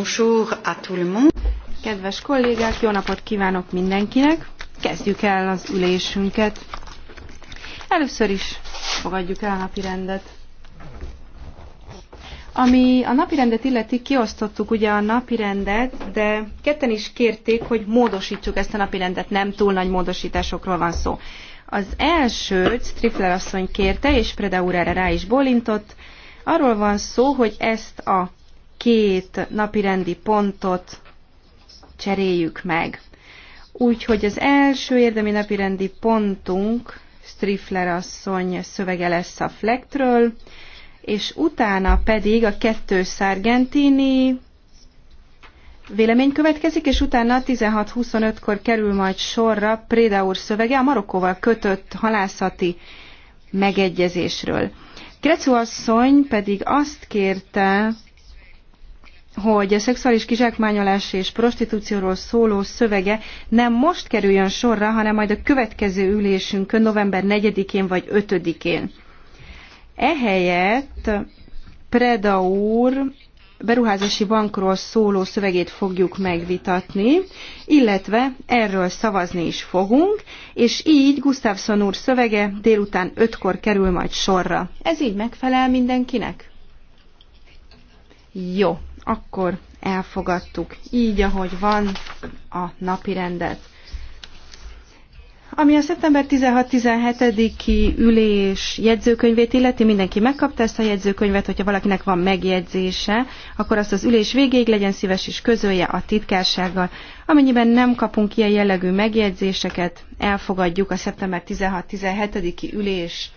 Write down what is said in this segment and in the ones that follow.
Bonjour à tout le monde. Kedves kollégák, jó napot kívánok mindenkinek! Kezdjük el az ülésünket. Először is fogadjuk el a napirendet. Ami a napirendet illeti, kiosztottuk ugye a napirendet, de ketten is kérték, hogy módosítsuk ezt a napirendet, nem túl nagy módosításokról van szó. Az elsőt Strifler asszony kérte, és Preda úr erre rá is bolintott, arról van szó, hogy ezt a két napirendi pontot cseréljük meg. Úgyhogy az első érdemi napirendi pontunk Strifler asszony szövege lesz a Flektről, és utána pedig a kettő szargentini vélemény következik, és utána 16-25-kor kerül majd sorra Préda úr szövege a Marokkóval kötött halászati megegyezésről. Krecu asszony pedig azt kérte, hogy a szexuális kizsákmányolás és prostitúcióról szóló szövege nem most kerüljön sorra, hanem majd a következő ülésünkön november 4-én vagy 5-én. Ehelyett Preda úr beruházási bankról szóló szövegét fogjuk megvitatni, illetve erről szavazni is fogunk, és így Gustavson úr szövege délután 5-kor kerül majd sorra. Ez így megfelel mindenkinek? Jó, akkor elfogadtuk így, ahogy van a napi rendet. Ami a szeptember 16-17-i ülés jegyzőkönyvét illeti, mindenki megkapta ezt a jegyzőkönyvet, hogyha valakinek van megjegyzése, akkor azt az ülés végéig legyen szíves és közölje a titkársággal. Amennyiben nem kapunk ilyen jellegű megjegyzéseket, elfogadjuk a szeptember 16-17-i ülés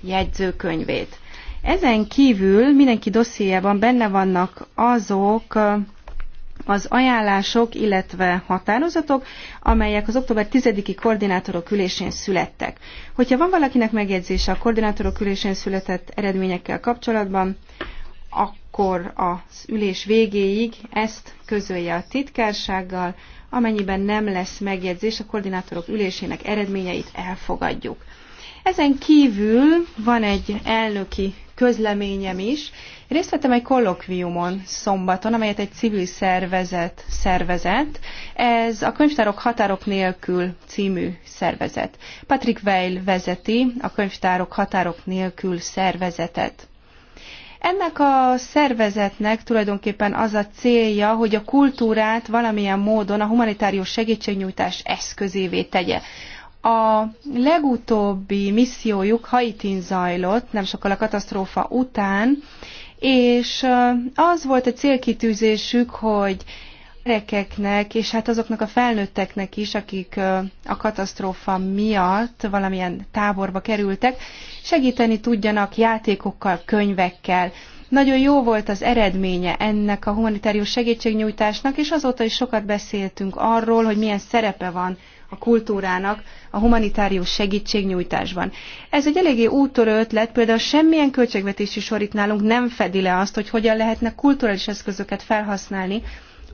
jegyzőkönyvét. Ezen kívül mindenki dossziéban benne vannak azok az ajánlások, illetve határozatok, amelyek az október 10-i koordinátorok ülésén születtek. Hogyha van valakinek megjegyzése a koordinátorok ülésén született eredményekkel kapcsolatban, akkor az ülés végéig ezt közölje a titkársággal, amennyiben nem lesz megjegyzés, a koordinátorok ülésének eredményeit elfogadjuk. Ezen kívül van egy elnöki közleményem is. Részt vettem egy kollokviumon szombaton, amelyet egy civil szervezet szervezett. Ez a Könyvtárok Határok Nélkül című szervezet. Patrick Weil vezeti a Könyvtárok Határok Nélkül szervezetet. Ennek a szervezetnek tulajdonképpen az a célja, hogy a kultúrát valamilyen módon a humanitárius segítségnyújtás eszközévé tegye. A legutóbbi missziójuk Haitin zajlott, nem sokkal a katasztrófa után, és az volt a célkitűzésük, hogy gyerekeknek, és hát azoknak a felnőtteknek is, akik a katasztrófa miatt valamilyen táborba kerültek, segíteni tudjanak játékokkal, könyvekkel. Nagyon jó volt az eredménye ennek a humanitárius segítségnyújtásnak, és azóta is sokat beszéltünk arról, hogy milyen szerepe van a kultúrának a humanitárius segítségnyújtásban. Ez egy eléggé úttörő ötlet, például semmilyen költségvetési sor itt nálunk nem fedi le azt, hogy hogyan lehetne kulturális eszközöket felhasználni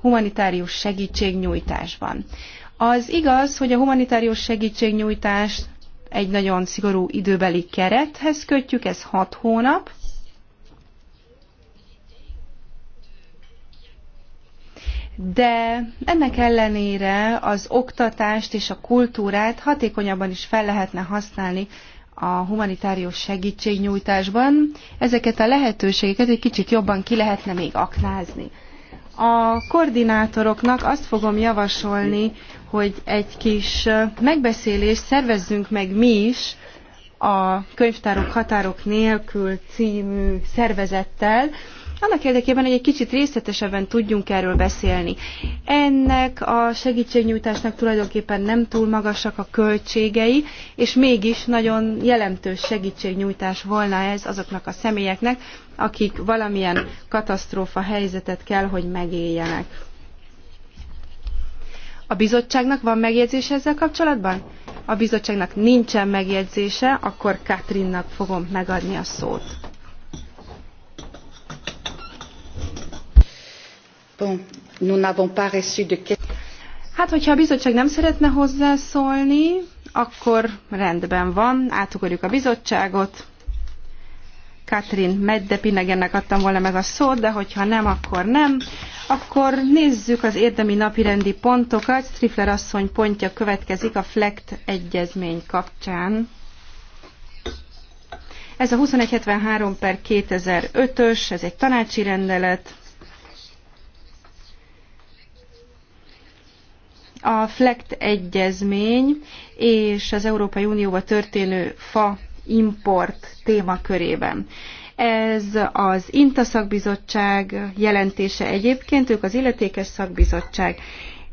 humanitárius segítségnyújtásban. Az igaz, hogy a humanitárius segítségnyújtást egy nagyon szigorú időbeli kerethez kötjük, ez hat hónap, de ennek ellenére az oktatást és a kultúrát hatékonyabban is fel lehetne használni a humanitárius segítségnyújtásban. Ezeket a lehetőségeket egy kicsit jobban ki lehetne még aknázni. A koordinátoroknak azt fogom javasolni, hogy egy kis megbeszélést szervezzünk meg mi is a Könyvtárok Határok Nélkül című szervezettel, annak érdekében, hogy egy kicsit részletesebben tudjunk erről beszélni. Ennek a segítségnyújtásnak tulajdonképpen nem túl magasak a költségei, és mégis nagyon jelentős segítségnyújtás volna ez azoknak a személyeknek, akik valamilyen katasztrófa helyzetet kell, hogy megéljenek. A bizottságnak van megjegyzése ezzel kapcsolatban? A bizottságnak nincsen megjegyzése, akkor Katrinnak fogom megadni a szót. Hát, hogyha a bizottság nem szeretne hozzászólni, akkor rendben van, átugorjuk a bizottságot. Katrin Meddepinegennek adtam volna meg a szót, de hogyha nem, akkor nem. Akkor nézzük az érdemi napirendi pontokat. Strifler asszony pontja következik a FLECT egyezmény kapcsán. Ez a 2173 per 2005-ös, ez egy tanácsi rendelet. a FLECT egyezmény és az Európai Unióba történő fa import témakörében. Ez az INTA szakbizottság jelentése egyébként, ők az illetékes szakbizottság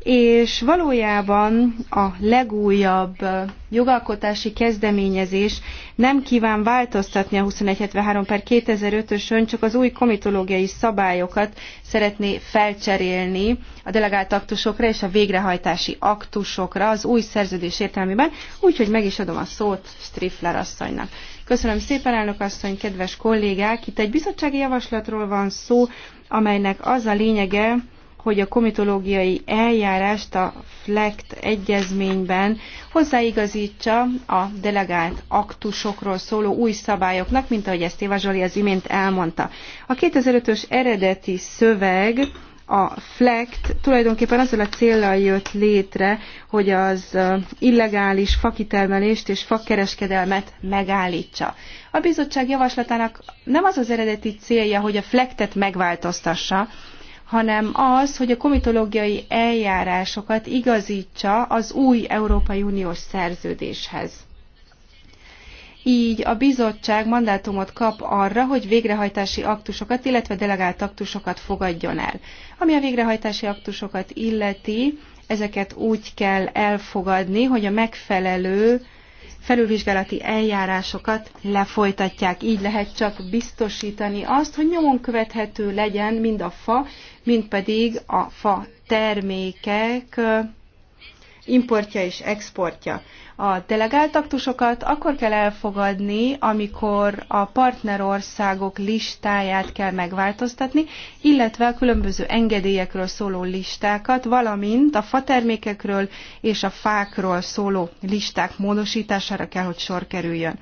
és valójában a legújabb jogalkotási kezdeményezés nem kíván változtatni a 2173 per 2005-ösön, csak az új komitológiai szabályokat szeretné felcserélni a delegált aktusokra és a végrehajtási aktusokra az új szerződés értelmében, úgyhogy meg is adom a szót Strifler asszonynak. Köszönöm szépen, elnök asszony, kedves kollégák! Itt egy bizottsági javaslatról van szó, amelynek az a lényege, hogy a komitológiai eljárást a FLECT egyezményben hozzáigazítsa a delegált aktusokról szóló új szabályoknak, mint ahogy ezt Éva Zsoli az imént elmondta. A 2005-ös eredeti szöveg a FLECT tulajdonképpen azzal a céllal jött létre, hogy az illegális fakitermelést és fakereskedelmet megállítsa. A bizottság javaslatának nem az az eredeti célja, hogy a FLECT-et megváltoztassa, hanem az, hogy a komitológiai eljárásokat igazítsa az új Európai Uniós szerződéshez. Így a bizottság mandátumot kap arra, hogy végrehajtási aktusokat, illetve delegált aktusokat fogadjon el. Ami a végrehajtási aktusokat illeti, ezeket úgy kell elfogadni, hogy a megfelelő felülvizsgálati eljárásokat lefolytatják. Így lehet csak biztosítani azt, hogy nyomon követhető legyen mind a fa, mint pedig a fa termékek importja és exportja. A delegáltaktusokat akkor kell elfogadni, amikor a partnerországok listáját kell megváltoztatni, illetve a különböző engedélyekről szóló listákat, valamint a fatermékekről és a fákról szóló listák módosítására kell, hogy sor kerüljön.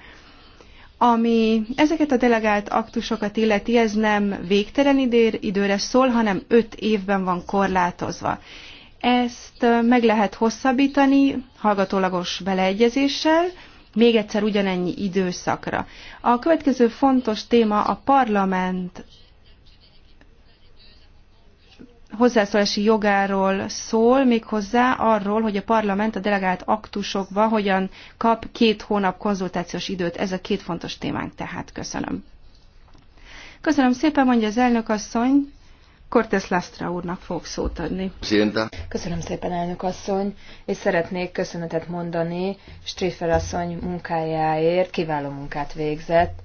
Ami ezeket a delegált aktusokat illeti, ez nem végtelen idér, időre szól, hanem öt évben van korlátozva. Ezt meg lehet hosszabbítani hallgatólagos beleegyezéssel, még egyszer ugyanennyi időszakra. A következő fontos téma a parlament hozzászólási jogáról szól, méghozzá arról, hogy a parlament a delegált aktusokba hogyan kap két hónap konzultációs időt. Ez a két fontos témánk tehát. Köszönöm. Köszönöm szépen, mondja az elnök asszony. Cortes Lastra úrnak fog szót adni. Köszönöm szépen, elnök asszony, és szeretnék köszönetet mondani Stréfer asszony munkájáért, kiváló munkát végzett.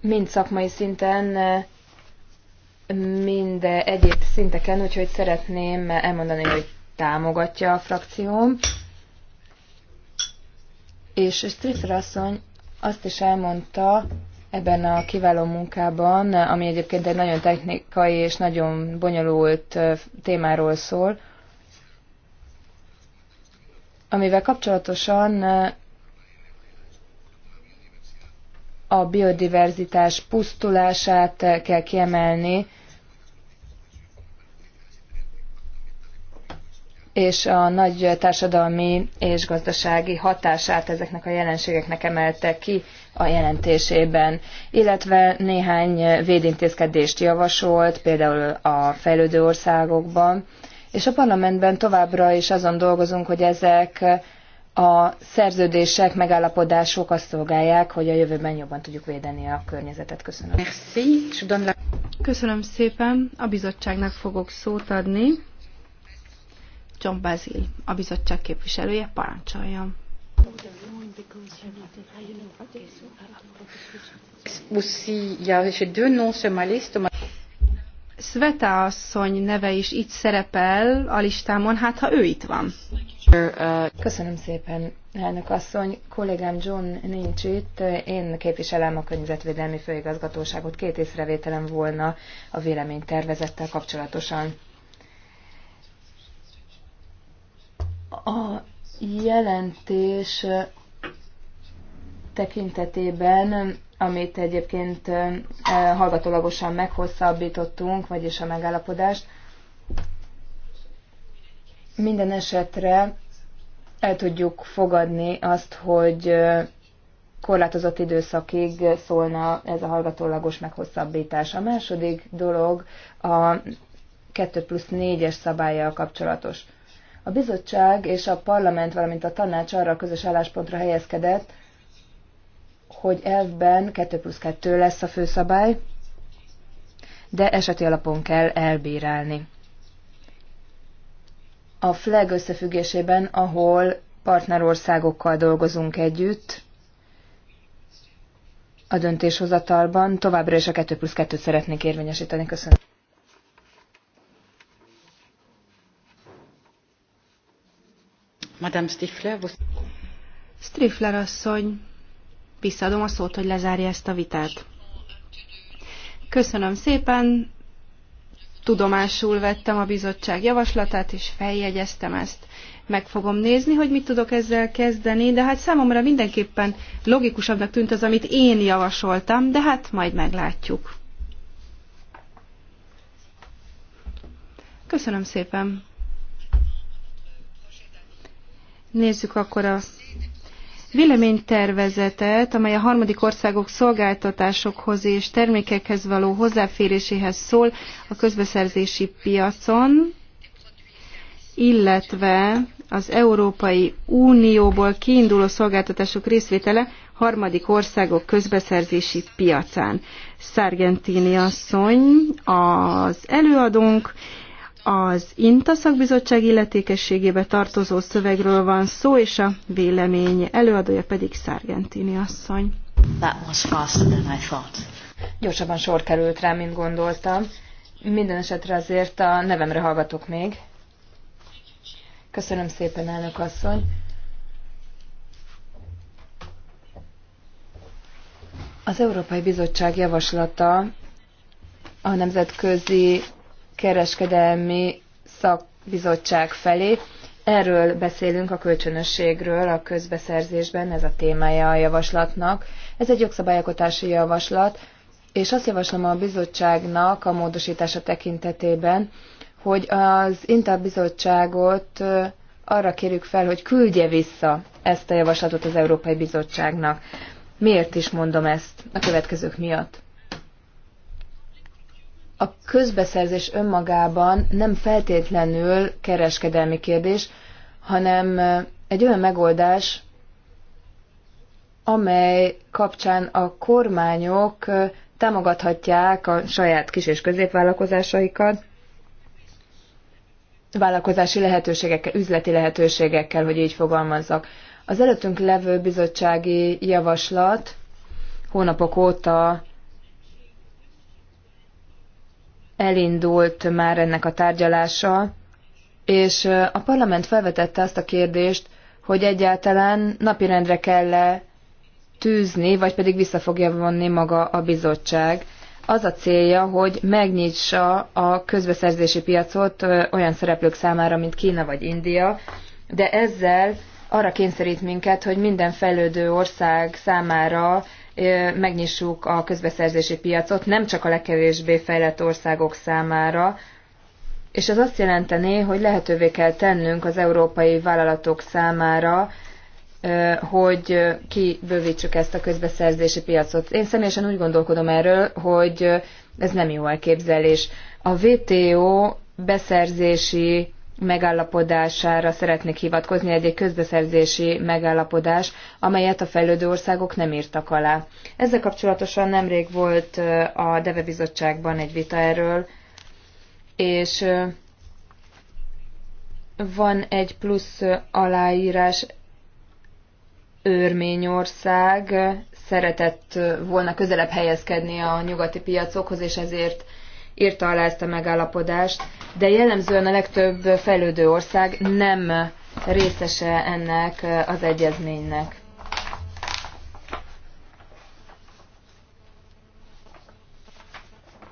Mind szakmai szinten, mind egyéb szinteken, úgyhogy szeretném elmondani, hogy támogatja a frakcióm. És Striffer asszony azt is elmondta ebben a kiváló munkában, ami egyébként egy nagyon technikai és nagyon bonyolult témáról szól, amivel kapcsolatosan a biodiverzitás pusztulását kell kiemelni, és a nagy társadalmi és gazdasági hatását ezeknek a jelenségeknek emelte ki a jelentésében, illetve néhány védintézkedést javasolt, például a fejlődő országokban, és a parlamentben továbbra is azon dolgozunk, hogy ezek a szerződések, megállapodások azt szolgálják, hogy a jövőben jobban tudjuk védeni a környezetet. Köszönöm. Köszönöm szépen. A bizottságnak fogok szót adni. John Bazil, a bizottság képviselője, parancsoljon. Sveta asszony neve is itt szerepel a listámon, hát ha ő itt van. Köszönöm szépen, elnök asszony. Kollégám John nincs itt, én képviselem a Környezetvédelmi Főigazgatóságot. Két észrevételem volna a véleménytervezettel kapcsolatosan. A jelentés tekintetében, amit egyébként hallgatólagosan meghosszabbítottunk, vagyis a megállapodást, minden esetre el tudjuk fogadni azt, hogy korlátozott időszakig szólna ez a hallgatólagos meghosszabbítás. A második dolog a 2 plusz 4-es szabályjal kapcsolatos. A bizottság és a parlament, valamint a tanács arra a közös álláspontra helyezkedett, hogy elvben 2 plusz 2 lesz a főszabály, de eseti alapon kell elbírálni. A FLEG összefüggésében, ahol partnerországokkal dolgozunk együtt, a döntéshozatalban továbbra is a 2 plusz 2-t szeretnék érvényesíteni. Köszönöm. Madame Stifler, vous... Strifler asszony, visszaadom a szót, hogy lezárja ezt a vitát. Köszönöm szépen, tudomásul vettem a bizottság javaslatát, és feljegyeztem ezt. Meg fogom nézni, hogy mit tudok ezzel kezdeni, de hát számomra mindenképpen logikusabbnak tűnt az, amit én javasoltam, de hát majd meglátjuk. Köszönöm szépen! Nézzük akkor a véleménytervezetet, amely a harmadik országok szolgáltatásokhoz és termékekhez való hozzáféréséhez szól a közbeszerzési piacon, illetve az Európai Unióból kiinduló szolgáltatások részvétele harmadik országok közbeszerzési piacán. Szargentini asszony az előadónk, az INTA szakbizottság illetékességébe tartozó szövegről van szó, és a vélemény előadója pedig Szárgentini asszony. That was faster than I thought. Gyorsabban sor került rá, mint gondoltam. Minden esetre azért a nevemre hallgatok még. Köszönöm szépen, elnök asszony. Az Európai Bizottság javaslata a nemzetközi kereskedelmi szakbizottság felé. Erről beszélünk a kölcsönösségről a közbeszerzésben, ez a témája a javaslatnak. Ez egy jogszabályalkotási javaslat, és azt javaslom a bizottságnak a módosítása tekintetében, hogy az interbizottságot arra kérjük fel, hogy küldje vissza ezt a javaslatot az Európai Bizottságnak. Miért is mondom ezt? A következők miatt a közbeszerzés önmagában nem feltétlenül kereskedelmi kérdés, hanem egy olyan megoldás, amely kapcsán a kormányok támogathatják a saját kis- és középvállalkozásaikat, vállalkozási lehetőségekkel, üzleti lehetőségekkel, hogy így fogalmazzak. Az előttünk levő bizottsági javaslat hónapok óta elindult már ennek a tárgyalása, és a parlament felvetette azt a kérdést, hogy egyáltalán napirendre kell-e tűzni, vagy pedig vissza fogja vonni maga a bizottság. Az a célja, hogy megnyitsa a közbeszerzési piacot olyan szereplők számára, mint Kína vagy India, de ezzel arra kényszerít minket, hogy minden fejlődő ország számára megnyissuk a közbeszerzési piacot nem csak a legkevésbé fejlett országok számára, és ez azt jelenteni, hogy lehetővé kell tennünk az európai vállalatok számára, hogy kibővítsük ezt a közbeszerzési piacot. Én személyesen úgy gondolkodom erről, hogy ez nem jó elképzelés. A WTO beszerzési megállapodására szeretnék hivatkozni, egy, egy közbeszerzési megállapodás, amelyet a fejlődő országok nem írtak alá. Ezzel kapcsolatosan nemrég volt a Deve Bizottságban egy vita erről, és van egy plusz aláírás Örményország szeretett volna közelebb helyezkedni a nyugati piacokhoz, és ezért írta alá ezt a megállapodást de jellemzően a legtöbb fejlődő ország nem részese ennek az egyezménynek.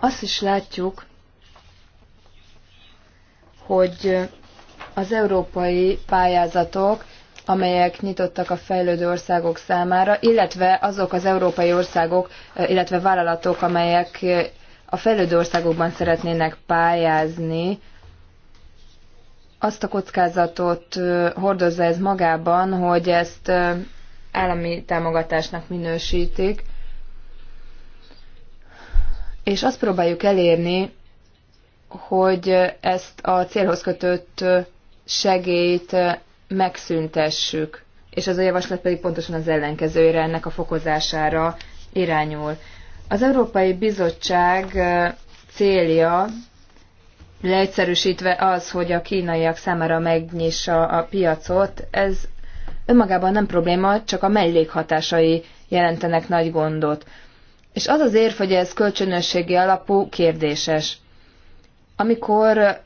Azt is látjuk, hogy az európai pályázatok, amelyek nyitottak a fejlődő országok számára, illetve azok az európai országok, illetve vállalatok, amelyek a fejlődő országokban szeretnének pályázni, azt a kockázatot hordozza ez magában, hogy ezt állami támogatásnak minősítik, és azt próbáljuk elérni, hogy ezt a célhoz kötött segélyt megszüntessük, és ez a javaslat pedig pontosan az ellenkezőjére, ennek a fokozására irányul. Az Európai Bizottság célja leegyszerűsítve az, hogy a kínaiak számára megnyissa a piacot, ez önmagában nem probléma, csak a mellékhatásai jelentenek nagy gondot. És az az érv, hogy ez kölcsönösségi alapú, kérdéses. Amikor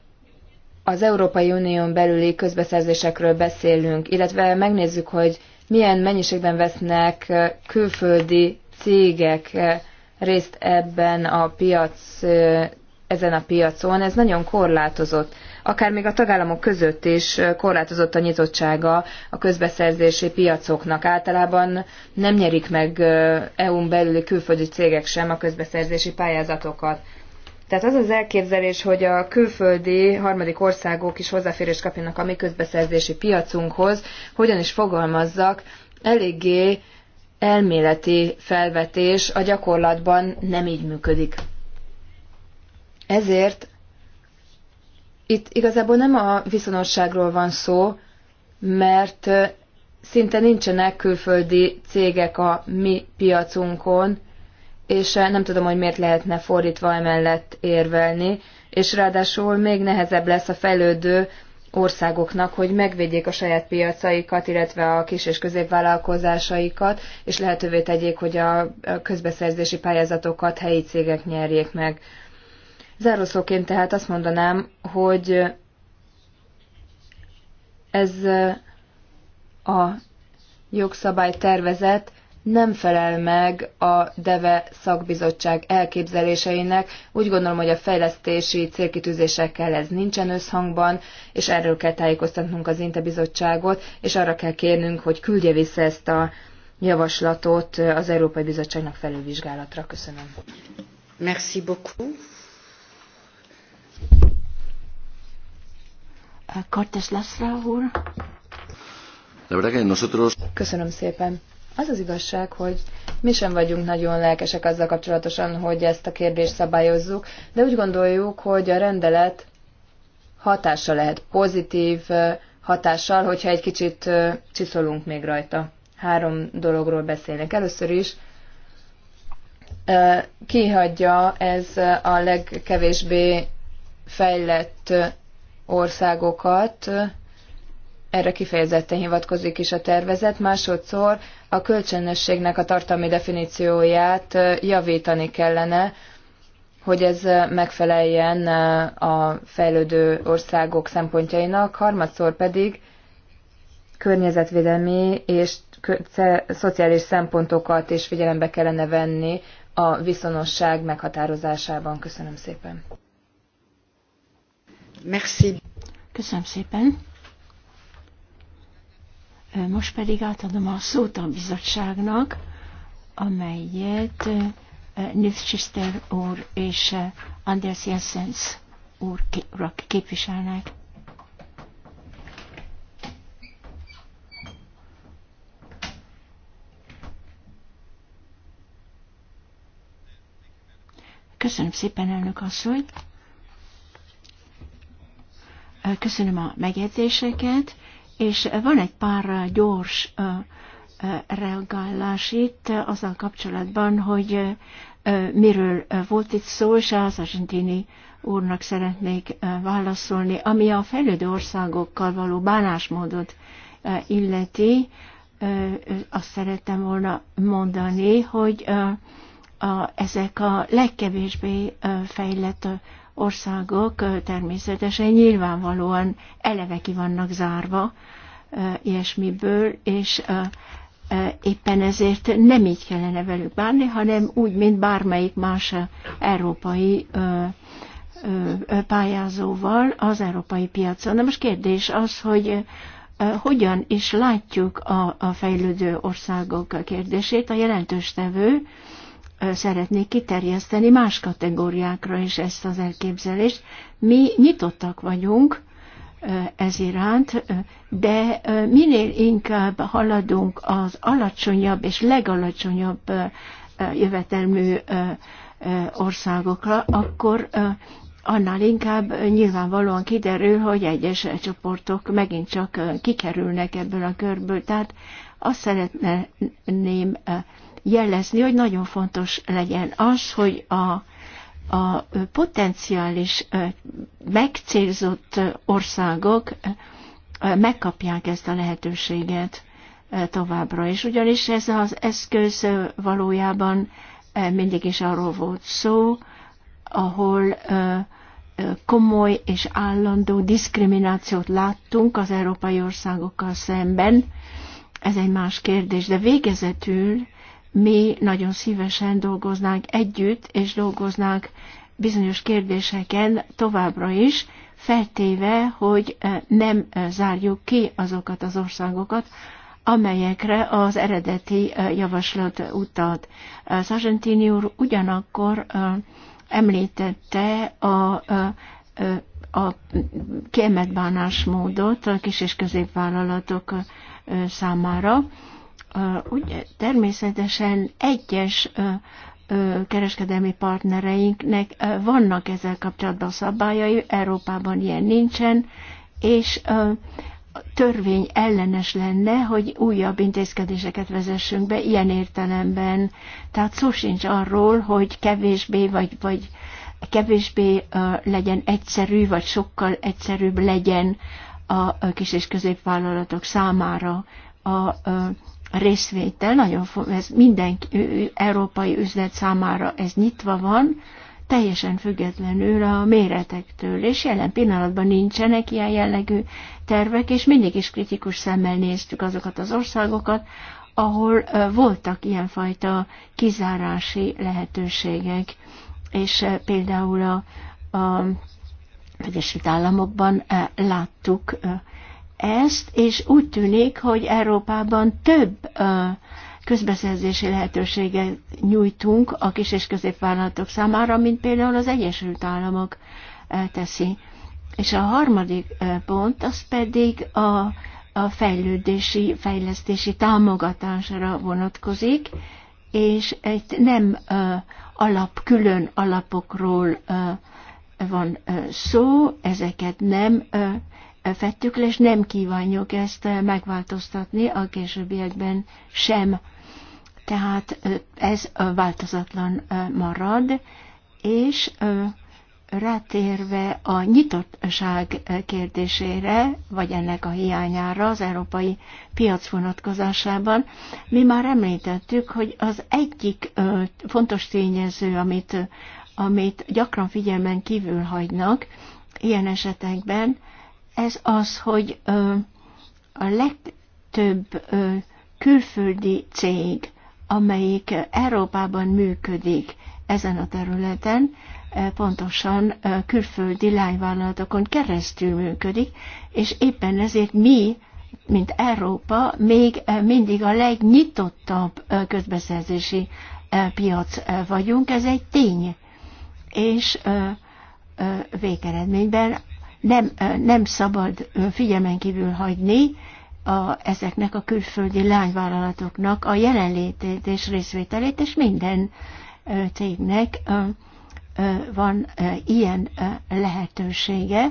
az Európai Unión belüli közbeszerzésekről beszélünk, illetve megnézzük, hogy milyen mennyiségben vesznek külföldi cégek részt ebben a piac, ezen a piacon, ez nagyon korlátozott. Akár még a tagállamok között is korlátozott a nyitottsága a közbeszerzési piacoknak. Általában nem nyerik meg EU-n belüli külföldi cégek sem a közbeszerzési pályázatokat. Tehát az az elképzelés, hogy a külföldi harmadik országok is hozzáférést kapjanak a mi közbeszerzési piacunkhoz, hogyan is fogalmazzak, eléggé elméleti felvetés a gyakorlatban nem így működik. Ezért itt igazából nem a viszonosságról van szó, mert szinte nincsenek külföldi cégek a mi piacunkon, és nem tudom, hogy miért lehetne fordítva emellett érvelni, és ráadásul még nehezebb lesz a fejlődő országoknak, hogy megvédjék a saját piacaikat, illetve a kis- és középvállalkozásaikat, és lehetővé tegyék, hogy a közbeszerzési pályázatokat helyi cégek nyerjék meg. Zárószóként tehát azt mondanám, hogy ez a jogszabálytervezet nem felel meg a DEVE szakbizottság elképzeléseinek. Úgy gondolom, hogy a fejlesztési célkitűzésekkel ez nincsen összhangban, és erről kell tájékoztatnunk az INTE bizottságot, és arra kell kérnünk, hogy küldje vissza ezt a javaslatot az Európai Bizottságnak felülvizsgálatra. Köszönöm. Merci beaucoup. Cortes Lasra úr. Köszönöm szépen. Az az igazság, hogy mi sem vagyunk nagyon lelkesek azzal kapcsolatosan, hogy ezt a kérdést szabályozzuk, de úgy gondoljuk, hogy a rendelet hatása lehet pozitív hatással, hogyha egy kicsit csiszolunk még rajta. Három dologról beszélnek. Először is kihagyja ez a legkevésbé fejlett országokat, erre kifejezetten hivatkozik is a tervezet, másodszor a kölcsönösségnek a tartalmi definícióját javítani kellene, hogy ez megfeleljen a fejlődő országok szempontjainak, harmadszor pedig környezetvédelmi és szociális szempontokat is figyelembe kellene venni a viszonosság meghatározásában. Köszönöm szépen. Merci. Köszönöm szépen. Most pedig átadom a szót a bizottságnak, amelyet Nils úr és Anders Jensens úr képviselnek. Köszönöm szépen, elnök asszony. Köszönöm a megjegyzéseket és van egy pár gyors reagálás itt azzal kapcsolatban, hogy miről volt itt szó, és az argentini úrnak szeretnék válaszolni. Ami a fejlődő országokkal való bánásmódot illeti, azt szerettem volna mondani, hogy a, ezek a legkevésbé fejlett országok természetesen nyilvánvalóan eleve ki vannak zárva ilyesmiből, és éppen ezért nem így kellene velük bánni, hanem úgy, mint bármelyik más európai pályázóval az európai piacon. Na most kérdés az, hogy hogyan is látjuk a, fejlődő országok kérdését. A jelentős tevő szeretnék kiterjeszteni más kategóriákra is ezt az elképzelést. Mi nyitottak vagyunk ez iránt, de minél inkább haladunk az alacsonyabb és legalacsonyabb jövetelmű országokra, akkor annál inkább nyilvánvalóan kiderül, hogy egyes csoportok megint csak kikerülnek ebből a körből. Tehát azt szeretném jelezni, hogy nagyon fontos legyen az, hogy a a potenciális megcélzott országok megkapják ezt a lehetőséget továbbra is. Ugyanis ez az eszköz valójában mindig is arról volt szó, ahol komoly és állandó diszkriminációt láttunk az európai országokkal szemben. Ez egy más kérdés, de végezetül mi nagyon szívesen dolgoznánk együtt, és dolgoznánk bizonyos kérdéseken továbbra is, feltéve, hogy eh, nem eh, zárjuk ki azokat az országokat, amelyekre az eredeti eh, javaslat utalt. Sargentini úr ugyanakkor említette a a kiemelt bánásmódot a kis és középvállalatok számára, Ugye, természetesen egyes kereskedelmi partnereinknek vannak ezzel kapcsolatban szabályai, Európában ilyen nincsen, és törvény ellenes lenne, hogy újabb intézkedéseket vezessünk be ilyen értelemben. Tehát szó sincs arról, hogy kevésbé vagy, vagy kevésbé legyen egyszerű, vagy sokkal egyszerűbb legyen a kis és középvállalatok számára a részvétel, nagyon ez minden európai üzlet számára ez nyitva van, teljesen függetlenül a méretektől, és jelen pillanatban nincsenek ilyen jellegű tervek, és mindig is kritikus szemmel néztük azokat az országokat, ahol voltak ilyenfajta kizárási lehetőségek, és például a, a Egyesült Államokban láttuk ezt, és úgy tűnik, hogy Európában több közbeszerzési lehetőséget nyújtunk a kis- és középvállalatok számára, mint például az Egyesült Államok teszi. És a harmadik pont, az pedig a, a fejlődési, fejlesztési támogatásra vonatkozik, és egy nem alap, külön alapokról van szó, ezeket nem fettük le, és nem kívánjuk ezt eh, megváltoztatni a későbbiekben sem. Tehát eh, ez eh, változatlan marad, és rátérve a nyitottság kérdésére, vagy ennek a hiányára az európai piac vonatkozásában, mi már említettük, hogy az egyik fontos tényező, amit, amit gyakran figyelmen kívül hagynak ilyen esetekben, ez az, hogy a legtöbb külföldi cég, amelyik Európában működik ezen a területen, pontosan külföldi lányvállalatokon keresztül működik, és éppen ezért mi, mint Európa, még mindig a legnyitottabb közbeszerzési piac vagyunk, ez egy tény. És végeredményben nem, nem szabad figyelmen kívül hagyni a, ezeknek a külföldi lányvállalatoknak a jelenlétét és részvételét, és minden cégnek van ilyen lehetősége,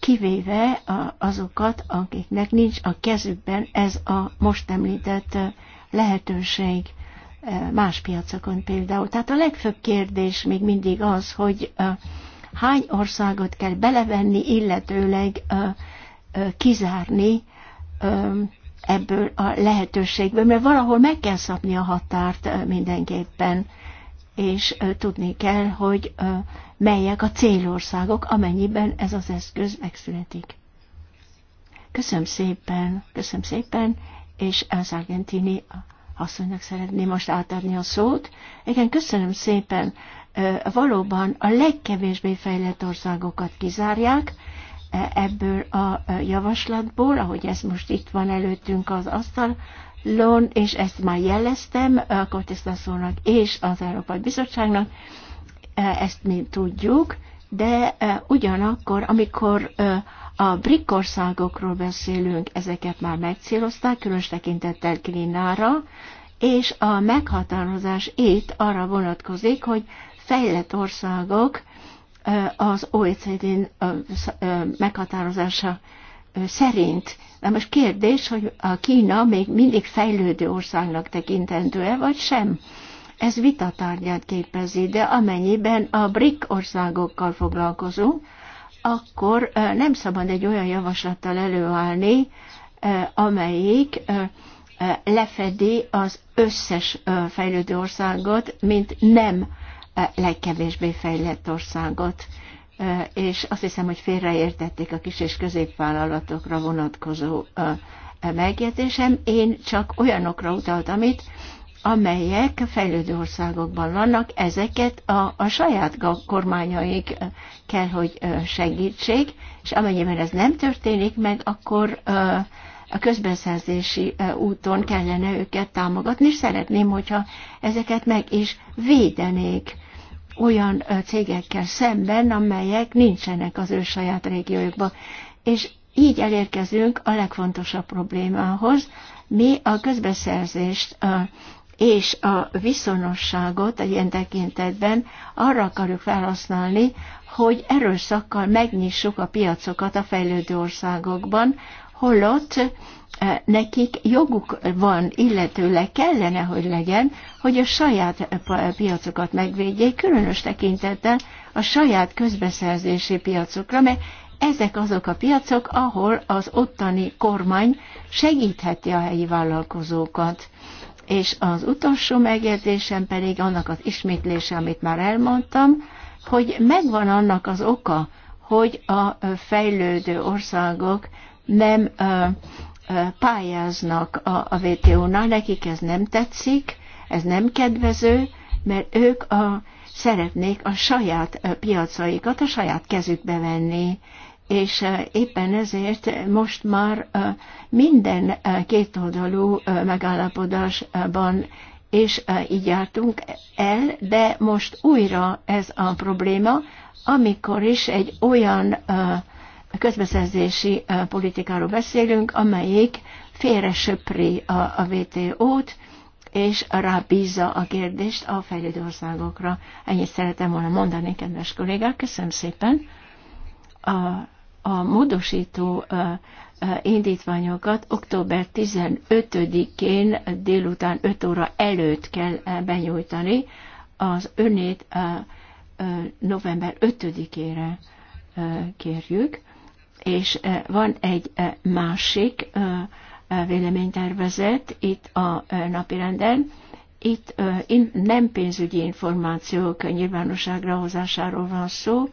kivéve azokat, akiknek nincs a kezükben ez a most említett lehetőség más piacokon például. Tehát a legfőbb kérdés még mindig az, hogy hány országot kell belevenni, illetőleg kizárni ebből a lehetőségből, mert valahol meg kell szabni a határt mindenképpen, és tudni kell, hogy melyek a célországok, amennyiben ez az eszköz megszületik. Köszönöm szépen, köszönöm szépen, és az argentini asszonynak szeretném most átadni a szót. Igen, köszönöm szépen valóban a legkevésbé fejlett országokat kizárják ebből a javaslatból, ahogy ez most itt van előttünk az asztalon, és ezt már jeleztem a Kortisztaszónak és az Európai Bizottságnak, ezt mi tudjuk, de ugyanakkor, amikor a brik országokról beszélünk, ezeket már megcélozták, különös tekintettel Kínára, és a meghatározás itt arra vonatkozik, hogy fejlett országok az OECD-n meghatározása szerint. Na most kérdés, hogy a Kína még mindig fejlődő országnak tekintendő-e, vagy sem? Ez vitatárgyát képezi, de amennyiben a BRIC országokkal foglalkozunk, akkor nem szabad egy olyan javaslattal előállni, amelyik lefedi az összes fejlődő országot, mint nem legkevésbé fejlett országot, és azt hiszem, hogy félreértették a kis és középvállalatokra vonatkozó megjegyzésem. Én csak olyanokra utaltam itt, amelyek fejlődő országokban vannak, ezeket a, a saját kormányaik kell, hogy segítsék, és amennyiben ez nem történik meg, akkor a közbeszerzési úton kellene őket támogatni, és szeretném, hogyha ezeket meg is védenék olyan cégekkel szemben, amelyek nincsenek az ő saját régiójukban. És így elérkezünk a legfontosabb problémához. Mi a közbeszerzést és a viszonosságot egy ilyen tekintetben arra akarjuk felhasználni, hogy erőszakkal megnyissuk a piacokat a fejlődő országokban, holott E, nekik joguk van, illetőleg kellene, hogy legyen, hogy a saját e, e, piacokat megvédjék, különös tekintettel a saját közbeszerzési piacokra, mert ezek azok a piacok, ahol az ottani kormány segítheti a helyi vállalkozókat. És az utolsó megjegyzésem pedig annak az ismétlése, amit már elmondtam, hogy megvan annak az oka, hogy a fejlődő országok nem pályáznak a, a WTO-nál, nekik ez nem tetszik, ez nem kedvező, mert ők a, szeretnék a saját piacaikat a saját kezükbe venni, és éppen ezért most már minden kétoldalú megállapodásban és így jártunk el, de most újra ez a probléma, amikor is egy olyan közbeszerzési politikáról beszélünk, amelyik félre söpri a, a WTO-t, és rábízza a kérdést a fejlődő országokra. Ennyit szeretem volna mondani, kedves kollégák. Köszönöm szépen. A, a módosító a, a indítványokat október 15-én délután 5 óra előtt kell benyújtani, az önét a, a november 5-ére kérjük. És e, van egy e, másik e, véleménytervezet itt a napirenden. Itt nem pénzügyi információk nyilvánosságra hozásáról van szó,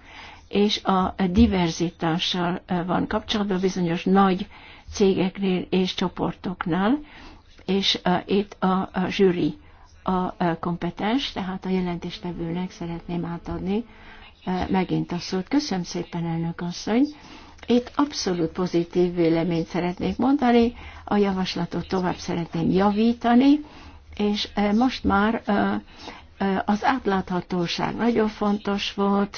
és a diverzitással van kapcsolatban bizonyos nagy cégeknél és csoportoknál, és itt a zsűri a kompetens, tehát a jelentéstevőnek szeretném átadni megint a szót. Köszönöm szépen, elnök asszony! Itt abszolút pozitív véleményt szeretnék mondani, a javaslatot tovább szeretném javítani, és eh, most már eh, eh, az átláthatóság nagyon fontos volt,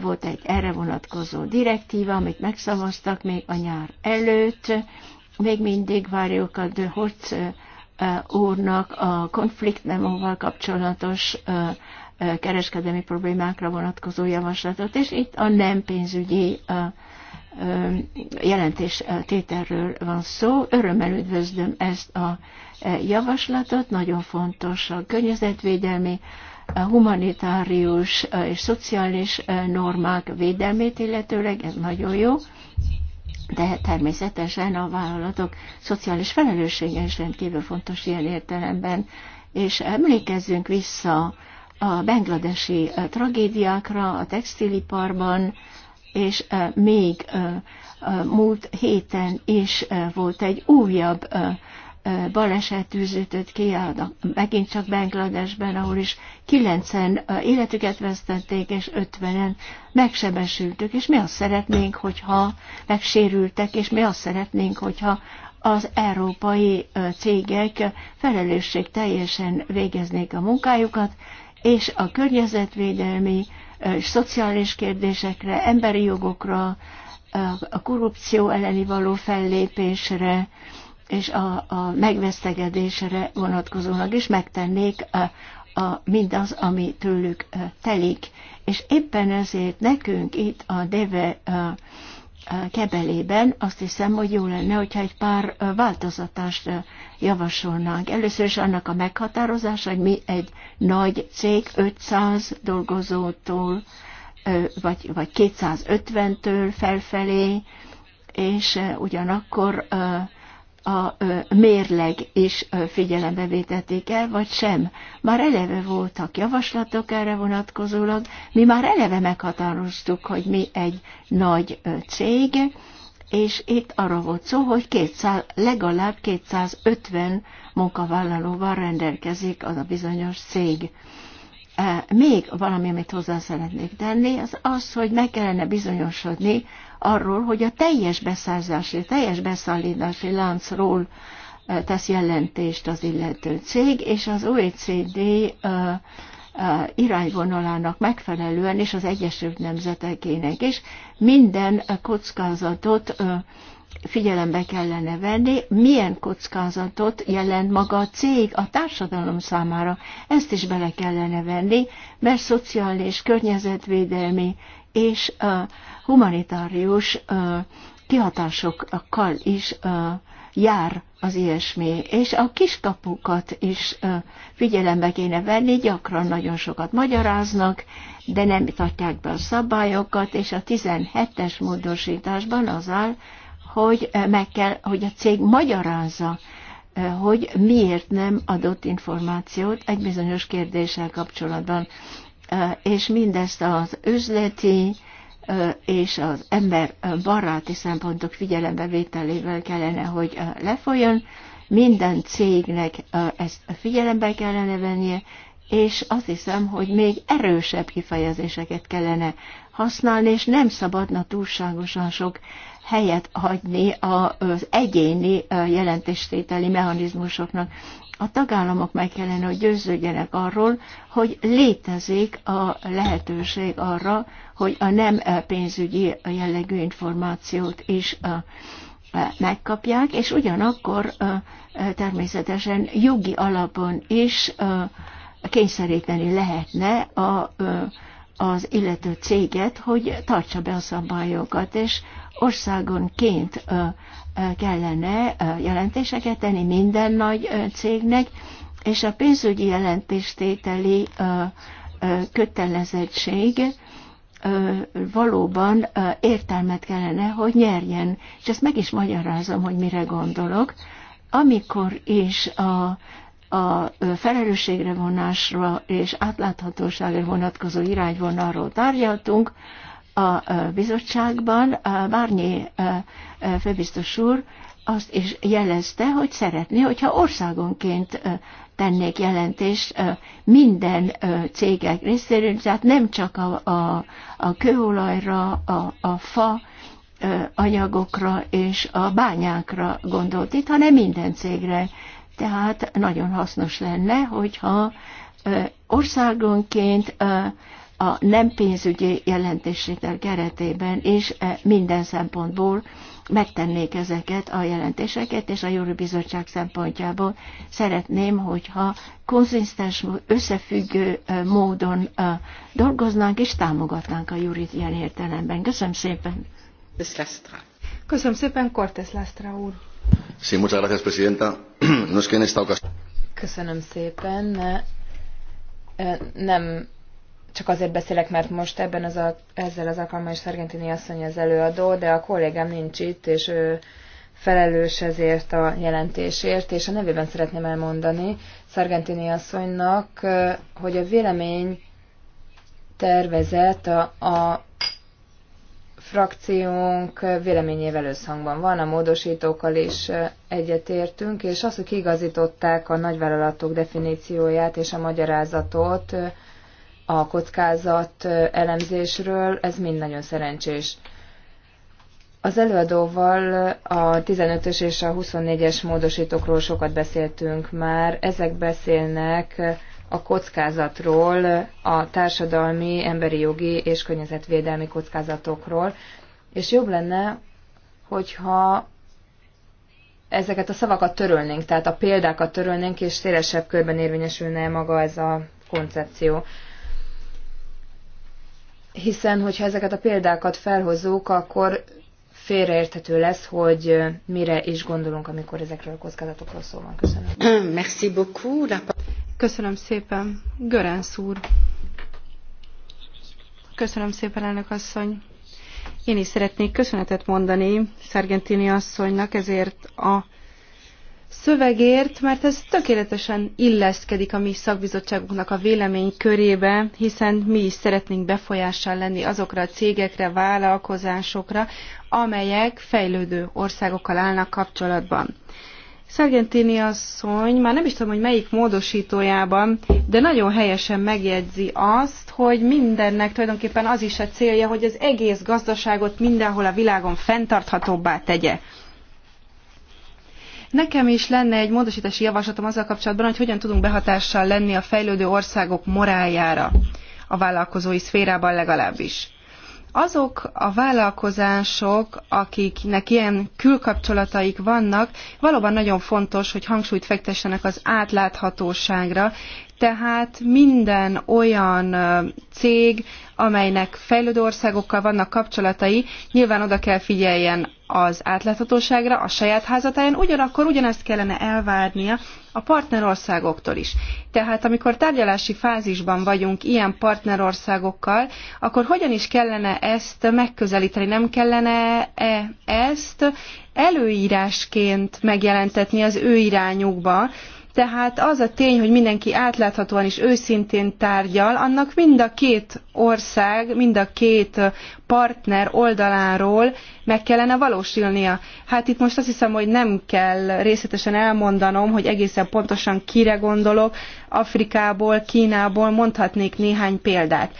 volt egy erre vonatkozó direktíva, amit megszavaztak még a nyár előtt, még mindig várjuk a De Hortz úrnak a konfliktnemóval kapcsolatos kereskedelmi problémákra vonatkozó javaslatot, és itt a nem pénzügyi jelentés eh, tételről van szó. Örömmel üdvözlöm ezt a eh, javaslatot, nagyon fontos a környezetvédelmi, a humanitárius eh, és szociális normák védelmét illetőleg, ez nagyon jó, de természetesen a vállalatok szociális felelőssége is rendkívül fontos ilyen értelemben, és emlékezzünk vissza a bengladesi tragédiákra a textiliparban, és még múlt héten is volt egy újabb baleset tűzített ki, megint csak Bangladesben, ahol is kilencen életüket vesztették, és ötvenen megsebesültük, és mi azt szeretnénk, hogyha megsérültek, és mi azt szeretnénk, hogyha az európai cégek felelősség teljesen végeznék a munkájukat, és a környezetvédelmi és szociális kérdésekre, emberi jogokra, a korrupció elleni való fellépésre és a, a megvesztegedésre vonatkozónak is megtennék a, a, mindaz, ami tőlük telik. És éppen ezért nekünk itt a DEVE a, kebelében azt hiszem, hogy jó lenne, hogyha egy pár változatást javasolnánk. Először is annak a meghatározása, hogy mi egy nagy cég 500 dolgozótól, vagy, vagy 250-től felfelé, és ugyanakkor a mérleg is figyelembe vétették el, vagy sem. Már eleve voltak javaslatok erre vonatkozólag, mi már eleve meghatároztuk, hogy mi egy nagy cég, és itt arra volt szó, hogy 200, legalább 250 munkavállalóval rendelkezik az a bizonyos cég. E, még valami, amit hozzá szeretnék tenni, az az, hogy meg kellene bizonyosodni arról, hogy a teljes beszázási, teljes beszállítási láncról tesz jelentést az illető cég, és az OECD irányvonalának megfelelően, és az Egyesült Nemzetekének is minden kockázatot figyelembe kellene venni, milyen kockázatot jelent maga a cég a társadalom számára. Ezt is bele kellene venni, mert szociális, környezetvédelmi és humanitárius kihatásokkal is jár az ilyesmi, és a kiskapukat is figyelembe kéne venni, gyakran nagyon sokat magyaráznak, de nem tartják be a szabályokat, és a 17-es módosításban az áll, hogy meg kell, hogy a cég magyarázza, hogy miért nem adott információt egy bizonyos kérdéssel kapcsolatban és mindezt az üzleti és az ember baráti szempontok figyelembevételével kellene, hogy lefolyjon. Minden cégnek ezt figyelembe kellene vennie, és azt hiszem, hogy még erősebb kifejezéseket kellene használni, és nem szabadna túlságosan sok helyet hagyni az egyéni jelentéstételi mechanizmusoknak a tagállamok meg kellene, hogy győződjenek arról, hogy létezik a lehetőség arra, hogy a nem e, pénzügyi jellegű információt is e, e, megkapják, és ugyanakkor természetesen jogi alapon is kényszeríteni lehetne a, az illető céget, hogy tartsa be a szabályokat, és országonként kellene jelentéseket tenni minden nagy cégnek, és a pénzügyi jelentéstételi kötelezettség valóban értelmet kellene, hogy nyerjen. És ezt meg is magyarázom, hogy mire gondolok. Amikor is a, a felelősségre vonásra és átláthatóságra vonatkozó irányvonalról tárgyaltunk, a bizottságban Bárnyi főbiztos úr azt is jelezte, hogy szeretné, hogyha országonként tennék jelentést minden cégek részéről, tehát nem csak a, a, a kőolajra, a, a fa anyagokra és a bányákra gondolt itt, hanem minden cégre. Tehát nagyon hasznos lenne, hogyha országonként a nem pénzügyi jelentéstétel keretében is eh, minden szempontból megtennék ezeket a jelentéseket, és a Júri Bizottság szempontjából szeretném, hogyha konzisztens, összefüggő eh, módon eh, dolgoznánk és támogatnánk a júri ilyen értelemben. Köszönöm szépen! Köszönöm szépen, Cortes Lastra úr! Sí, muchas gracias, presidenta. No es que en esta ocasión... Köszönöm szépen. Nem csak azért beszélek, mert most ebben az a, ezzel az alkalommal is Szergentini asszony az előadó, de a kollégám nincs itt, és ő felelős ezért a jelentésért, és a nevében szeretném elmondani Szargentini asszonynak, hogy a vélemény tervezet a, a frakciónk véleményével összhangban van, a módosítókkal is egyetértünk, és az, hogy kigazították a nagyvállalatok definícióját és a magyarázatot, a kockázat elemzésről, ez mind nagyon szerencsés. Az előadóval a 15-ös és a 24-es módosítókról sokat beszéltünk már. Ezek beszélnek a kockázatról, a társadalmi, emberi jogi és környezetvédelmi kockázatokról, és jobb lenne, hogyha ezeket a szavakat törölnénk, tehát a példákat törölnénk, és szélesebb körben érvényesülne maga ez a koncepció hiszen hogyha ezeket a példákat felhozzuk, akkor félreérthető lesz, hogy mire is gondolunk, amikor ezekről a kockázatokról szó van. Köszönöm. Merci beaucoup. Köszönöm szépen. Görens úr. Köszönöm szépen, elnök asszony. Én is szeretnék köszönetet mondani Szergentini asszonynak ezért a szövegért, mert ez tökéletesen illeszkedik a mi szakbizottságunknak a vélemény körébe, hiszen mi is szeretnénk befolyással lenni azokra a cégekre, vállalkozásokra, amelyek fejlődő országokkal állnak kapcsolatban. Szergentini asszony, már nem is tudom, hogy melyik módosítójában, de nagyon helyesen megjegyzi azt, hogy mindennek tulajdonképpen az is a célja, hogy az egész gazdaságot mindenhol a világon fenntarthatóbbá tegye. Nekem is lenne egy módosítási javaslatom azzal kapcsolatban, hogy hogyan tudunk behatással lenni a fejlődő országok morájára, a vállalkozói szférában legalábbis azok a vállalkozások, akiknek ilyen külkapcsolataik vannak, valóban nagyon fontos, hogy hangsúlyt fektessenek az átláthatóságra, tehát minden olyan cég, amelynek fejlődő országokkal vannak kapcsolatai, nyilván oda kell figyeljen az átláthatóságra a saját házatáján, ugyanakkor ugyanezt kellene elvárnia a partnerországoktól is. Tehát amikor tárgyalási fázisban vagyunk ilyen partnerországokkal, akkor hogyan is kellene ezt megközelíteni? Nem kellene -e ezt előírásként megjelentetni az ő irányukba, tehát az a tény, hogy mindenki átláthatóan és őszintén tárgyal, annak mind a két ország, mind a két partner oldaláról meg kellene valósulnia. Hát itt most azt hiszem, hogy nem kell részletesen elmondanom, hogy egészen pontosan kire gondolok. Afrikából, Kínából mondhatnék néhány példát.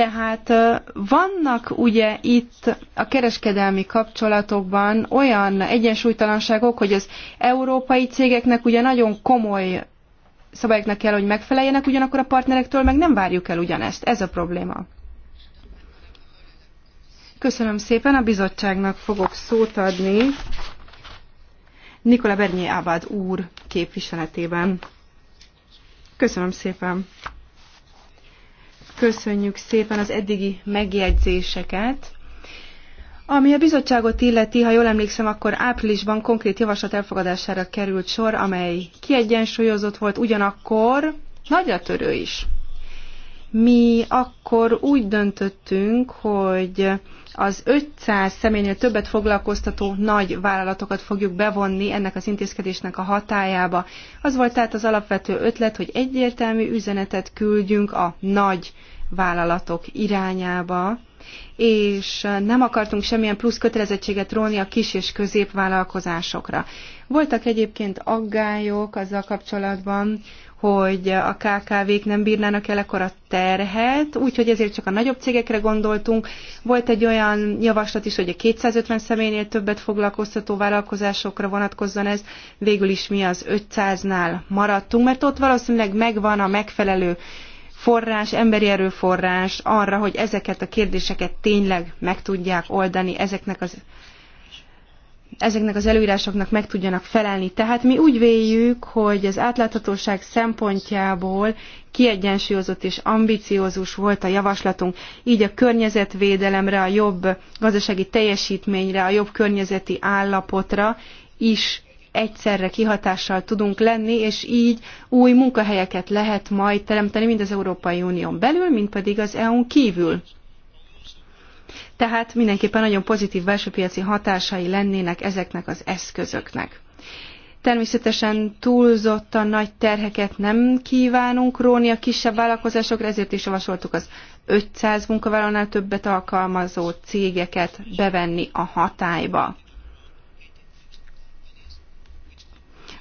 Tehát vannak ugye itt a kereskedelmi kapcsolatokban olyan egyensúlytalanságok, hogy az európai cégeknek ugye nagyon komoly szabályoknak kell, hogy megfeleljenek, ugyanakkor a partnerektől meg nem várjuk el ugyanezt. Ez a probléma. Köszönöm szépen, a bizottságnak fogok szót adni Nikola Bernyé Ávád úr képviseletében. Köszönöm szépen. Köszönjük szépen az eddigi megjegyzéseket. Ami a bizottságot illeti, ha jól emlékszem, akkor áprilisban konkrét javaslat elfogadására került sor, amely kiegyensúlyozott volt, ugyanakkor nagyra törő is. Mi akkor úgy döntöttünk, hogy az 500 személynél többet foglalkoztató nagy vállalatokat fogjuk bevonni ennek az intézkedésnek a hatájába. Az volt tehát az alapvető ötlet, hogy egyértelmű üzenetet küldjünk a nagy vállalatok irányába, és nem akartunk semmilyen plusz kötelezettséget róni a kis és középvállalkozásokra. Voltak egyébként aggályok azzal kapcsolatban, hogy a KKV-k nem bírnának el ekkora terhet, úgyhogy ezért csak a nagyobb cégekre gondoltunk. Volt egy olyan javaslat is, hogy a 250 személynél többet foglalkoztató vállalkozásokra vonatkozzon ez, végül is mi az 500-nál maradtunk, mert ott valószínűleg megvan a megfelelő forrás, emberi erőforrás arra, hogy ezeket a kérdéseket tényleg meg tudják oldani, ezeknek az ezeknek az előírásoknak meg tudjanak felelni. Tehát mi úgy véljük, hogy az átláthatóság szempontjából kiegyensúlyozott és ambiciózus volt a javaslatunk, így a környezetvédelemre, a jobb gazdasági teljesítményre, a jobb környezeti állapotra is egyszerre kihatással tudunk lenni, és így új munkahelyeket lehet majd teremteni, mind az Európai Unión belül, mind pedig az EU-n kívül. Tehát mindenképpen nagyon pozitív belsőpiaci hatásai lennének ezeknek az eszközöknek. Természetesen túlzottan nagy terheket nem kívánunk róni a kisebb vállalkozásokra, ezért is javasoltuk az 500 munkavállalónál többet alkalmazó cégeket bevenni a hatályba.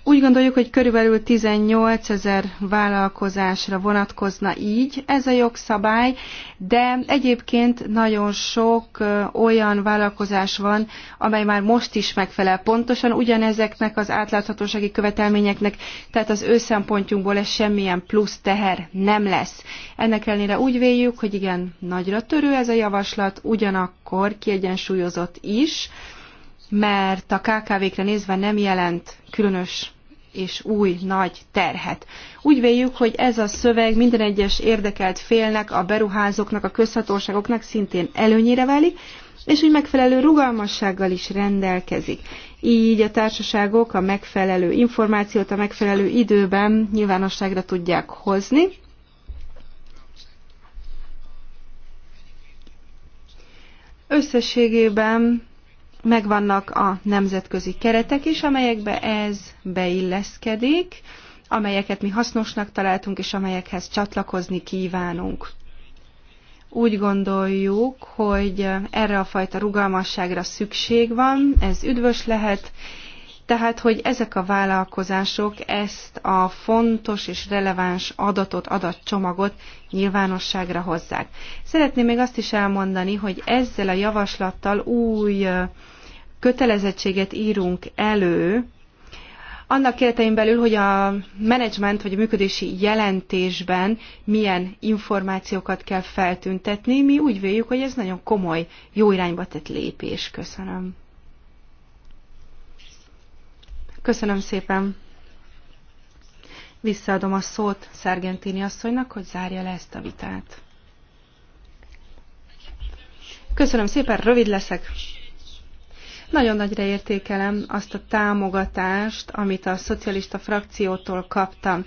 Úgy gondoljuk, hogy körülbelül 18 ezer vállalkozásra vonatkozna így ez a jogszabály, de egyébként nagyon sok olyan vállalkozás van, amely már most is megfelel pontosan ugyanezeknek az átláthatósági követelményeknek, tehát az ő szempontjunkból ez semmilyen plusz teher nem lesz. Ennek ellenére úgy véljük, hogy igen, nagyra törő ez a javaslat, ugyanakkor kiegyensúlyozott is, mert a KKV-kre nézve nem jelent különös és új nagy terhet. Úgy véljük, hogy ez a szöveg minden egyes érdekelt félnek, a beruházóknak, a közhatóságoknak szintén előnyére válik, és úgy megfelelő rugalmassággal is rendelkezik. Így a társaságok a megfelelő információt a megfelelő időben nyilvánosságra tudják hozni. Összességében megvannak a nemzetközi keretek is, amelyekbe ez beilleszkedik, amelyeket mi hasznosnak találtunk, és amelyekhez csatlakozni kívánunk. Úgy gondoljuk, hogy erre a fajta rugalmasságra szükség van, ez üdvös lehet, tehát hogy ezek a vállalkozások ezt a fontos és releváns adatot, adatcsomagot nyilvánosságra hozzák. Szeretném még azt is elmondani, hogy ezzel a javaslattal új kötelezettséget írunk elő, annak keretein belül, hogy a menedzsment vagy a működési jelentésben milyen információkat kell feltüntetni, mi úgy véljük, hogy ez nagyon komoly, jó irányba tett lépés. Köszönöm. Köszönöm szépen. Visszaadom a szót Szergentini asszonynak, hogy zárja le ezt a vitát. Köszönöm szépen, rövid leszek. Nagyon nagyra értékelem azt a támogatást, amit a szocialista frakciótól kaptam.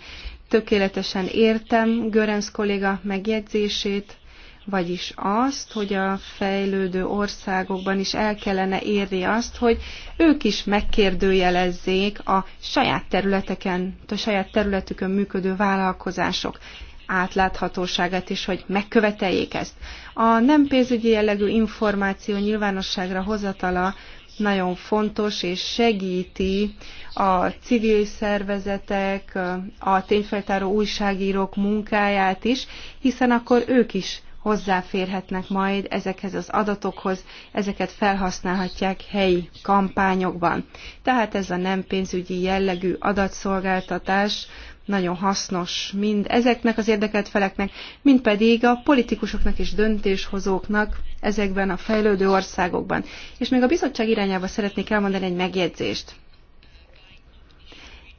Tökéletesen értem Görenc kolléga megjegyzését, vagyis azt, hogy a fejlődő országokban is el kellene érni azt, hogy ők is megkérdőjelezzék a saját területeken, a saját területükön működő vállalkozások átláthatóságát is, hogy megköveteljék ezt. A nem pénzügyi jellegű információ nyilvánosságra hozatala nagyon fontos, és segíti a civil szervezetek, a tényfeltáró újságírók munkáját is, hiszen akkor ők is hozzáférhetnek majd ezekhez az adatokhoz, ezeket felhasználhatják helyi kampányokban. Tehát ez a nem pénzügyi jellegű adatszolgáltatás nagyon hasznos mind ezeknek az érdekelt feleknek, mind pedig a politikusoknak és döntéshozóknak ezekben a fejlődő országokban. És még a bizottság irányába szeretnék elmondani egy megjegyzést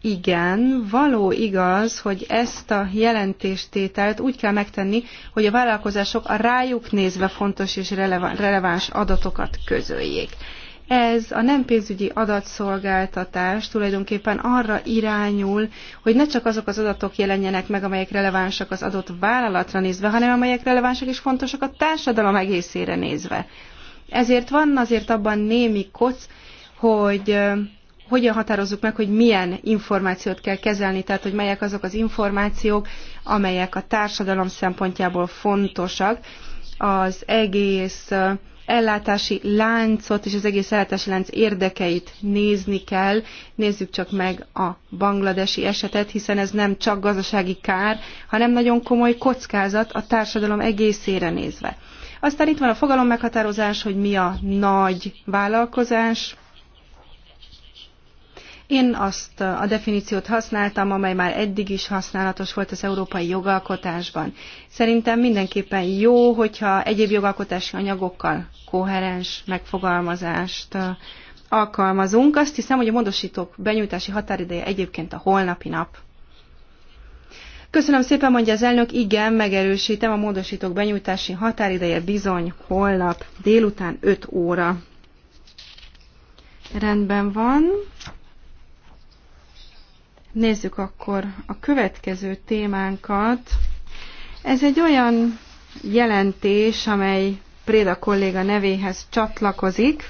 igen, való igaz, hogy ezt a jelentéstételt úgy kell megtenni, hogy a vállalkozások a rájuk nézve fontos és releváns adatokat közöljék. Ez a nem pénzügyi adatszolgáltatás tulajdonképpen arra irányul, hogy ne csak azok az adatok jelenjenek meg, amelyek relevánsak az adott vállalatra nézve, hanem amelyek relevánsak és fontosak a társadalom egészére nézve. Ezért van azért abban némi koc, hogy hogyan határozzuk meg, hogy milyen információt kell kezelni, tehát hogy melyek azok az információk, amelyek a társadalom szempontjából fontosak. Az egész uh, ellátási láncot és az egész ellátási lánc érdekeit nézni kell. Nézzük csak meg a bangladesi esetet, hiszen ez nem csak gazdasági kár, hanem nagyon komoly kockázat a társadalom egészére nézve. Aztán itt van a fogalom meghatározás, hogy mi a nagy vállalkozás, én azt a definíciót használtam, amely már eddig is használatos volt az európai jogalkotásban. Szerintem mindenképpen jó, hogyha egyéb jogalkotási anyagokkal koherens megfogalmazást alkalmazunk. Azt hiszem, hogy a módosítók benyújtási határideje egyébként a holnapi nap. Köszönöm szépen, mondja az elnök, igen, megerősítem, a módosítók benyújtási határideje bizony holnap délután 5 óra. Rendben van. Nézzük akkor a következő témánkat. Ez egy olyan jelentés, amely Préda kolléga nevéhez csatlakozik.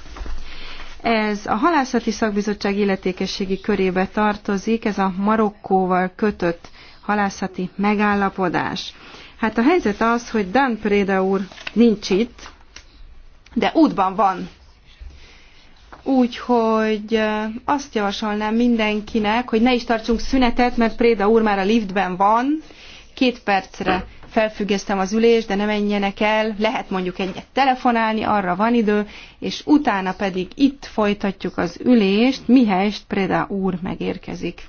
Ez a Halászati Szakbizottság illetékességi körébe tartozik, ez a Marokkóval kötött halászati megállapodás. Hát a helyzet az, hogy Dan Préda úr nincs itt, de útban van Úgyhogy azt javasolnám mindenkinek, hogy ne is tartsunk szünetet, mert Préda úr már a liftben van. Két percre felfüggesztem az ülést, de ne menjenek el, lehet mondjuk egyet telefonálni, arra van idő, és utána pedig itt folytatjuk az ülést, mihelyest Préda úr megérkezik.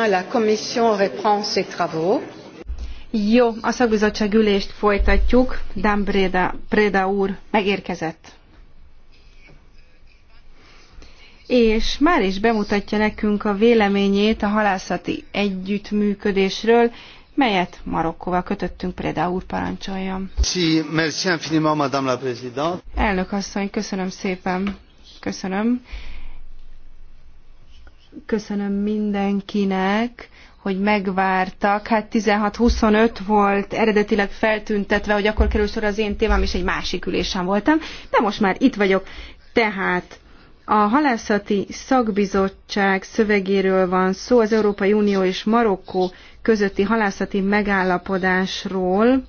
bien, la commission reprend ses travaux. Jó, a szakbizottság ülést folytatjuk. Dan Breda, Breda úr megérkezett. És már is bemutatja nekünk a véleményét a halászati együttműködésről, melyet Marokkóval kötöttünk, Preda úr parancsoljon. Si, merci infiniment, madame la présidente. Elnök asszony, köszönöm szépen. Köszönöm. Köszönöm mindenkinek, hogy megvártak. Hát 16-25 volt eredetileg feltüntetve, hogy akkor kerül sor az én témám, és egy másik ülésen voltam, de most már itt vagyok. Tehát a halászati szakbizottság szövegéről van szó, az Európai Unió és Marokkó közötti halászati megállapodásról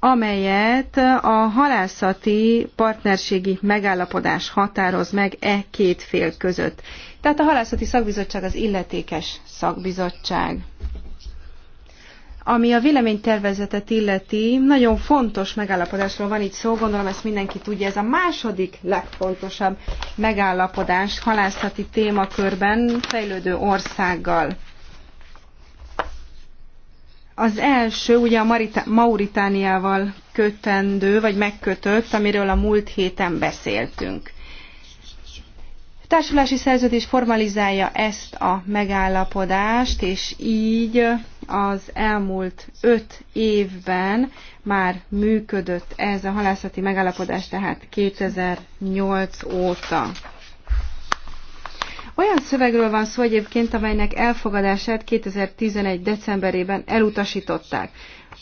amelyet a halászati partnerségi megállapodás határoz meg e két fél között. Tehát a halászati szakbizottság az illetékes szakbizottság. Ami a véleménytervezetet illeti, nagyon fontos megállapodásról van itt szó, gondolom ezt mindenki tudja, ez a második legfontosabb megállapodás halászati témakörben fejlődő országgal. Az első ugye a Mauritániával kötendő, vagy megkötött, amiről a múlt héten beszéltünk. A társulási szerződés formalizálja ezt a megállapodást, és így az elmúlt öt évben már működött ez a halászati megállapodás, tehát 2008 óta. Olyan szövegről van szó egyébként, amelynek elfogadását 2011. decemberében elutasították.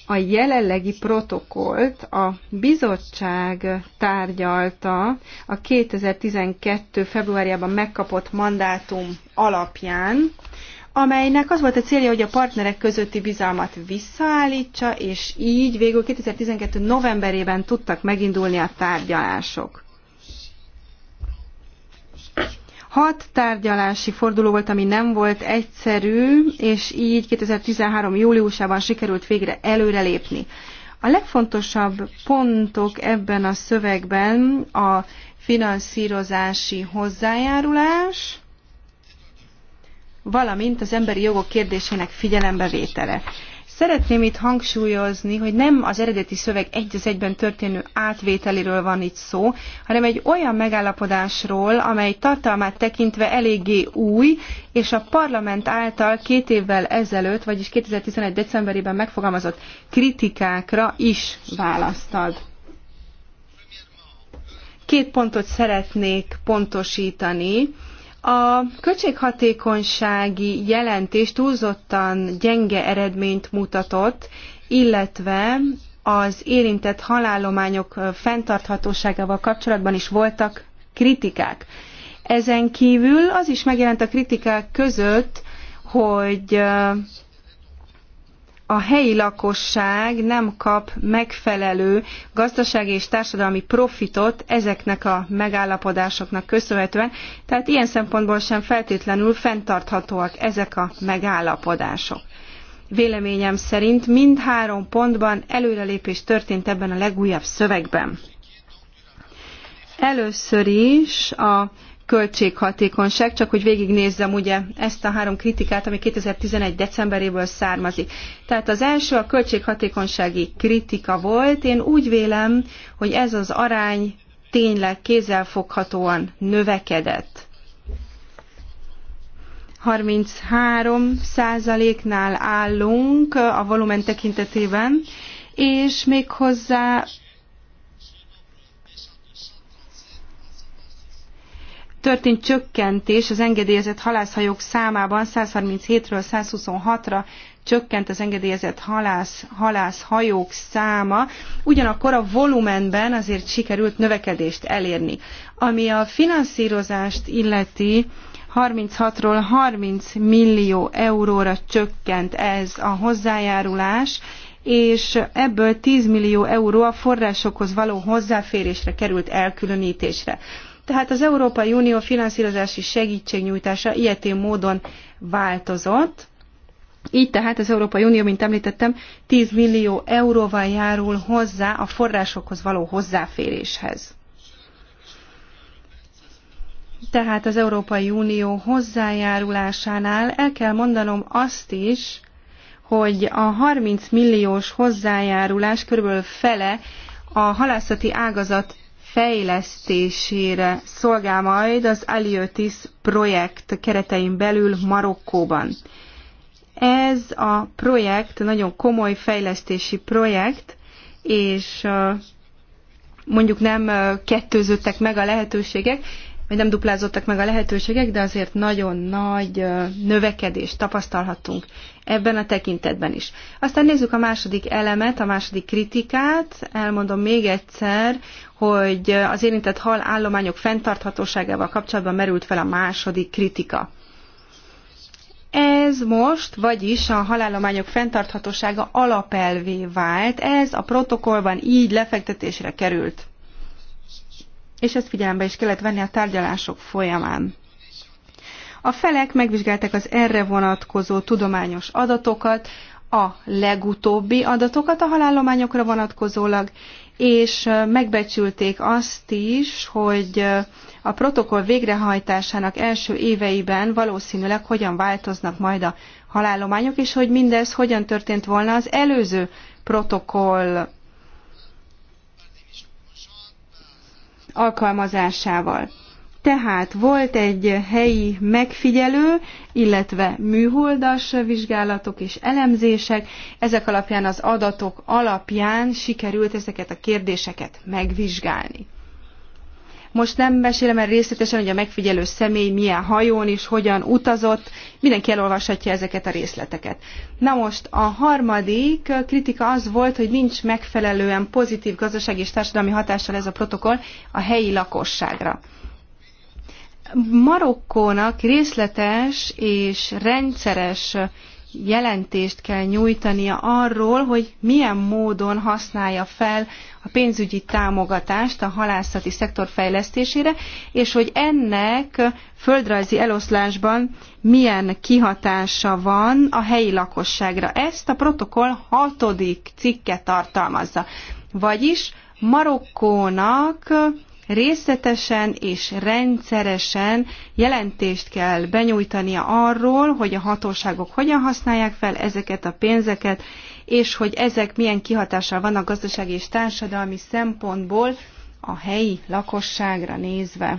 A jelenlegi protokollt a bizottság tárgyalta a 2012. februárjában megkapott mandátum alapján, amelynek az volt a célja, hogy a partnerek közötti bizalmat visszaállítsa, és így végül 2012. novemberében tudtak megindulni a tárgyalások. Hat tárgyalási forduló volt, ami nem volt egyszerű, és így 2013. júliusában sikerült végre előrelépni. A legfontosabb pontok ebben a szövegben a finanszírozási hozzájárulás, valamint az emberi jogok kérdésének figyelembevétele. Szeretném itt hangsúlyozni, hogy nem az eredeti szöveg egy az egyben történő átvételéről van itt szó, hanem egy olyan megállapodásról, amely tartalmát tekintve eléggé új, és a parlament által két évvel ezelőtt, vagyis 2011. decemberében megfogalmazott kritikákra is választ ad. Két pontot szeretnék pontosítani a költséghatékonysági jelentés túlzottan gyenge eredményt mutatott, illetve az érintett halállományok fenntarthatóságával kapcsolatban is voltak kritikák. Ezen kívül az is megjelent a kritikák között, hogy a helyi lakosság nem kap megfelelő gazdasági és társadalmi profitot ezeknek a megállapodásoknak köszönhetően, tehát ilyen szempontból sem feltétlenül fenntarthatóak ezek a megállapodások. Véleményem szerint mindhárom pontban előrelépés történt ebben a legújabb szövegben. Először is a költséghatékonyság, csak hogy végignézzem ugye ezt a három kritikát, ami 2011. decemberéből származik. Tehát az első a költséghatékonysági kritika volt. Én úgy vélem, hogy ez az arány tényleg kézzelfoghatóan növekedett. 33 százaléknál állunk a volumen tekintetében, és méghozzá történt csökkentés az engedélyezett halászhajók számában 137-ről 126-ra csökkent az engedélyezett halász, halászhajók száma, ugyanakkor a volumenben azért sikerült növekedést elérni. Ami a finanszírozást illeti, 36-ról 30 millió euróra csökkent ez a hozzájárulás, és ebből 10 millió euró a forrásokhoz való hozzáférésre került elkülönítésre. Tehát az Európai Unió finanszírozási segítségnyújtása ilyetén módon változott. Így tehát az Európai Unió, mint említettem, 10 millió euróval járul hozzá a forrásokhoz való hozzáféréshez. Tehát az Európai Unió hozzájárulásánál el kell mondanom azt is, hogy a 30 milliós hozzájárulás körülbelül fele a halászati ágazat fejlesztésére szolgál majd az Aliotis projekt keretein belül Marokkóban. Ez a projekt nagyon komoly fejlesztési projekt, és mondjuk nem kettőzöttek meg a lehetőségek, vagy nem duplázottak meg a lehetőségek, de azért nagyon nagy növekedést tapasztalhattunk ebben a tekintetben is. Aztán nézzük a második elemet, a második kritikát. Elmondom még egyszer, hogy az érintett hal állományok fenntarthatóságával kapcsolatban merült fel a második kritika. Ez most, vagyis a halállományok fenntarthatósága alapelvé vált, ez a protokollban így lefektetésre került és ezt figyelembe is kellett venni a tárgyalások folyamán. A felek megvizsgálták az erre vonatkozó tudományos adatokat, a legutóbbi adatokat a halállományokra vonatkozólag, és megbecsülték azt is, hogy a protokoll végrehajtásának első éveiben valószínűleg hogyan változnak majd a halállományok, és hogy mindez hogyan történt volna az előző protokoll alkalmazásával. Tehát volt egy helyi megfigyelő, illetve műholdas vizsgálatok és elemzések. Ezek alapján az adatok alapján sikerült ezeket a kérdéseket megvizsgálni. Most nem mesélem el részletesen, hogy a megfigyelő személy milyen hajón is, hogyan utazott, mindenki elolvashatja ezeket a részleteket. Na most a harmadik kritika az volt, hogy nincs megfelelően pozitív gazdasági és társadalmi hatással ez a protokoll a helyi lakosságra. Marokkónak részletes és rendszeres jelentést kell nyújtania arról, hogy milyen módon használja fel a pénzügyi támogatást a halászati szektor fejlesztésére, és hogy ennek földrajzi eloszlásban milyen kihatása van a helyi lakosságra. Ezt a protokoll hatodik cikke tartalmazza. Vagyis Marokkónak részletesen és rendszeresen jelentést kell benyújtania arról, hogy a hatóságok hogyan használják fel ezeket a pénzeket, és hogy ezek milyen kihatással vannak gazdasági és társadalmi szempontból a helyi lakosságra nézve.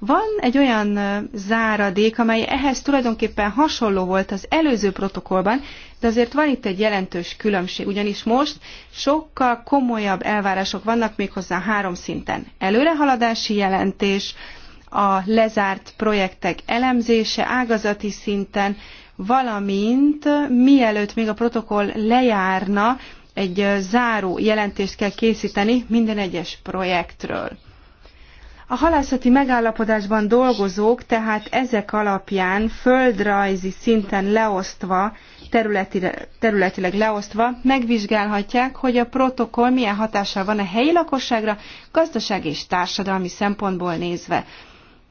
Van egy olyan záradék, amely ehhez tulajdonképpen hasonló volt az előző protokollban, de azért van itt egy jelentős különbség, ugyanis most sokkal komolyabb elvárások vannak méghozzá három szinten. Előrehaladási jelentés, a lezárt projektek elemzése ágazati szinten, valamint mielőtt még a protokoll lejárna, egy záró jelentést kell készíteni minden egyes projektről. A halászati megállapodásban dolgozók tehát ezek alapján földrajzi szinten leosztva területileg leosztva megvizsgálhatják, hogy a protokoll milyen hatással van a helyi lakosságra, gazdaság és társadalmi szempontból nézve.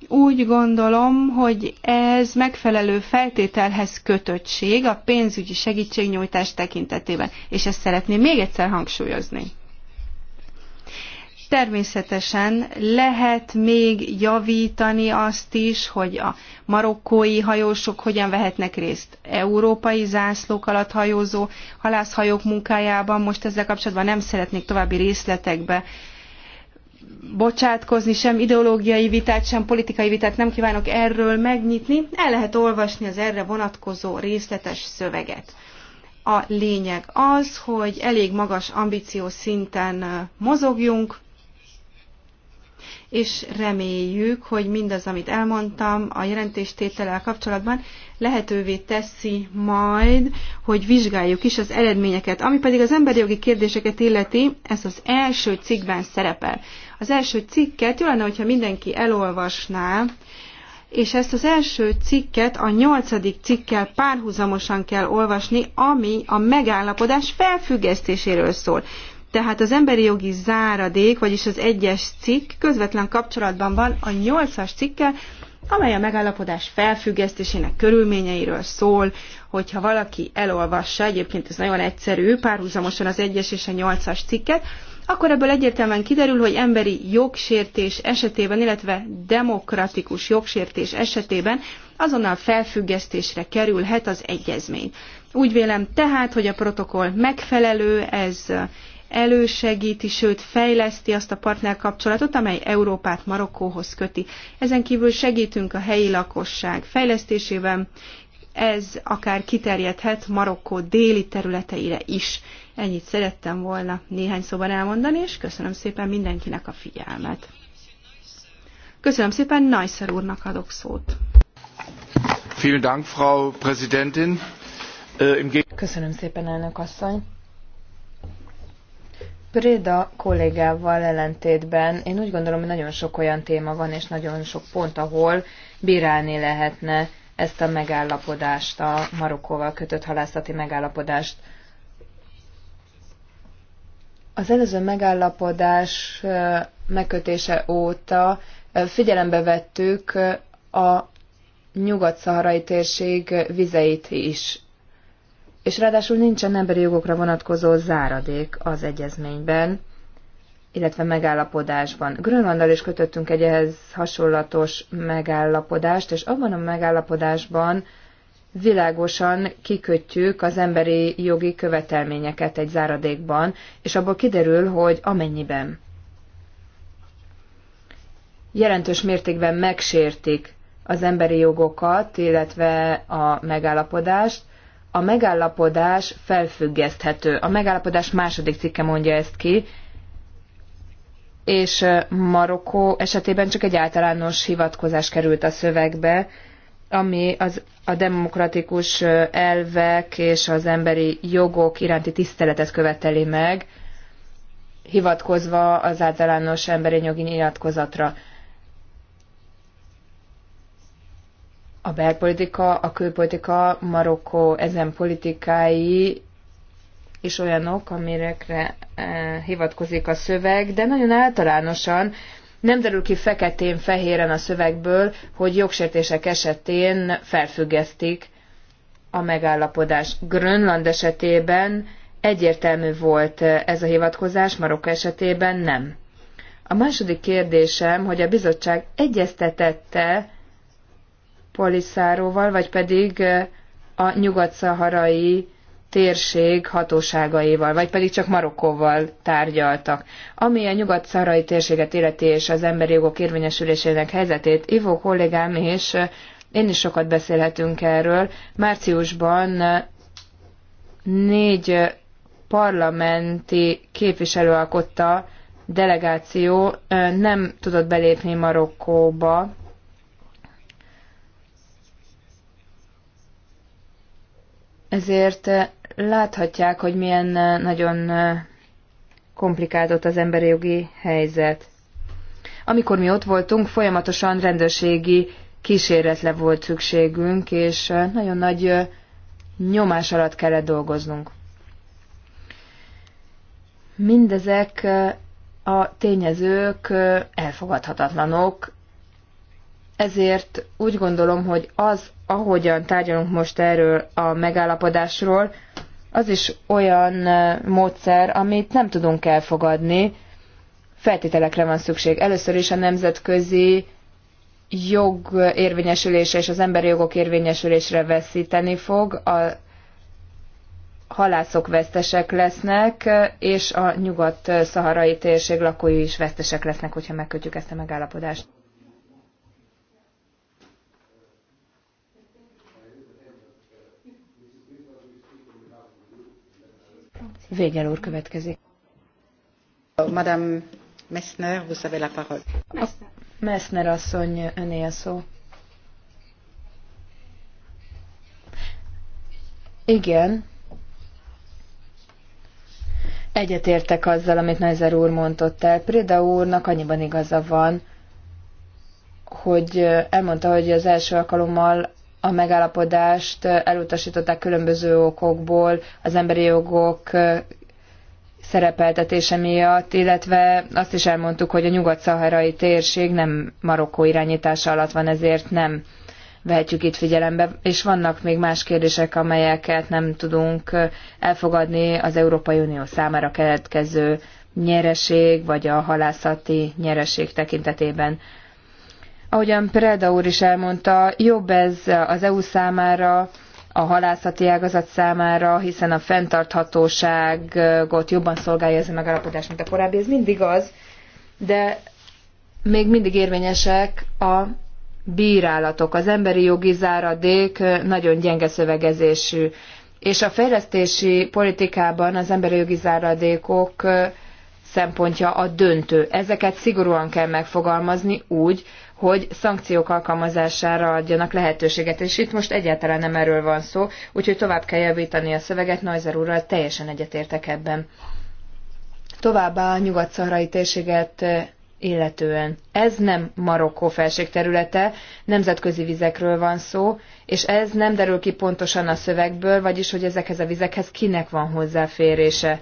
Úgy gondolom, hogy ez megfelelő feltételhez kötöttség a pénzügyi segítségnyújtás tekintetében, és ezt szeretném még egyszer hangsúlyozni. Természetesen lehet még javítani azt is, hogy a marokkói hajósok hogyan vehetnek részt európai zászlók alatt hajózó halászhajók munkájában. Most ezzel kapcsolatban nem szeretnék további részletekbe bocsátkozni, sem ideológiai vitát, sem politikai vitát nem kívánok erről megnyitni. El lehet olvasni az erre vonatkozó részletes szöveget. A lényeg az, hogy elég magas ambíció szinten mozogjunk, és reméljük, hogy mindaz, amit elmondtam a jelentéstétellel kapcsolatban, lehetővé teszi majd, hogy vizsgáljuk is az eredményeket. Ami pedig az emberi jogi kérdéseket illeti, ez az első cikkben szerepel. Az első cikket jó lenne, hogyha mindenki elolvasná, és ezt az első cikket a nyolcadik cikkel párhuzamosan kell olvasni, ami a megállapodás felfüggesztéséről szól. Tehát az emberi jogi záradék, vagyis az egyes cikk közvetlen kapcsolatban van a nyolcas cikkel, amely a megállapodás felfüggesztésének körülményeiről szól, hogyha valaki elolvassa, egyébként ez nagyon egyszerű, párhuzamosan az egyes és a nyolcas cikket, akkor ebből egyértelműen kiderül, hogy emberi jogsértés esetében, illetve demokratikus jogsértés esetében azonnal felfüggesztésre kerülhet az egyezmény. Úgy vélem tehát, hogy a protokoll megfelelő, ez elősegíti, sőt fejleszti azt a partnerkapcsolatot, amely Európát Marokkóhoz köti. Ezen kívül segítünk a helyi lakosság fejlesztésében, ez akár kiterjedhet Marokkó déli területeire is. Ennyit szerettem volna néhány szóban elmondani, és köszönöm szépen mindenkinek a figyelmet. Köszönöm szépen, Najszer úrnak adok szót. Vielen Dank, Frau Präsidentin. Äh, köszönöm szépen, elnök asszony. Préda kollégával ellentétben én úgy gondolom, hogy nagyon sok olyan téma van, és nagyon sok pont, ahol bírálni lehetne ezt a megállapodást, a Marokkóval kötött halászati megállapodást. Az előző megállapodás megkötése óta figyelembe vettük a nyugat-szaharai térség vizeit is és ráadásul nincsen emberi jogokra vonatkozó záradék az egyezményben, illetve megállapodásban. Grönlandal is kötöttünk egy ehhez hasonlatos megállapodást, és abban a megállapodásban világosan kikötjük az emberi jogi követelményeket egy záradékban, és abból kiderül, hogy amennyiben jelentős mértékben megsértik az emberi jogokat, illetve a megállapodást, a megállapodás felfüggeszthető. A megállapodás második cikke mondja ezt ki, és Marokkó esetében csak egy általános hivatkozás került a szövegbe, ami az, a demokratikus elvek és az emberi jogok iránti tiszteletet követeli meg, hivatkozva az általános emberi jogi nyilatkozatra. a belpolitika, a külpolitika, Marokkó ezen politikái is olyanok, amirekre eh, hivatkozik a szöveg, de nagyon általánosan nem derül ki feketén-fehéren a szövegből, hogy jogsértések esetén felfüggesztik a megállapodás. Grönland esetében egyértelmű volt eh, ez a hivatkozás, Marok esetében nem. A második kérdésem, hogy a bizottság egyeztetette Poliszáróval, vagy pedig a nyugat-szaharai térség hatóságaival, vagy pedig csak Marokkóval tárgyaltak. Ami a nyugat szaharai térséget illeti és az emberi jogok érvényesülésének helyzetét, Ivo kollégám és én is sokat beszélhetünk erről. Márciusban négy parlamenti képviselő alkotta delegáció nem tudott belépni Marokkóba, Ezért eh, láthatják, hogy milyen eh, nagyon eh, komplikáltott az emberi jogi helyzet. Amikor mi ott voltunk, folyamatosan rendőrségi kíséretre volt szükségünk, és nagyon nagy nyomás alatt kellett dolgoznunk. Mindezek a tényezők elfogadhatatlanok, ezért úgy gondolom, hogy az, ahogyan tárgyalunk most erről a megállapodásról, az is olyan módszer, amit nem tudunk elfogadni. Feltételekre van szükség. Először is a nemzetközi jog érvényesülése és az emberi jogok érvényesülésre veszíteni fog, a halászok vesztesek lesznek, és a nyugat-szaharai térség lakói is vesztesek lesznek, hogyha megkötjük ezt a megállapodást. Végel úr következik. Madame Messner, vous avez la parole. Messner, asszony, öné a szó. Igen. Egyetértek azzal, amit Nezer úr mondott el. Préda úrnak annyiban igaza van, hogy elmondta, hogy az első alkalommal a megállapodást elutasították különböző okokból az emberi jogok szerepeltetése miatt, illetve azt is elmondtuk, hogy a nyugat-szaharai térség nem Marokkó irányítása alatt van, ezért nem vehetjük itt figyelembe, és vannak még más kérdések, amelyeket nem tudunk elfogadni az Európai Unió számára keletkező nyereség, vagy a halászati nyereség tekintetében. Ahogyan Preda úr is elmondta, jobb ez az EU számára, a halászati ágazat számára, hiszen a fenntarthatóságot jobban szolgálja ez a megállapodás, mint a korábbi. Ez mindig az, de még mindig érvényesek a bírálatok. Az emberi jogi záradék nagyon gyenge szövegezésű, és a fejlesztési politikában az emberi jogi záradékok szempontja a döntő. Ezeket szigorúan kell megfogalmazni úgy, hogy szankciók alkalmazására adjanak lehetőséget, és itt most egyáltalán nem erről van szó, úgyhogy tovább kell javítani a szöveget, Neuser úrral teljesen egyetértek ebben. Továbbá a nyugat térséget eh, illetően. Ez nem Marokkó felség területe, nemzetközi vizekről van szó, és ez nem derül ki pontosan a szövegből, vagyis hogy ezekhez a vizekhez kinek van hozzáférése.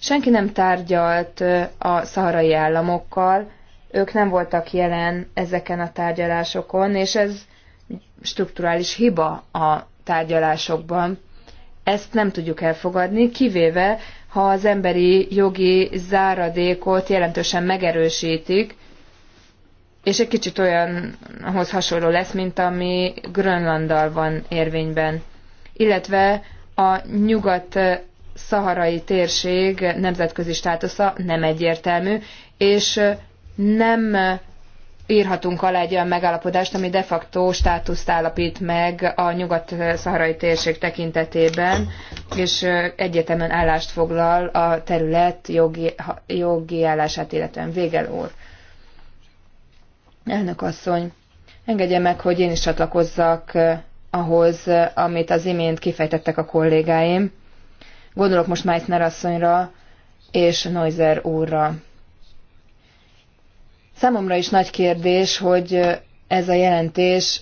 Senki nem tárgyalt eh, a szaharai államokkal, ők nem voltak jelen ezeken a tárgyalásokon, és ez strukturális hiba a tárgyalásokban. Ezt nem tudjuk elfogadni, kivéve, ha az emberi jogi záradékot jelentősen megerősítik, és egy kicsit olyanhoz hasonló lesz, mint ami Grönlanddal van érvényben. Illetve a nyugat-szaharai térség nemzetközi státusza nem egyértelmű, és nem írhatunk alá egy olyan megállapodást, ami de facto státuszt állapít meg a nyugat-szaharai térség tekintetében, és egyetemen állást foglal a terület jogi, jogi állását illetően. Végel úr. Elnök asszony, engedje meg, hogy én is csatlakozzak ahhoz, amit az imént kifejtettek a kollégáim. Gondolok most Meissner asszonyra és Neuser úrra. Számomra is nagy kérdés, hogy ez a jelentés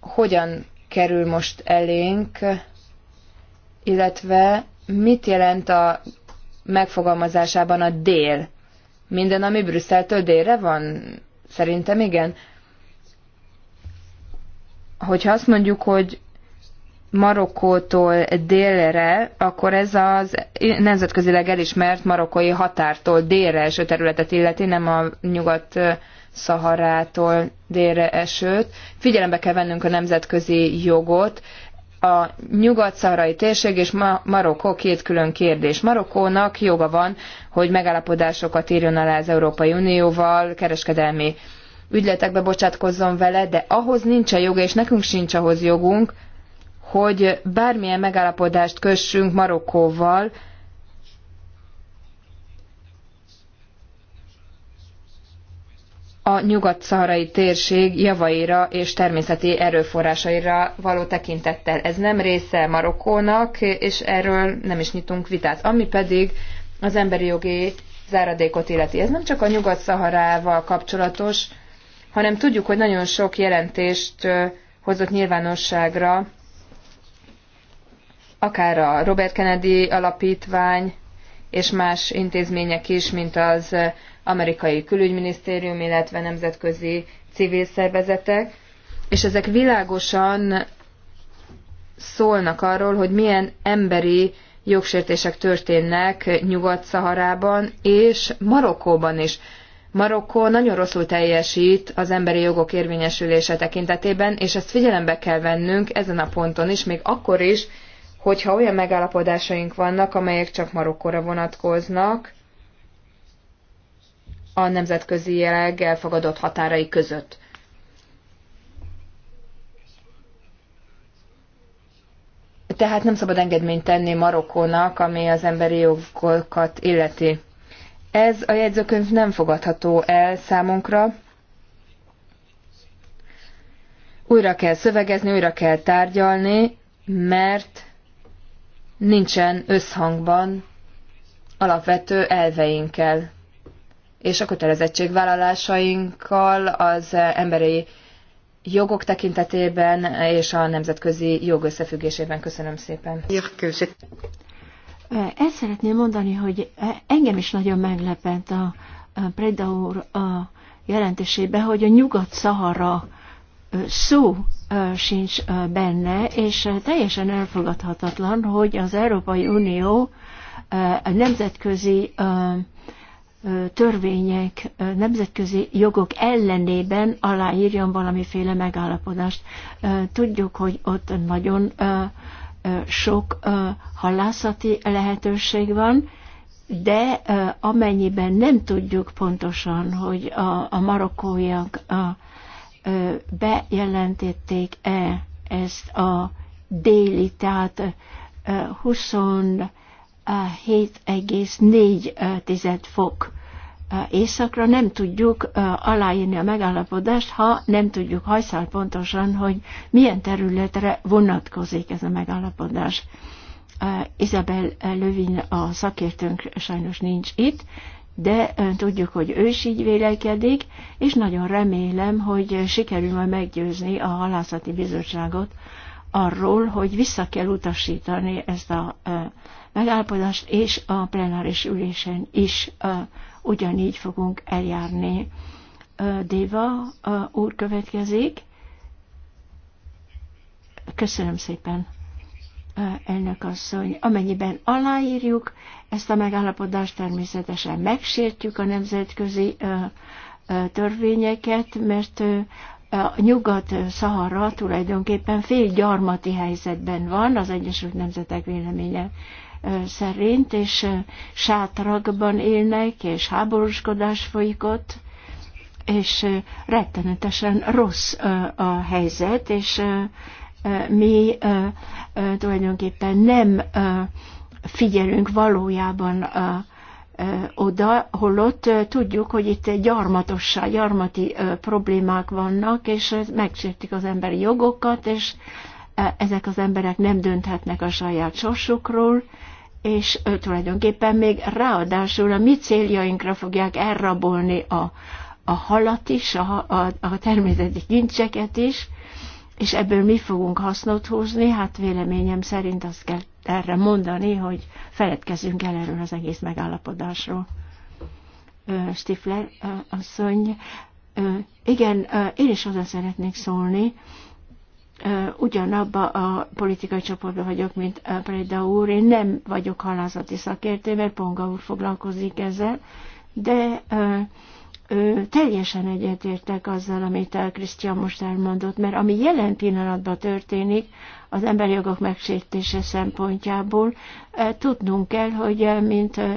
hogyan kerül most elénk, illetve mit jelent a megfogalmazásában a dél? Minden, ami Brüsszeltől délre van? Szerintem igen. Hogyha azt mondjuk, hogy Marokkótól délre, akkor ez az nemzetközileg elismert marokkói határtól délre eső területet illeti, nem a nyugat Szaharától délre esőt. Figyelembe kell vennünk a nemzetközi jogot. A nyugat-szaharai térség és Marokkó két külön kérdés. Marokkónak joga van, hogy megállapodásokat írjon alá az Európai Unióval, kereskedelmi ügyletekbe bocsátkozzon vele, de ahhoz nincsen joga, és nekünk sincs ahhoz jogunk, hogy bármilyen megállapodást kössünk Marokkóval, a nyugat-szaharai térség javaira és természeti erőforrásaira való tekintettel. Ez nem része Marokkónak, és erről nem is nyitunk vitát. Ami pedig az emberi jogi záradékot illeti. Ez nem csak a nyugat-szaharával kapcsolatos, hanem tudjuk, hogy nagyon sok jelentést hozott nyilvánosságra akár a Robert Kennedy Alapítvány és más intézmények is, mint az amerikai külügyminisztérium, illetve nemzetközi civil szervezetek, és ezek világosan szólnak arról, hogy milyen emberi jogsértések történnek Nyugat-Szaharában és Marokkóban is. Marokkó nagyon rosszul teljesít az emberi jogok érvényesülése tekintetében, és ezt figyelembe kell vennünk ezen a ponton is, még akkor is, hogyha olyan megállapodásaink vannak, amelyek csak Marokkóra vonatkoznak, a nemzetközi jelleg elfogadott határai között. Tehát nem szabad engedményt tenni Marokkónak, ami az emberi jogokat illeti. Ez a jegyzőkönyv nem fogadható el számunkra. Újra kell szövegezni, újra kell tárgyalni, mert nincsen összhangban alapvető elveinkkel és a kötelezettségvállalásainkkal az emberi jogok tekintetében és a nemzetközi jog összefüggésében. Köszönöm szépen. Ezt szeretném mondani, hogy engem is nagyon meglepett a Preda úr a jelentésébe, hogy a Nyugat-Szahara szó sincs benne, és teljesen elfogadhatatlan, hogy az Európai Unió a nemzetközi törvények, nemzetközi jogok ellenében aláírjon valamiféle megállapodást. Tudjuk, hogy ott nagyon sok halászati lehetőség van, de amennyiben nem tudjuk pontosan, hogy a, a marokkóiak a, bejelentették-e ezt a déli, tehát 27,4 fok északra nem tudjuk aláírni a megállapodást, ha nem tudjuk hajszál pontosan, hogy milyen területre vonatkozik ez a megállapodás. Isabel Lövin, a szakértőnk sajnos nincs itt, de tudjuk, hogy ő is így vélekedik, és nagyon remélem, hogy sikerül majd meggyőzni a halászati bizottságot arról, hogy vissza kell utasítani ezt a megállapodást, és a plenáris ülésen is ugyanígy fogunk eljárni. Déva úr következik. Köszönöm szépen elnök asszony, amennyiben aláírjuk ezt a megállapodást, természetesen megsértjük a nemzetközi törvényeket, mert a Nyugat-Szahara tulajdonképpen fél gyarmati helyzetben van az Egyesült Nemzetek véleménye szerint, és sátrakban élnek, és háborúskodás folyik ott, és rettenetesen rossz a helyzet, és mi tulajdonképpen nem figyelünk valójában oda, holott tudjuk, hogy itt gyarmatossá, gyarmati problémák vannak, és megsértik az emberi jogokat, és ezek az emberek nem dönthetnek a saját sorsukról, és tulajdonképpen még ráadásul a mi céljainkra fogják elrabolni a, a halat is, a, a, a természeti kincseket is, és ebből mi fogunk hasznot húzni, hát véleményem szerint azt kell erre mondani, hogy feledkezzünk el erről az egész megállapodásról. Stifler asszony, igen, én is oda szeretnék szólni, ugyanabba a politikai csoportban vagyok, mint Preda úr, én nem vagyok halázati szakértő, mert Ponga úr foglalkozik ezzel, de ö, teljesen egyetértek azzal, amit a Krisztián most elmondott, mert ami jelen pillanatban történik az emberi jogok megsértése szempontjából, ö, tudnunk kell, hogy ö, mint ö,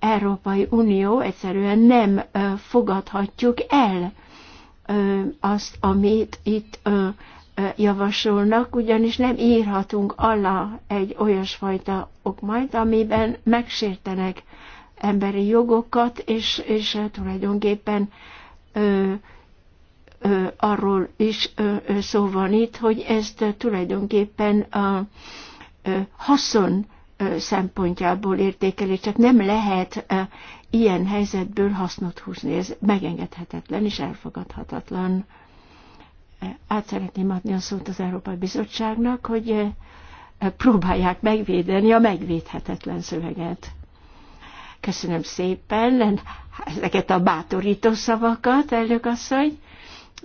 Európai Unió egyszerűen nem ö, fogadhatjuk el ö, azt, amit itt ö, javasolnak, ugyanis nem írhatunk alá egy olyasfajta okmányt, amiben megsértenek emberi jogokat, és, és eh, tulajdonképpen ö, ö, arról is ö, ö, szó van itt, hogy ezt eh, tulajdonképpen a ö, haszon ö, szempontjából értékeli, csak nem lehet ö, eh, ilyen helyzetből hasznot húzni. Ez megengedhetetlen és elfogadhatatlan. Át szeretném adni a szót az Európai Bizottságnak, hogy próbálják megvédeni a megvédhetetlen szöveget. Köszönöm szépen ezeket a bátorító szavakat, elnök asszony.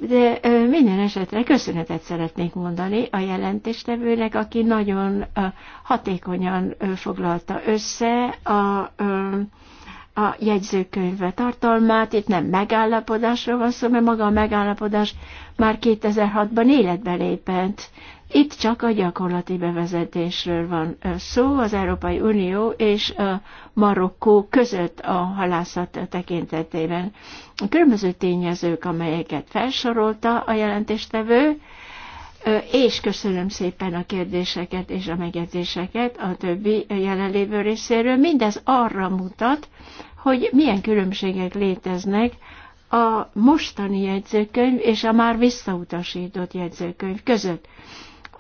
De minden esetre köszönetet szeretnék mondani a jelentéstevőnek, aki nagyon hatékonyan foglalta össze a, a jegyzőkönyve tartalmát. Itt nem megállapodásról van szó, mert maga a megállapodás már 2006-ban életbe lépett. Itt csak a gyakorlati bevezetésről van szó az Európai Unió és Marokkó között a halászat tekintetében. A különböző tényezők, amelyeket felsorolta a jelentéstevő, és köszönöm szépen a kérdéseket és a megjegyzéseket a többi jelenlévő részéről. Mindez arra mutat, hogy milyen különbségek léteznek a mostani jegyzőkönyv és a már visszautasított jegyzőkönyv között.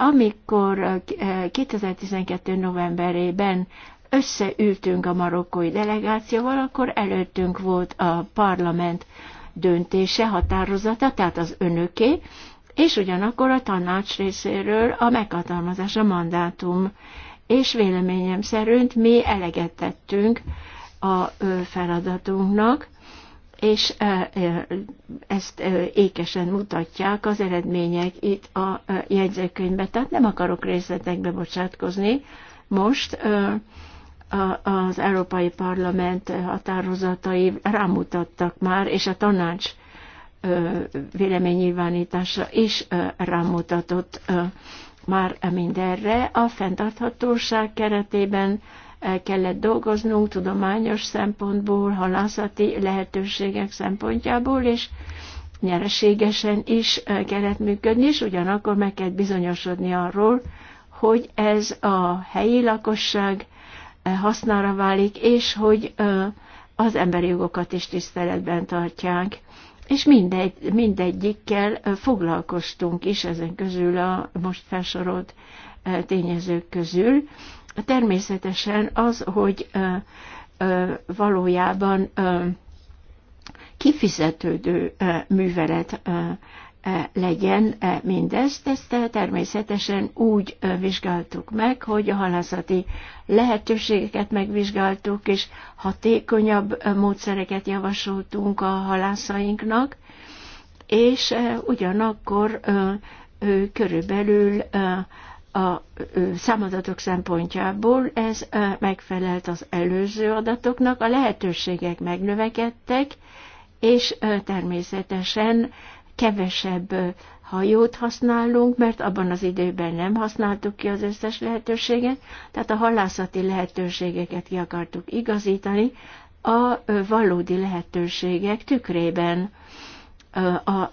Amikor 2012. novemberében összeültünk a marokkói delegációval, akkor előttünk volt a parlament döntése, határozata, tehát az önöké, és ugyanakkor a tanács részéről a meghatalmazás, a mandátum, és véleményem szerint mi eleget tettünk a feladatunknak, és ezt ékesen mutatják az eredmények itt a jegyzőkönyvben. Tehát nem akarok részletekbe bocsátkozni. Most az Európai Parlament határozatai rámutattak már, és a tanács véleménynyilvánítása is rámutatott már mindenre a fenntarthatóság keretében kellett dolgoznunk tudományos szempontból, halászati lehetőségek szempontjából, és nyereségesen is kellett működni, és ugyanakkor meg kell bizonyosodni arról, hogy ez a helyi lakosság hasznára válik, és hogy az emberi jogokat is tiszteletben tartják. És mindegy, mindegyikkel foglalkoztunk is ezen közül a most felsorolt tényezők közül, Természetesen az, hogy valójában kifizetődő művelet legyen mindezt, ezt természetesen úgy vizsgáltuk meg, hogy a halászati lehetőségeket megvizsgáltuk, és hatékonyabb módszereket javasoltunk a halászainknak, és ugyanakkor körülbelül a számadatok szempontjából ez megfelelt az előző adatoknak, a lehetőségek megnövekedtek, és természetesen kevesebb hajót használunk, mert abban az időben nem használtuk ki az összes lehetőséget, tehát a halászati lehetőségeket ki akartuk igazítani a valódi lehetőségek tükrében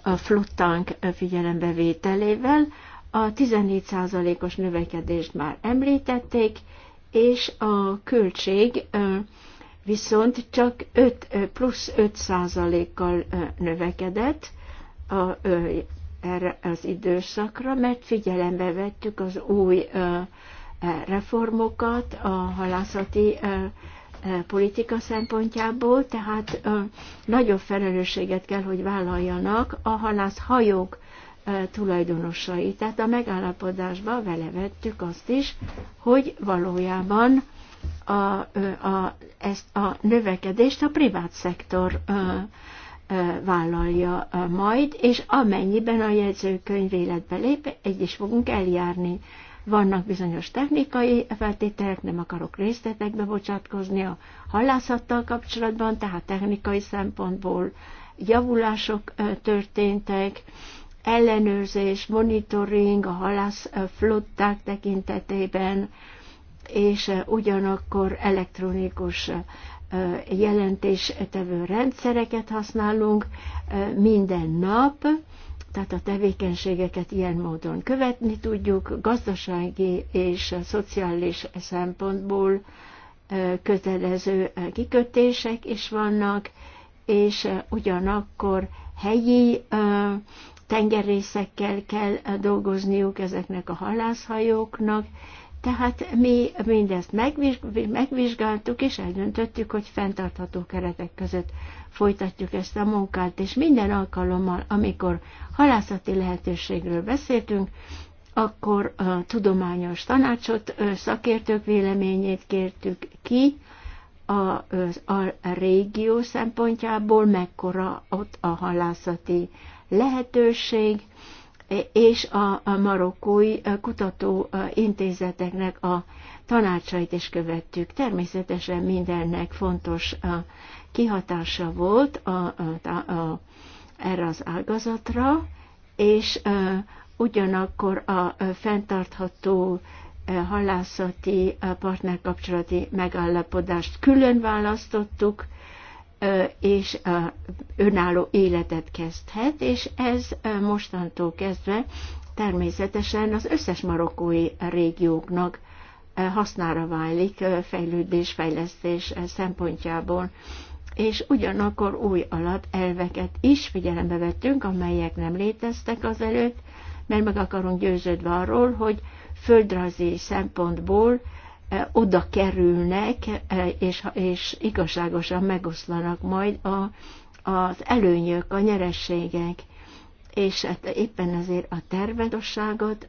a flottánk figyelembevételével, a 14%-os növekedést már említették, és a költség viszont csak 5, plusz 5%-kal növekedett erre az időszakra, mert figyelembe vettük az új e, reformokat a halászati e, politika szempontjából, tehát nagyobb felelősséget kell, hogy vállaljanak a halászhajók tulajdonosai. Tehát a megállapodásba velevettük azt is, hogy valójában a, a, ezt a növekedést a privát szektor vállalja majd, és amennyiben a jegyzőkönyv életbe lép, egy is fogunk eljárni. Vannak bizonyos technikai feltételek, nem akarok részletekbe bocsátkozni a halászattal kapcsolatban, tehát technikai szempontból javulások történtek, ellenőrzés, monitoring a halász flották tekintetében, és ugyanakkor elektronikus jelentéstevő rendszereket használunk minden nap, tehát a tevékenységeket ilyen módon követni tudjuk, gazdasági és szociális szempontból kötelező kikötések is vannak, és ugyanakkor helyi tengerészekkel kell eh, dolgozniuk ezeknek a halászhajóknak, tehát mi mindezt megvizsgáltuk, és eldöntöttük, hogy fenntartható keretek között folytatjuk ezt a munkát, és minden alkalommal, amikor halászati lehetőségről beszéltünk, akkor a tudományos tanácsot, szakértők véleményét kértük ki, a, a régió szempontjából mekkora ott a halászati lehetőség, és a marokkói kutatóintézeteknek a tanácsait is követtük. Természetesen mindennek fontos kihatása volt a, a, a, erre az ágazatra, és ugyanakkor a fenntartható halászati partnerkapcsolati megállapodást külön választottuk, és önálló életet kezdhet, és ez mostantól kezdve természetesen az összes marokkói régióknak hasznára válik fejlődés, fejlesztés szempontjából és ugyanakkor új alapelveket is figyelembe vettünk, amelyek nem léteztek azelőtt, mert meg akarunk győződve arról, hogy földrajzi szempontból oda kerülnek, és, és igazságosan megoszlanak majd a, az előnyök, a nyerességek. És hát éppen ezért a tervedosságot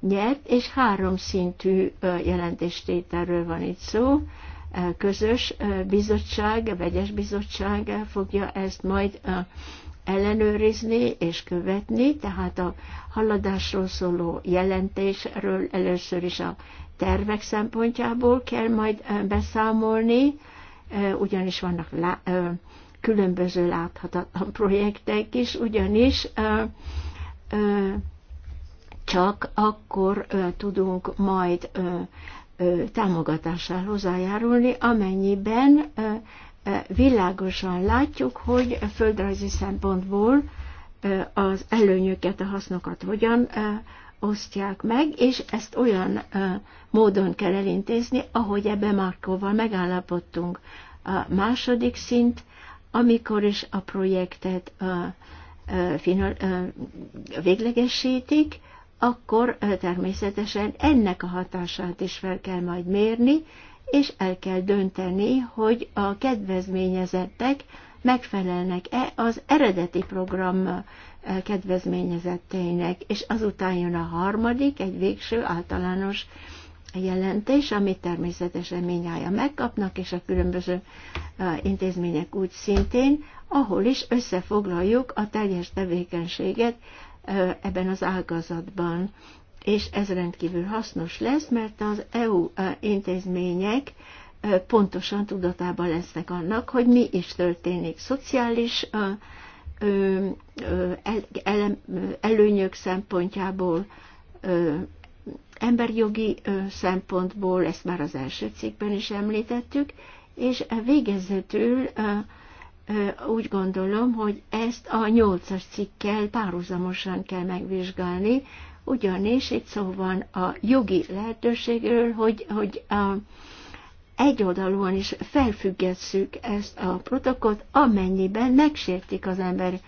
nyert, és három szintű jelentéstételről van itt szó. Közös bizottság, vegyes bizottság fogja ezt majd ellenőrizni és követni, tehát a haladásról szóló jelentésről először is a tervek szempontjából kell majd beszámolni, ugyanis vannak lá- különböző láthatatlan projektek is, ugyanis csak akkor tudunk majd támogatással hozzájárulni, amennyiben világosan látjuk, hogy földrajzi szempontból az előnyöket, a hasznokat hogyan osztják meg, és ezt olyan módon kell elintézni, ahogy ebbe Markóval megállapodtunk. A második szint, amikor is a projektet final, véglegesítik, akkor természetesen ennek a hatását is fel kell majd mérni, és el kell dönteni, hogy a kedvezményezettek megfelelnek-e az eredeti program kedvezményezetteinek. És azután jön a harmadik, egy végső általános jelentés, amit természetesen minnyája megkapnak, és a különböző intézmények úgy szintén, ahol is összefoglaljuk a teljes tevékenységet ebben az ágazatban. És ez rendkívül hasznos lesz, mert az EU intézmények pontosan tudatában lesznek annak, hogy mi is történik szociális előnyök szempontjából, emberjogi szempontból, ezt már az első cikkben is említettük, és végezetül úgy gondolom, hogy ezt a nyolcas cikkel párhuzamosan kell megvizsgálni, ugyanis itt szó van a jogi lehetőségről, hogy, hogy a, egyoldalúan is felfüggesszük ezt a protokollt, amennyiben megsértik az emberi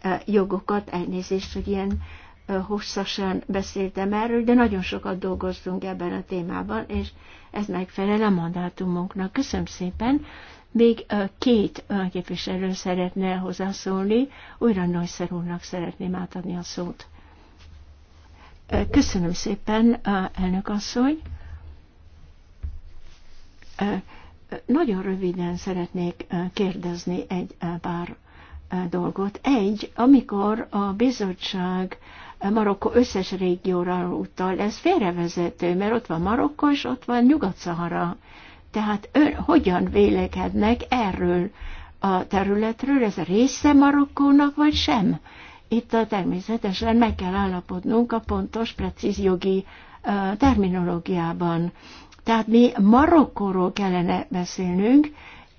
eh, jogokat, elnézést, hogy ilyen eh, hosszasan beszéltem erről, de nagyon sokat dolgoztunk ebben a témában, és ez megfelel a mandátumunknak. Köszönöm szépen! Még eh, két képviselő szeretne hozzászólni, újra Neusser úrnak szeretném átadni a szót. Köszönöm szépen, elnök asszony! Nagyon röviden szeretnék kérdezni egy pár dolgot. Egy, amikor a bizottság Marokko összes régióra utal, ez félrevezető, mert ott van Marokko és ott van Nyugat-Szahara. Tehát ön hogyan vélekednek erről a területről, ez a része Marokkónak, vagy sem? Itt a természetesen meg kell állapodnunk a pontos, precíz jogi terminológiában. Tehát mi Marokkóról kellene beszélnünk,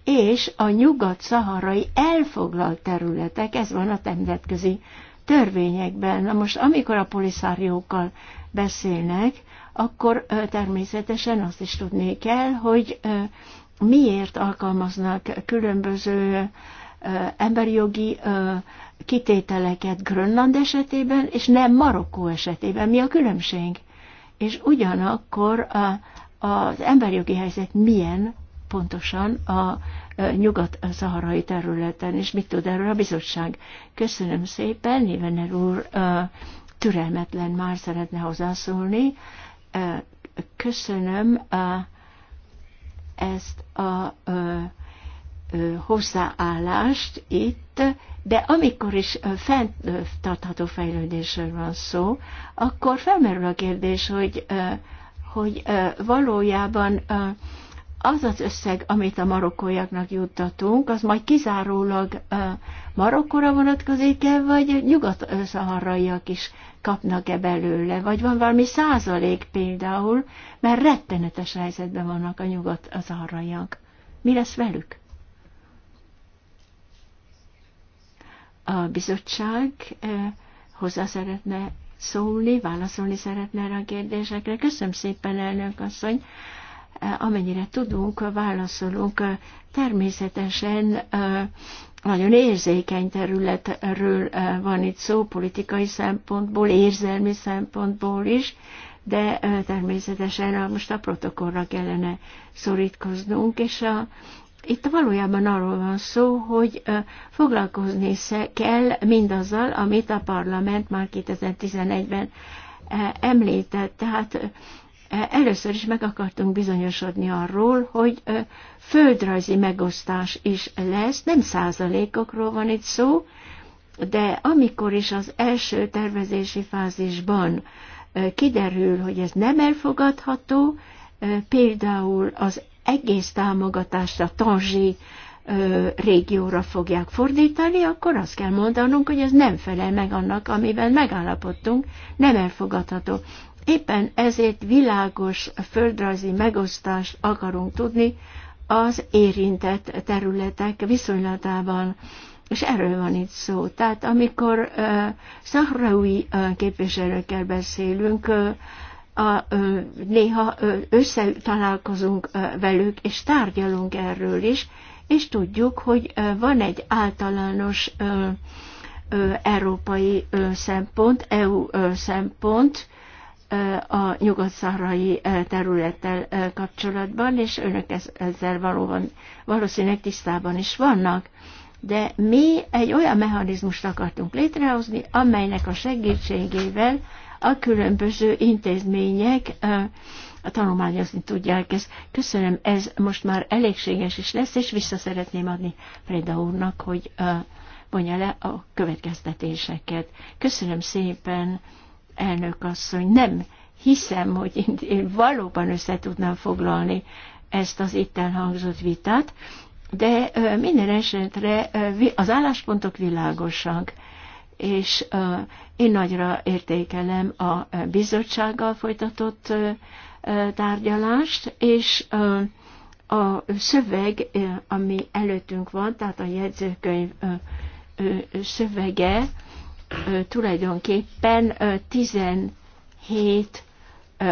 és a nyugat-szaharai elfoglalt területek, ez van a nemzetközi törvényekben. Na most, amikor a poliszáriókkal beszélnek, akkor természetesen azt is tudni kell, hogy miért alkalmaznak különböző emberi jogi kitételeket Grönland esetében, és nem Marokkó esetében. Mi a különbség? És ugyanakkor a, az emberjogi helyzet milyen pontosan a nyugat-szaharai területen, és mit tud erről a bizottság. Köszönöm szépen, Nivener úr türelmetlen már szeretne hozzászólni. Köszönöm ezt a hozzáállást itt, de amikor is fenntartható fejlődésről van szó, akkor felmerül a kérdés, hogy hogy valójában az az összeg, amit a marokkóiaknak juttatunk, az majd kizárólag Marokkóra vonatkozik el, vagy nyugat-szaharaiak is kapnak-e belőle, vagy van valami százalék például, mert rettenetes helyzetben vannak a nyugat-szaharaiak. Mi lesz velük? A bizottság hozzá szeretne szólni, válaszolni szeretne erre a kérdésekre. Köszönöm szépen, elnök asszony! Eh, amennyire tudunk, válaszolunk természetesen eh, nagyon érzékeny területről eh, van itt szó, politikai szempontból, érzelmi szempontból is, de természetesen most a protokollra kellene szorítkoznunk, és a itt valójában arról van szó, hogy foglalkozni kell mindazzal, amit a parlament már 2011-ben említett. Tehát először is meg akartunk bizonyosodni arról, hogy földrajzi megosztás is lesz, nem százalékokról van itt szó, de amikor is az első tervezési fázisban kiderül, hogy ez nem elfogadható, például az egész támogatást a Tanzsi régióra fogják fordítani, akkor azt kell mondanunk, hogy ez nem felel meg annak, amivel megállapodtunk, nem elfogadható. Éppen ezért világos földrajzi megosztást akarunk tudni az érintett területek viszonylatában. És erről van itt szó. Tehát amikor uh, szahraui uh, képviselőkkel beszélünk, uh, a, néha összetalálkozunk velük, és tárgyalunk erről is, és tudjuk, hogy van egy általános európai szempont, EU szempont a nyugat-szaharai területtel kapcsolatban, és önök ezzel valóban valószínűleg tisztában is vannak de mi egy olyan mechanizmust akartunk létrehozni, amelynek a segítségével a különböző intézmények a tanulmányozni tudják ezt. Köszönöm, ez most már elégséges is lesz, és vissza szeretném adni Freda úrnak, hogy vonja le a következtetéseket. Köszönöm szépen, elnök asszony. Nem hiszem, hogy én valóban össze tudnám foglalni ezt az itt elhangzott vitát, de minden esetre az álláspontok világosak és én nagyra értékelem a bizottsággal folytatott tárgyalást, és a szöveg, ami előttünk van, tehát a jegyzőkönyv szövege tulajdonképpen 17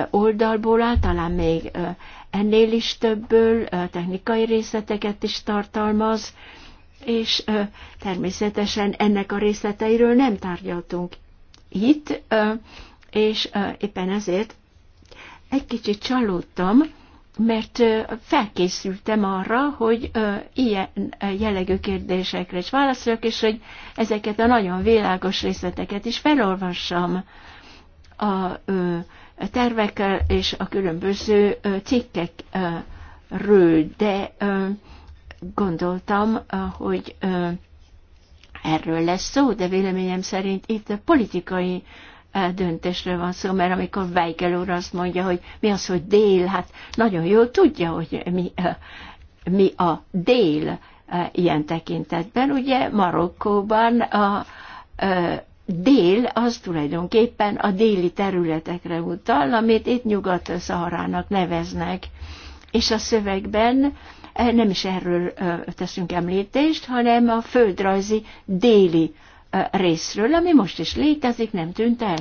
oldalból áll, talán még ennél is többből, technikai részleteket is tartalmaz, és természetesen ennek a részleteiről nem tárgyaltunk itt, és éppen ezért egy kicsit csalódtam, mert felkészültem arra, hogy ilyen jellegű kérdésekre is válaszoljak, és hogy ezeket a nagyon világos részleteket is felolvassam a tervekkel és a különböző cikkekről, de gondoltam, hogy erről lesz szó, de véleményem szerint itt a politikai döntésről van szó, mert amikor Weigel úr azt mondja, hogy mi az, hogy dél, hát nagyon jól tudja, hogy mi, mi a dél ilyen tekintetben. Ugye Marokkóban a, dél az tulajdonképpen a déli területekre utal, amit itt Nyugat-Szaharának neveznek. És a szövegben nem is erről teszünk említést, hanem a földrajzi déli részről, ami most is létezik, nem tűnt el.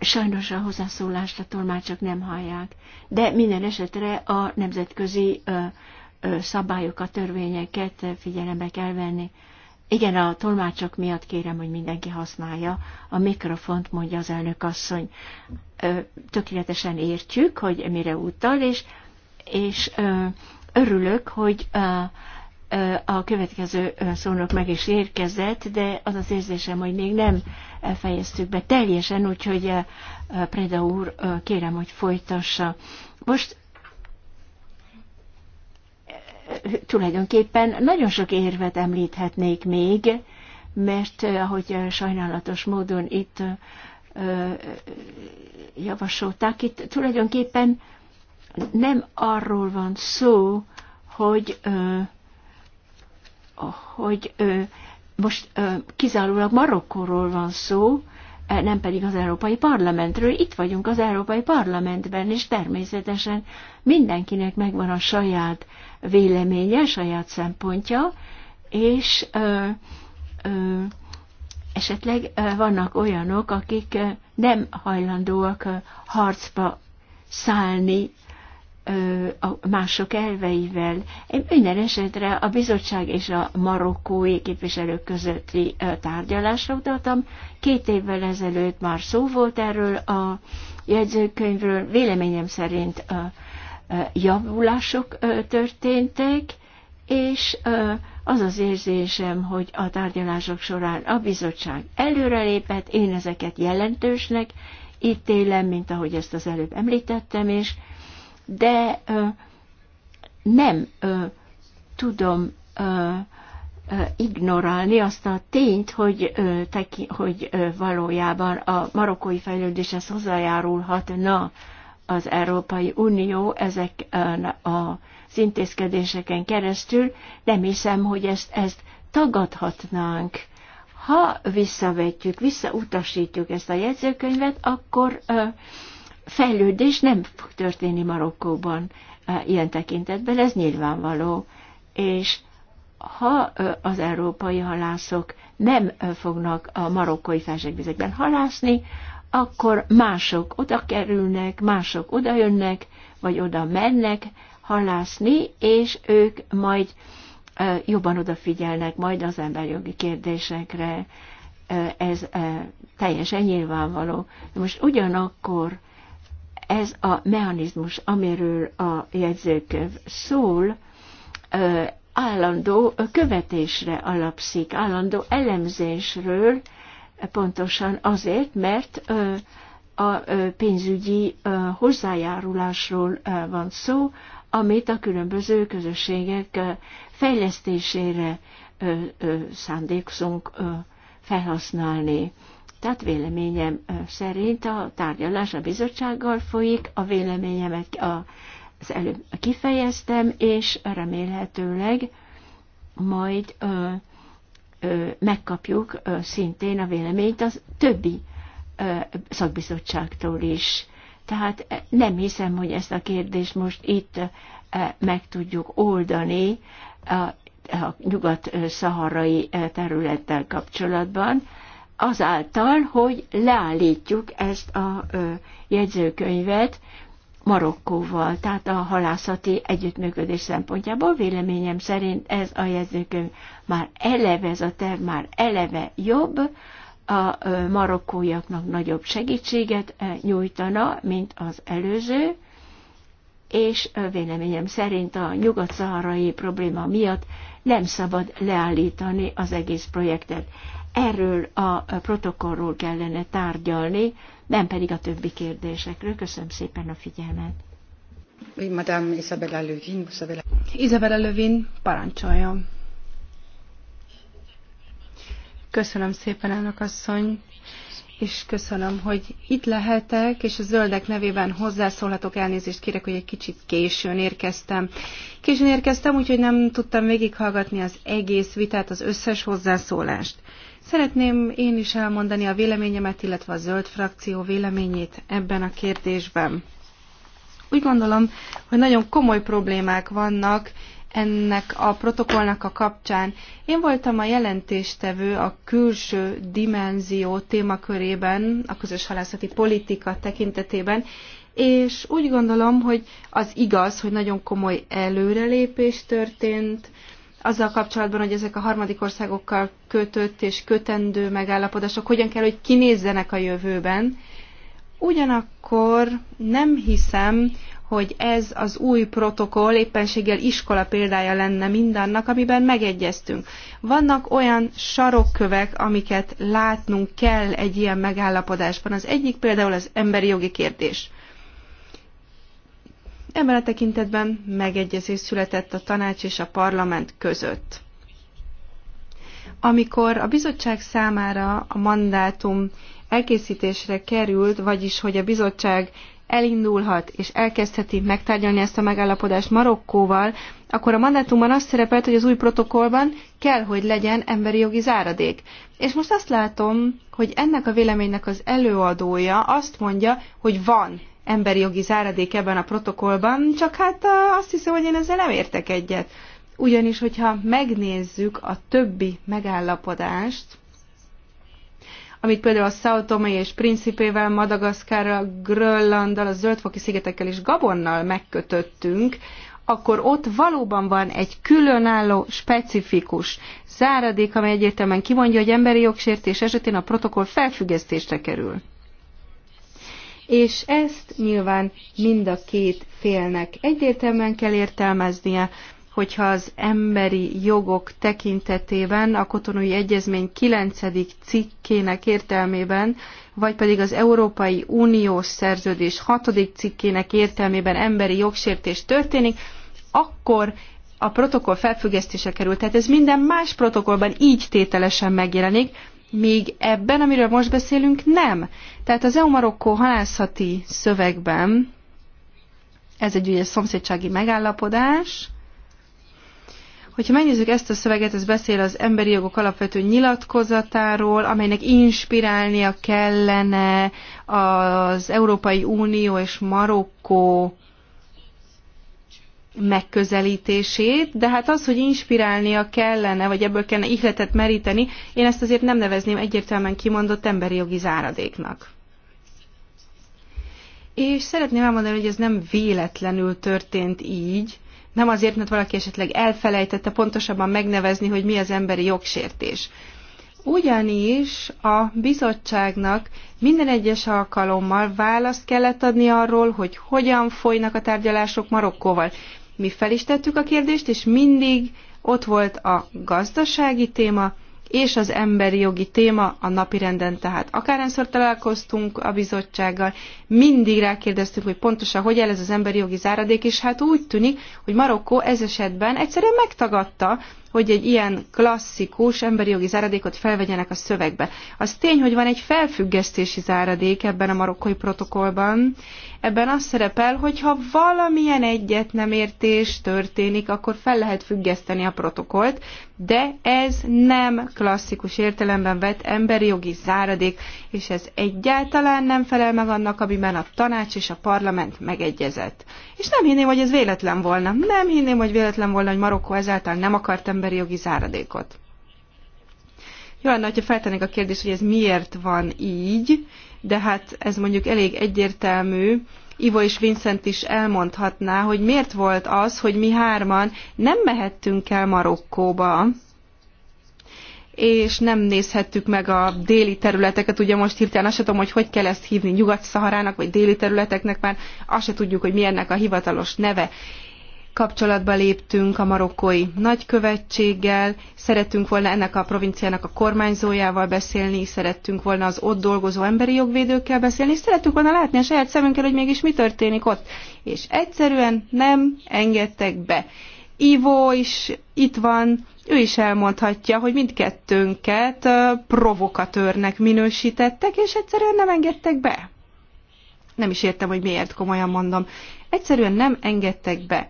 Sajnos a hozzászólást a tolmácsok nem hallják, de minden esetre a nemzetközi szabályokat, törvényeket figyelembe kell venni. Igen, a tolmácsok miatt kérem, hogy mindenki használja a mikrofont, mondja az elnök asszony. Tökéletesen értjük, hogy mire utal, és, és örülök, hogy a következő szónok meg is érkezett, de az az érzésem, hogy még nem fejeztük be teljesen, úgyhogy Preda úr, kérem, hogy folytassa. Most tulajdonképpen nagyon sok érvet említhetnék még, mert eh, ahogy eh, sajnálatos módon itt eh, javasolták, itt tulajdonképpen nem arról van szó, hogy, hogy most kizárólag Marokkóról van szó, Eh, nem pedig az Európai Parlamentről. Itt vagyunk az Európai Parlamentben, és természetesen mindenkinek megvan a saját véleménye, saját szempontja, és ö, ö, esetleg ö, vannak olyanok, akik ö, nem hajlandóak ö, harcba szállni a mások elveivel. Minden esetre a bizottság és a marokkói képviselők közötti tárgyalásra utaltam. Két évvel ezelőtt már szó volt erről a jegyzőkönyvről. Véleményem szerint javulások történtek, és az az érzésem, hogy a tárgyalások során a bizottság előrelépett, én ezeket jelentősnek ítélem, mint ahogy ezt az előbb említettem, és de nem tudom ignorálni azt a tényt, hogy, teki, hogy valójában a marokkói fejlődéshez hozzájárulhatna az Európai Unió ezek az intézkedéseken keresztül. Nem hiszem, hogy ezt, ezt tagadhatnánk. Ha visszavetjük, visszautasítjuk ezt a jegyzőkönyvet, akkor fejlődés nem fog történni Marokkóban e, ilyen tekintetben, ez nyilvánvaló. És ha e, az európai halászok nem e, fognak a marokkói felségvizekben halászni, akkor mások oda kerülnek, mások oda jönnek, vagy oda mennek halászni, és ők majd jobban odafigyelnek majd az emberjogi kérdésekre. Ez teljesen nyilvánvaló. Most ugyanakkor ez a mechanizmus, amiről a jegyzőkönyv szól, állandó követésre alapszik, állandó elemzésről, pontosan azért, mert a pénzügyi hozzájárulásról van szó, amit a különböző közösségek fejlesztésére szándékszunk felhasználni. Tehát véleményem szerint a tárgyalás a bizottsággal folyik, a véleményemet a, az előbb kifejeztem, és remélhetőleg majd ö, ö, megkapjuk ö, szintén a véleményt az többi ö, szakbizottságtól is. Tehát nem hiszem, hogy ezt a kérdést most itt meg tudjuk oldani a nyugat-szaharai területtel kapcsolatban, azáltal, hogy leállítjuk ezt a jegyzőkönyvet Marokkóval, tehát a halászati együttműködés szempontjából véleményem szerint ez a jegyzőkönyv már eleve, ez a terv már eleve jobb, a marokkóiaknak nagyobb segítséget nyújtana, mint az előző, és véleményem szerint a nyugat-szaharai probléma miatt nem szabad leállítani az egész projektet erről a protokollról kellene tárgyalni, nem pedig a többi kérdésekről. Köszönöm szépen a figyelmet. Madame Isabella Lövin, Isabella Lövin, Köszönöm szépen, elnök asszony, és köszönöm, hogy itt lehetek, és a zöldek nevében hozzászólhatok, elnézést kérek, hogy egy kicsit későn érkeztem. Későn érkeztem, úgyhogy nem tudtam végighallgatni az egész vitát, az összes hozzászólást. Szeretném én is elmondani a véleményemet, illetve a zöld frakció véleményét ebben a kérdésben. Úgy gondolom, hogy nagyon komoly problémák vannak ennek a protokollnak a kapcsán. Én voltam a jelentéstevő a külső dimenzió témakörében, a közös halászati politika tekintetében, és úgy gondolom, hogy az igaz, hogy nagyon komoly előrelépés történt, azzal kapcsolatban, hogy ezek a harmadik országokkal kötött és kötendő megállapodások hogyan kell, hogy kinézzenek a jövőben. Ugyanakkor nem hiszem, hogy ez az új protokoll éppenséggel iskola példája lenne mindannak, amiben megegyeztünk. Vannak olyan sarokkövek, amiket látnunk kell egy ilyen megállapodásban. Az egyik például az emberi jogi kérdés. Ebben a tekintetben megegyezés született a tanács és a parlament között. Amikor a bizottság számára a mandátum elkészítésre került, vagyis hogy a bizottság elindulhat és elkezdheti megtárgyalni ezt a megállapodást Marokkóval, akkor a mandátumban azt szerepelt, hogy az új protokollban kell, hogy legyen emberi jogi záradék. És most azt látom, hogy ennek a véleménynek az előadója azt mondja, hogy van emberi jogi záradék ebben a protokollban, csak hát azt hiszem, hogy én ezzel nem értek egyet. Ugyanis, hogyha megnézzük a többi megállapodást, amit például a Sao Tomé és Principével, Madagaszkárral, Grönlanddal, a Zöldfoki szigetekkel és Gabonnal megkötöttünk, akkor ott valóban van egy különálló, specifikus záradék, amely egyértelműen kimondja, hogy emberi jogsértés esetén a protokoll felfüggesztésre kerül és ezt nyilván mind a két félnek egyértelműen kell értelmeznie, hogyha az emberi jogok tekintetében a kotonói egyezmény 9. cikkének értelmében, vagy pedig az Európai Uniós szerződés 6. cikkének értelmében emberi jogsértés történik, akkor a protokoll felfüggesztése kerül. Tehát ez minden más protokollban így tételesen megjelenik, Míg ebben, amiről most beszélünk, nem. Tehát az EU-Marokkó halászati szövegben, ez egy ugye szomszédsági megállapodás, Hogyha megnézzük ezt a szöveget, ez beszél az emberi jogok alapvető nyilatkozatáról, amelynek inspirálnia kellene az Európai Unió és Marokkó megközelítését, de hát az, hogy inspirálnia kellene, vagy ebből kellene ihletet meríteni, én ezt azért nem nevezném egyértelműen kimondott emberi jogi záradéknak. És szeretném elmondani, hogy ez nem véletlenül történt így, nem azért, mert valaki esetleg elfelejtette pontosabban megnevezni, hogy mi az emberi jogsértés. Ugyanis a bizottságnak minden egyes alkalommal választ kellett adni arról, hogy hogyan folynak a tárgyalások Marokkóval. Mi fel is tettük a kérdést, és mindig ott volt a gazdasági téma, és az emberi jogi téma a napirenden, tehát akárhányszor találkoztunk a bizottsággal, mindig rákérdeztük hogy pontosan hogy el ez az emberi jogi záradék, és hát úgy tűnik, hogy Marokkó ez esetben egyszerűen megtagadta, hogy egy ilyen klasszikus emberi jogi záradékot felvegyenek a szövegbe. Az tény, hogy van egy felfüggesztési záradék ebben a marokkói protokollban, Ebben az szerepel, hogy ha valamilyen egyet nem értés történik, akkor fel lehet függeszteni a protokolt, de ez nem klasszikus értelemben vett emberi jogi záradék, és ez egyáltalán nem felel meg annak, amiben a tanács és a parlament megegyezett. És nem hinném, hogy ez véletlen volna. Nem hinném, hogy véletlen volna, hogy Marokkó ezáltal nem akart emberi jogi záradékot. Jó lenne, hogyha feltennék a kérdést, hogy ez miért van így, de hát ez mondjuk elég egyértelmű, Ivo és Vincent is elmondhatná, hogy miért volt az, hogy mi hárman nem mehettünk el Marokkóba, és nem nézhettük meg a déli területeket. Ugye most hirtelen azt tudom, hogy hogy kell ezt hívni, Nyugat-Szaharának, vagy déli területeknek már, azt se tudjuk, hogy mi ennek a hivatalos neve kapcsolatba léptünk a marokkói nagykövetséggel, szerettünk volna ennek a provinciának a kormányzójával beszélni, szerettünk volna az ott dolgozó emberi jogvédőkkel beszélni, szerettünk volna látni a saját szemünkkel, hogy mégis mi történik ott. És egyszerűen nem engedtek be. Ivo is itt van, ő is elmondhatja, hogy mindkettőnket provokatőrnek minősítettek, és egyszerűen nem engedtek be. Nem is értem, hogy miért, komolyan mondom. Egyszerűen nem engedtek be.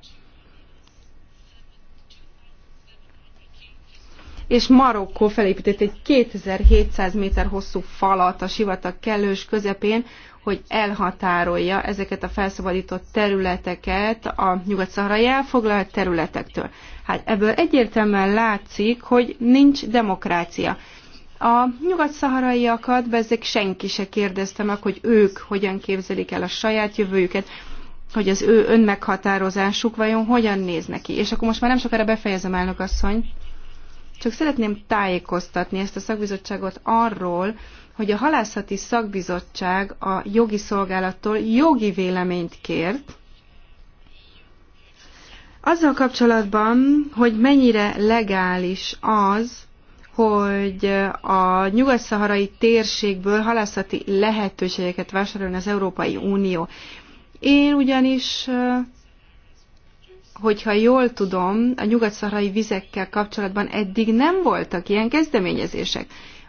és Marokkó felépített egy 2700 méter hosszú falat a sivatag kellős közepén, hogy elhatárolja ezeket a felszabadított területeket a nyugat-szaharai elfoglalt területektől. Hát ebből egyértelműen látszik, hogy nincs demokrácia. A nyugat-szaharaiakat bezzek senki se kérdezte meg, hogy ők hogyan képzelik el a saját jövőjüket, hogy az ő önmeghatározásuk vajon hogyan néz neki. És akkor most már nem sokára befejezem, elnök asszony. Csak szeretném tájékoztatni ezt a szakbizottságot arról, hogy a halászati szakbizottság a jogi szolgálattól jogi véleményt kért, azzal kapcsolatban, hogy mennyire legális az, hogy a nyugat-szaharai térségből halászati lehetőségeket vásárolni az Európai Unió. Én ugyanis hogyha jól tudom, a nyugat vizekkel kapcsolatban eddig nem voltak ilyen kezdeményezések.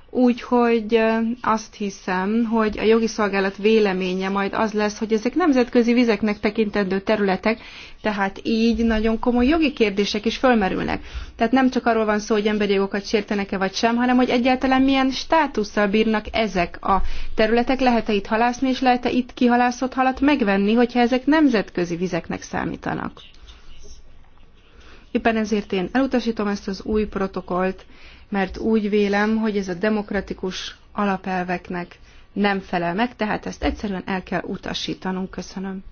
Úgyhogy azt hiszem, hogy a jogi szolgálat véleménye majd az lesz, hogy ezek nemzetközi vizeknek tekintendő területek, tehát így nagyon komoly jogi kérdések is fölmerülnek. Tehát nem csak arról van szó, hogy emberi jogokat sértenek-e vagy sem, hanem hogy egyáltalán milyen státusszal bírnak ezek a területek. Lehet-e itt halászni, és lehet-e itt kihalászott halat megvenni, hogyha ezek nemzetközi vizeknek számítanak. Éppen ezért én elutasítom ezt az új protokolt, mert úgy vélem, hogy ez a demokratikus alapelveknek nem felel meg, tehát ezt egyszerűen el kell utasítanunk. Köszönöm.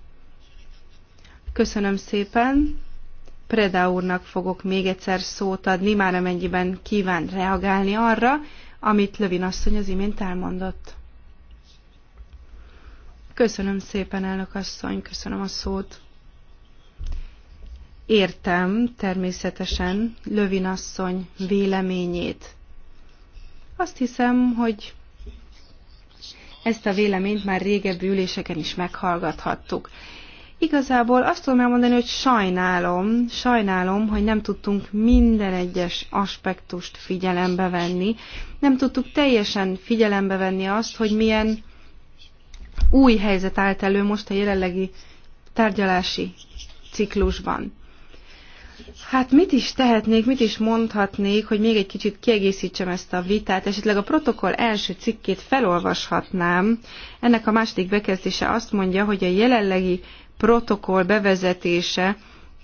Köszönöm szépen. Preda úrnak fogok még egyszer szót adni, már amennyiben kíván reagálni arra, amit Lövin asszony az imént elmondott. Köszönöm szépen, elnök asszony, köszönöm a szót. Értem természetesen Lövin asszony véleményét. Azt hiszem, hogy ezt a véleményt már régebbi üléseken is meghallgathattuk. Igazából azt tudom elmondani, hogy sajnálom, sajnálom, hogy nem tudtunk minden egyes aspektust figyelembe venni. Nem tudtuk teljesen figyelembe venni azt, hogy milyen új helyzet állt elő most a jelenlegi tárgyalási ciklusban. Hát mit is tehetnék, mit is mondhatnék, hogy még egy kicsit kiegészítsem ezt a vitát. Esetleg a protokoll első cikkét felolvashatnám. Ennek a második bekezdése azt mondja, hogy a jelenlegi protokoll bevezetése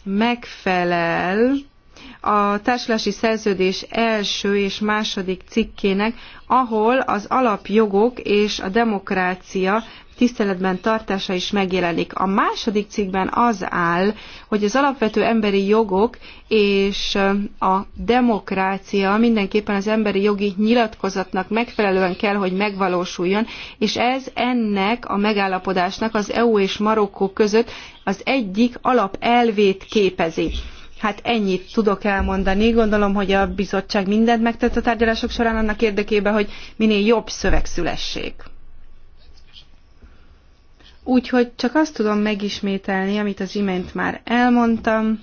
megfelel a társulási szerződés első és második cikkének, ahol az alapjogok és a demokrácia tiszteletben tartása is megjelenik. A második cikkben az áll, hogy az alapvető emberi jogok és a demokrácia mindenképpen az emberi jogi nyilatkozatnak megfelelően kell, hogy megvalósuljon, és ez ennek a megállapodásnak az EU és Marokkó között az egyik alapelvét képezi. Hát ennyit tudok elmondani. Gondolom, hogy a bizottság mindent megtett a tárgyalások során annak érdekében, hogy minél jobb szöveg szülessék. Úgyhogy csak azt tudom megismételni, amit az imént már elmondtam,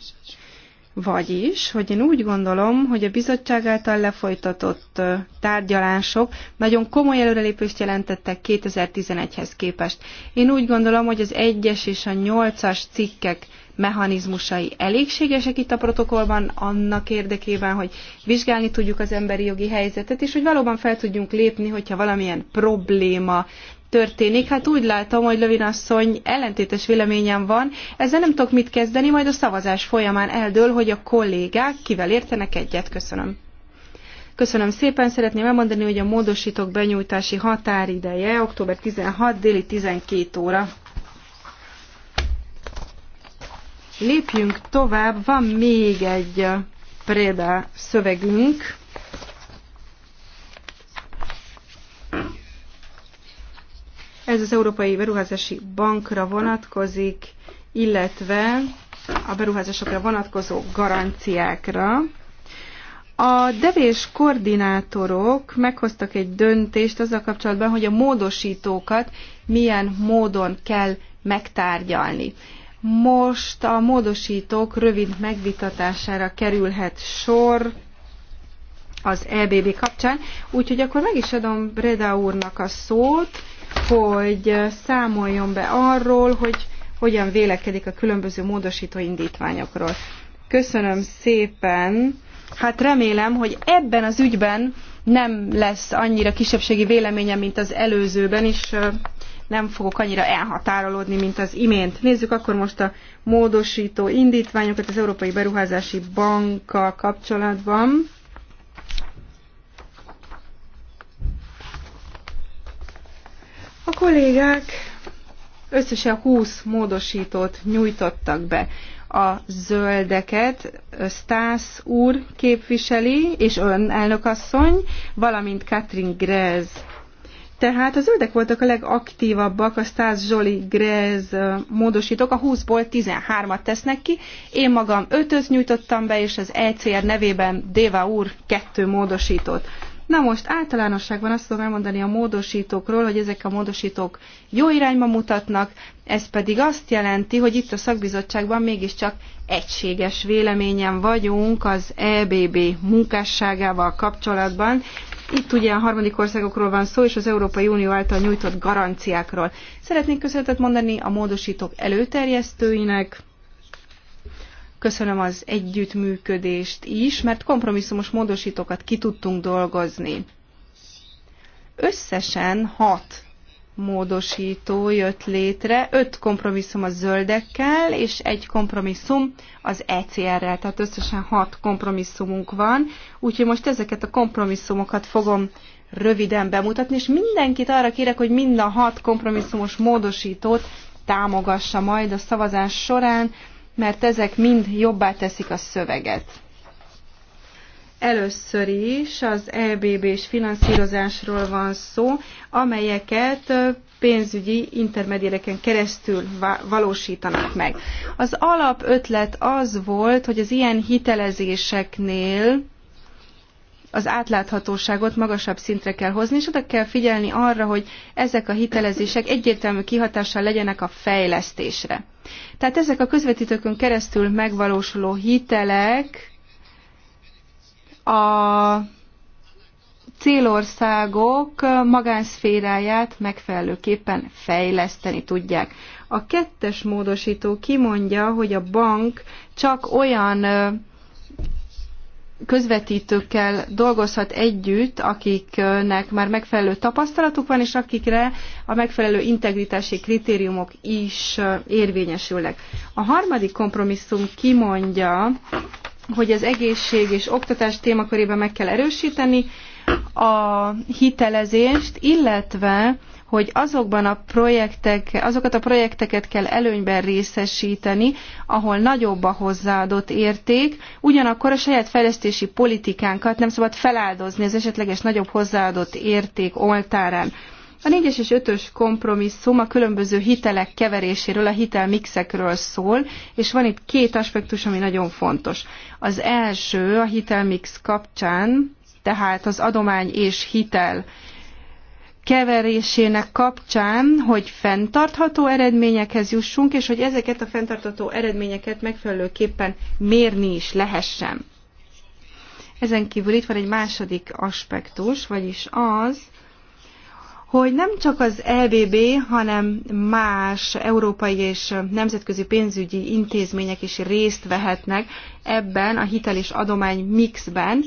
vagyis, hogy én úgy gondolom, hogy a bizottság által lefolytatott tárgyalások nagyon komoly előrelépést jelentettek 2011-hez képest. Én úgy gondolom, hogy az 1-es és a 8-as cikkek mechanizmusai elégségesek itt a protokollban annak érdekében, hogy vizsgálni tudjuk az emberi jogi helyzetet, és hogy valóban fel tudjunk lépni, hogyha valamilyen probléma történik. Hát úgy látom, hogy Lövin asszony ellentétes véleményem van. Ezzel nem tudok mit kezdeni, majd a szavazás folyamán eldől, hogy a kollégák kivel értenek egyet. Köszönöm. Köszönöm szépen, szeretném elmondani, hogy a módosítók benyújtási határideje október 16 déli 12 óra. Lépjünk tovább, van még egy Preda szövegünk. Ez az Európai Beruházási Bankra vonatkozik, illetve a beruházásokra vonatkozó garanciákra. A devés koordinátorok meghoztak egy döntést azzal kapcsolatban, hogy a módosítókat milyen módon kell megtárgyalni. Most a módosítók rövid megvitatására kerülhet sor az EBB kapcsán, úgyhogy akkor meg is adom Breda úrnak a szót, hogy számoljon be arról, hogy hogyan vélekedik a különböző módosító indítványokról. Köszönöm szépen! Hát remélem, hogy ebben az ügyben nem lesz annyira kisebbségi véleményem, mint az előzőben, és nem fogok annyira elhatárolódni, mint az imént. Nézzük akkor most a módosító indítványokat az Európai Beruházási Bankkal kapcsolatban. A kollégák összesen 20 módosítót nyújtottak be. A zöldeket Stász úr képviseli, és ön elnökasszony, valamint Katrin Grez tehát a zöldek voltak a legaktívabbak, a Stász Zsoli Grez módosítók, a 20-ból 13-at tesznek ki. Én magam 5 nyújtottam be, és az ECR nevében Déva úr 2 módosítót. Na most általánosságban azt tudom elmondani a módosítókról, hogy ezek a módosítók jó irányba mutatnak, ez pedig azt jelenti, hogy itt a szakbizottságban mégiscsak egységes véleményen vagyunk az EBB munkásságával kapcsolatban, itt ugye a harmadik országokról van szó, és az Európai Unió által nyújtott garanciákról. Szeretnék köszönetet mondani a módosítók előterjesztőinek, köszönöm az együttműködést is, mert kompromisszumos módosítókat ki tudtunk dolgozni. Összesen hat módosító jött létre, öt kompromisszum a zöldekkel, és egy kompromisszum az ECR-rel, tehát összesen hat kompromisszumunk van, úgyhogy most ezeket a kompromisszumokat fogom röviden bemutatni, és mindenkit arra kérek, hogy mind a hat kompromisszumos módosítót támogassa majd a szavazás során, mert ezek mind jobbá teszik a szöveget. Először is az EBB-s finanszírozásról van szó, amelyeket pénzügyi intermediéreken keresztül valósítanak meg. Az alapötlet az volt, hogy az ilyen hitelezéseknél az átláthatóságot magasabb szintre kell hozni, és oda kell figyelni arra, hogy ezek a hitelezések egyértelmű kihatással legyenek a fejlesztésre. Tehát ezek a közvetítőkön keresztül megvalósuló hitelek a célországok magánszféráját megfelelőképpen fejleszteni tudják. A kettes módosító kimondja, hogy a bank csak olyan közvetítőkkel dolgozhat együtt, akiknek már megfelelő tapasztalatuk van, és akikre a megfelelő integritási kritériumok is érvényesülnek. A harmadik kompromisszum kimondja, hogy az egészség és oktatás témakörében meg kell erősíteni a hitelezést, illetve hogy azokban a projektek, azokat a projekteket kell előnyben részesíteni, ahol nagyobb a hozzáadott érték, ugyanakkor a saját fejlesztési politikánkat nem szabad feláldozni az esetleges nagyobb hozzáadott érték oltárán. A 4-es és 5-ös kompromisszum a különböző hitelek keveréséről, a mixekről szól, és van itt két aspektus, ami nagyon fontos. Az első a hitelmix kapcsán, tehát az adomány és hitel keverésének kapcsán, hogy fenntartható eredményekhez jussunk, és hogy ezeket a fenntartható eredményeket megfelelőképpen mérni is lehessen. Ezen kívül itt van egy második aspektus, vagyis az, hogy nem csak az EBB, hanem más európai és nemzetközi pénzügyi intézmények is részt vehetnek ebben a hitel és adomány mixben,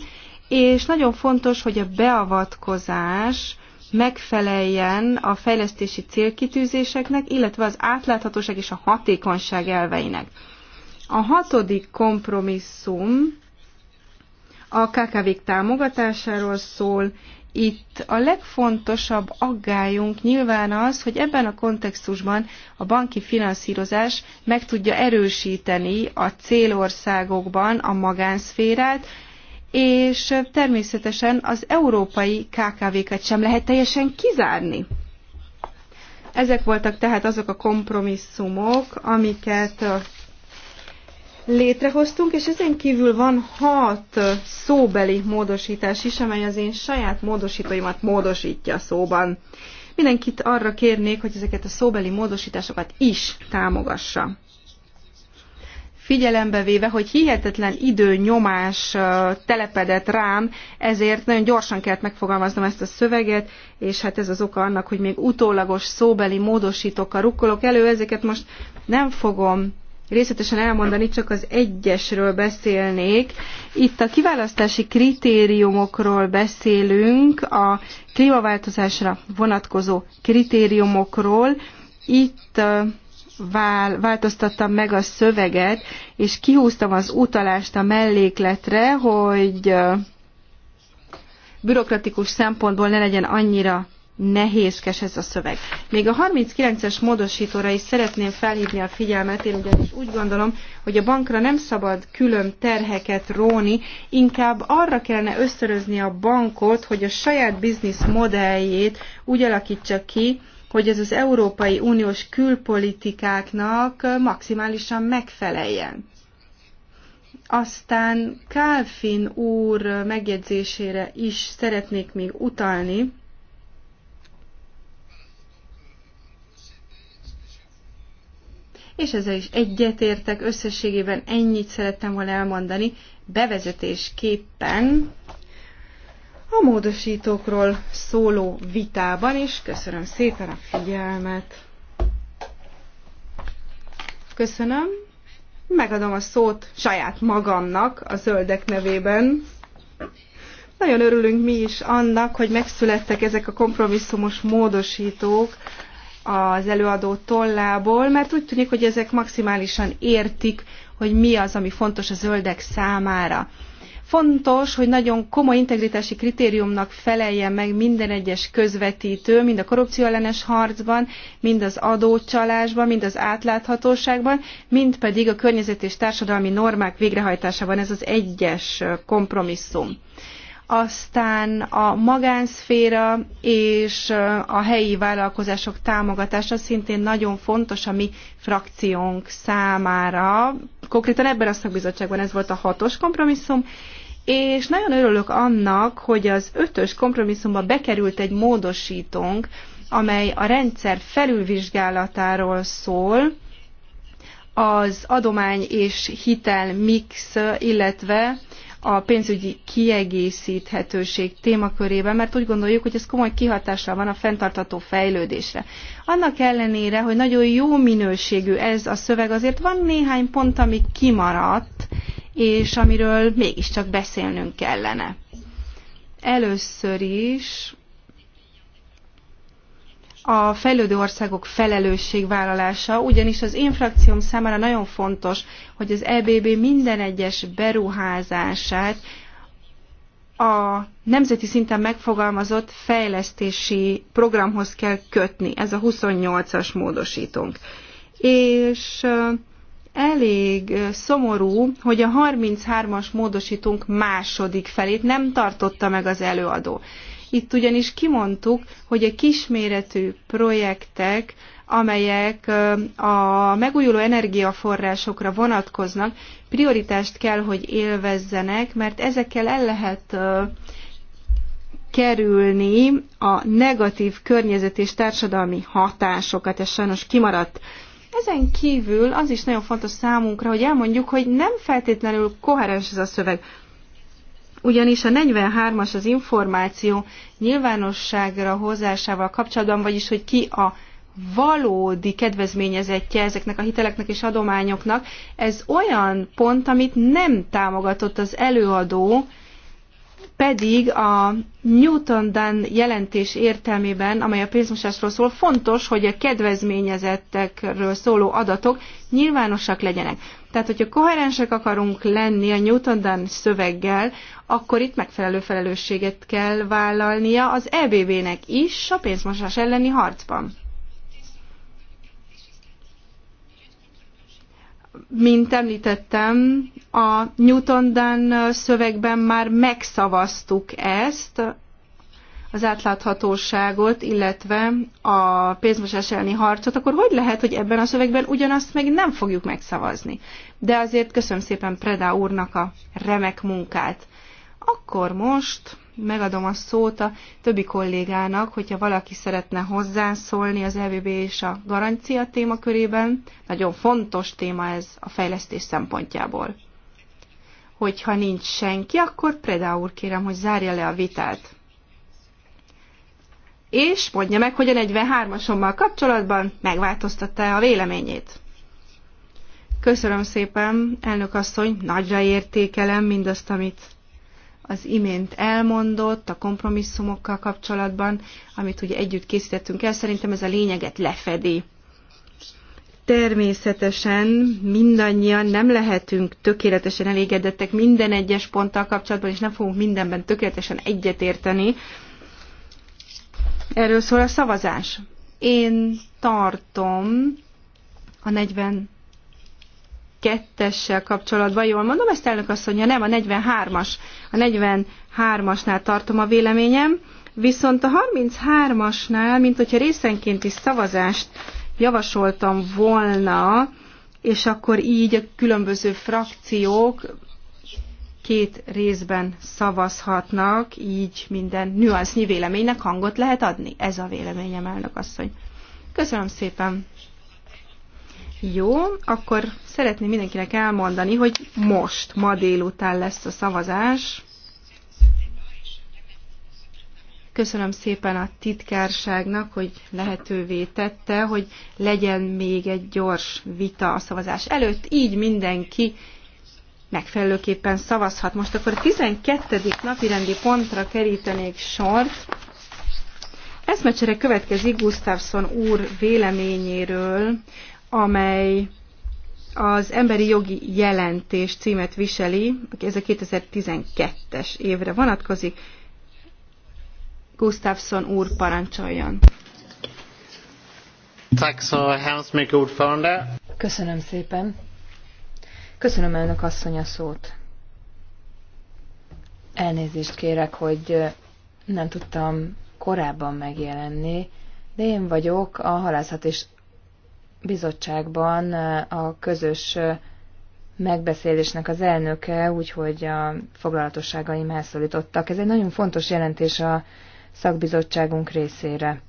és nagyon fontos, hogy a beavatkozás megfeleljen a fejlesztési célkitűzéseknek, illetve az átláthatóság és a hatékonyság elveinek. A hatodik kompromisszum a KKV-k támogatásáról szól, itt a legfontosabb aggályunk nyilván az, hogy ebben a kontextusban a banki finanszírozás meg tudja erősíteni a célországokban a magánszférát, és természetesen az európai KKV-ket sem lehet teljesen kizárni. Ezek voltak tehát azok a kompromisszumok, amiket létrehoztunk, és ezen kívül van hat szóbeli módosítás is, amely az én saját módosítóimat módosítja szóban. Mindenkit arra kérnék, hogy ezeket a szóbeli módosításokat is támogassa. Figyelembe véve, hogy hihetetlen időnyomás telepedett rám, ezért nagyon gyorsan kellett megfogalmaznom ezt a szöveget, és hát ez az oka annak, hogy még utólagos szóbeli módosítókkal rukkolok elő, ezeket most nem fogom részletesen elmondani, csak az egyesről beszélnék. Itt a kiválasztási kritériumokról beszélünk, a klímaváltozásra vonatkozó kritériumokról. Itt vál, változtattam meg a szöveget, és kihúztam az utalást a mellékletre, hogy bürokratikus szempontból ne legyen annyira nehézkes ez a szöveg. Még a 39-es módosítóra is szeretném felhívni a figyelmet, én ugyanis úgy gondolom, hogy a bankra nem szabad külön terheket róni, inkább arra kellene ösztörözni a bankot, hogy a saját biznisz modelljét úgy alakítsa ki, hogy ez az Európai Uniós külpolitikáknak maximálisan megfeleljen. Aztán Kálfin úr megjegyzésére is szeretnék még utalni, és ezzel is egyetértek, összességében ennyit szerettem volna elmondani bevezetésképpen a módosítókról szóló vitában, és köszönöm szépen a figyelmet. Köszönöm. Megadom a szót saját magamnak a zöldek nevében. Nagyon örülünk mi is annak, hogy megszülettek ezek a kompromisszumos módosítók, az előadó tollából, mert úgy tűnik, hogy ezek maximálisan értik, hogy mi az, ami fontos a zöldek számára. Fontos, hogy nagyon komoly integritási kritériumnak feleljen meg minden egyes közvetítő, mind a korrupcióellenes harcban, mind az adócsalásban, mind az átláthatóságban, mind pedig a környezet és társadalmi normák végrehajtásában ez az egyes kompromisszum aztán a magánszféra és a helyi vállalkozások támogatása szintén nagyon fontos a mi frakciónk számára. Konkrétan ebben a szakbizottságban ez volt a hatos kompromisszum, és nagyon örülök annak, hogy az ötös kompromisszumba bekerült egy módosítónk, amely a rendszer felülvizsgálatáról szól, az adomány és hitel mix, illetve a pénzügyi kiegészíthetőség témakörében, mert úgy gondoljuk, hogy ez komoly kihatással van a fenntartató fejlődésre. Annak ellenére, hogy nagyon jó minőségű ez a szöveg, azért van néhány pont, ami kimaradt, és amiről mégiscsak beszélnünk kellene. Először is a fejlődő országok felelősségvállalása, ugyanis az én frakcióm számára nagyon fontos, hogy az EBB minden egyes beruházását a nemzeti szinten megfogalmazott fejlesztési programhoz kell kötni. Ez a 28-as módosítónk. És elég szomorú, hogy a 33-as módosítónk második felét nem tartotta meg az előadó. Itt ugyanis kimondtuk, hogy a kisméretű projektek, amelyek a megújuló energiaforrásokra vonatkoznak, prioritást kell, hogy élvezzenek, mert ezekkel el lehet kerülni a negatív környezet és társadalmi hatásokat, ez sajnos kimaradt. Ezen kívül az is nagyon fontos számunkra, hogy elmondjuk, hogy nem feltétlenül koherens ez a szöveg ugyanis a 43-as az információ nyilvánosságra hozásával kapcsolatban, vagyis hogy ki a valódi kedvezményezettje ezeknek a hiteleknek és adományoknak, ez olyan pont, amit nem támogatott az előadó, pedig a Newton-Dunn jelentés értelmében, amely a pénzmosásról szól, fontos, hogy a kedvezményezettekről szóló adatok nyilvánosak legyenek. Tehát, hogyha koherensek akarunk lenni a Newton-Dunn szöveggel, akkor itt megfelelő felelősséget kell vállalnia az EBB-nek is a pénzmosás elleni harcban. mint említettem, a Newton-Dan szövegben már megszavaztuk ezt, az átláthatóságot, illetve a pénzmosás elleni harcot, akkor hogy lehet, hogy ebben a szövegben ugyanazt meg nem fogjuk megszavazni? De azért köszönöm szépen Preda úrnak a remek munkát. Akkor most megadom a szót a többi kollégának, hogyha valaki szeretne hozzászólni az EVB és a garancia témakörében. Nagyon fontos téma ez a fejlesztés szempontjából. Hogyha nincs senki, akkor Preda úr kérem, hogy zárja le a vitát. És mondja meg, hogy a 43-asommal kapcsolatban megváltoztatta a véleményét. Köszönöm szépen, elnök asszony, nagyra értékelem mindazt, amit az imént elmondott a kompromisszumokkal kapcsolatban, amit ugye együtt készítettünk el, szerintem ez a lényeget lefedi. Természetesen mindannyian nem lehetünk tökéletesen elégedettek minden egyes ponttal kapcsolatban, és nem fogunk mindenben tökéletesen egyetérteni. Erről szól a szavazás. Én tartom a 40 42-essel kapcsolatban, jól mondom, ezt elnök mondja, nem, a 43-as. A 43-asnál tartom a véleményem, viszont a 33-asnál, mint hogyha részenkénti szavazást javasoltam volna, és akkor így a különböző frakciók két részben szavazhatnak, így minden nüansznyi véleménynek hangot lehet adni. Ez a véleményem, elnök asszony. Köszönöm szépen! Jó, akkor szeretném mindenkinek elmondani, hogy most, ma délután lesz a szavazás. Köszönöm szépen a titkárságnak, hogy lehetővé tette, hogy legyen még egy gyors vita a szavazás előtt, így mindenki megfelelőképpen szavazhat. Most akkor a 12. napirendi pontra kerítenék sort. Eszmecsere következik Gustafsson úr véleményéről amely az emberi jogi jelentés címet viseli, ez a 2012-es évre vonatkozik. Gustafsson úr parancsoljon. Köszönöm szépen. Köszönöm elnök asszony a szót. Elnézést kérek, hogy nem tudtam korábban megjelenni, de én vagyok a halászat és bizottságban a közös megbeszélésnek az elnöke, úgyhogy a foglalatosságaim elszólítottak. Ez egy nagyon fontos jelentés a szakbizottságunk részére.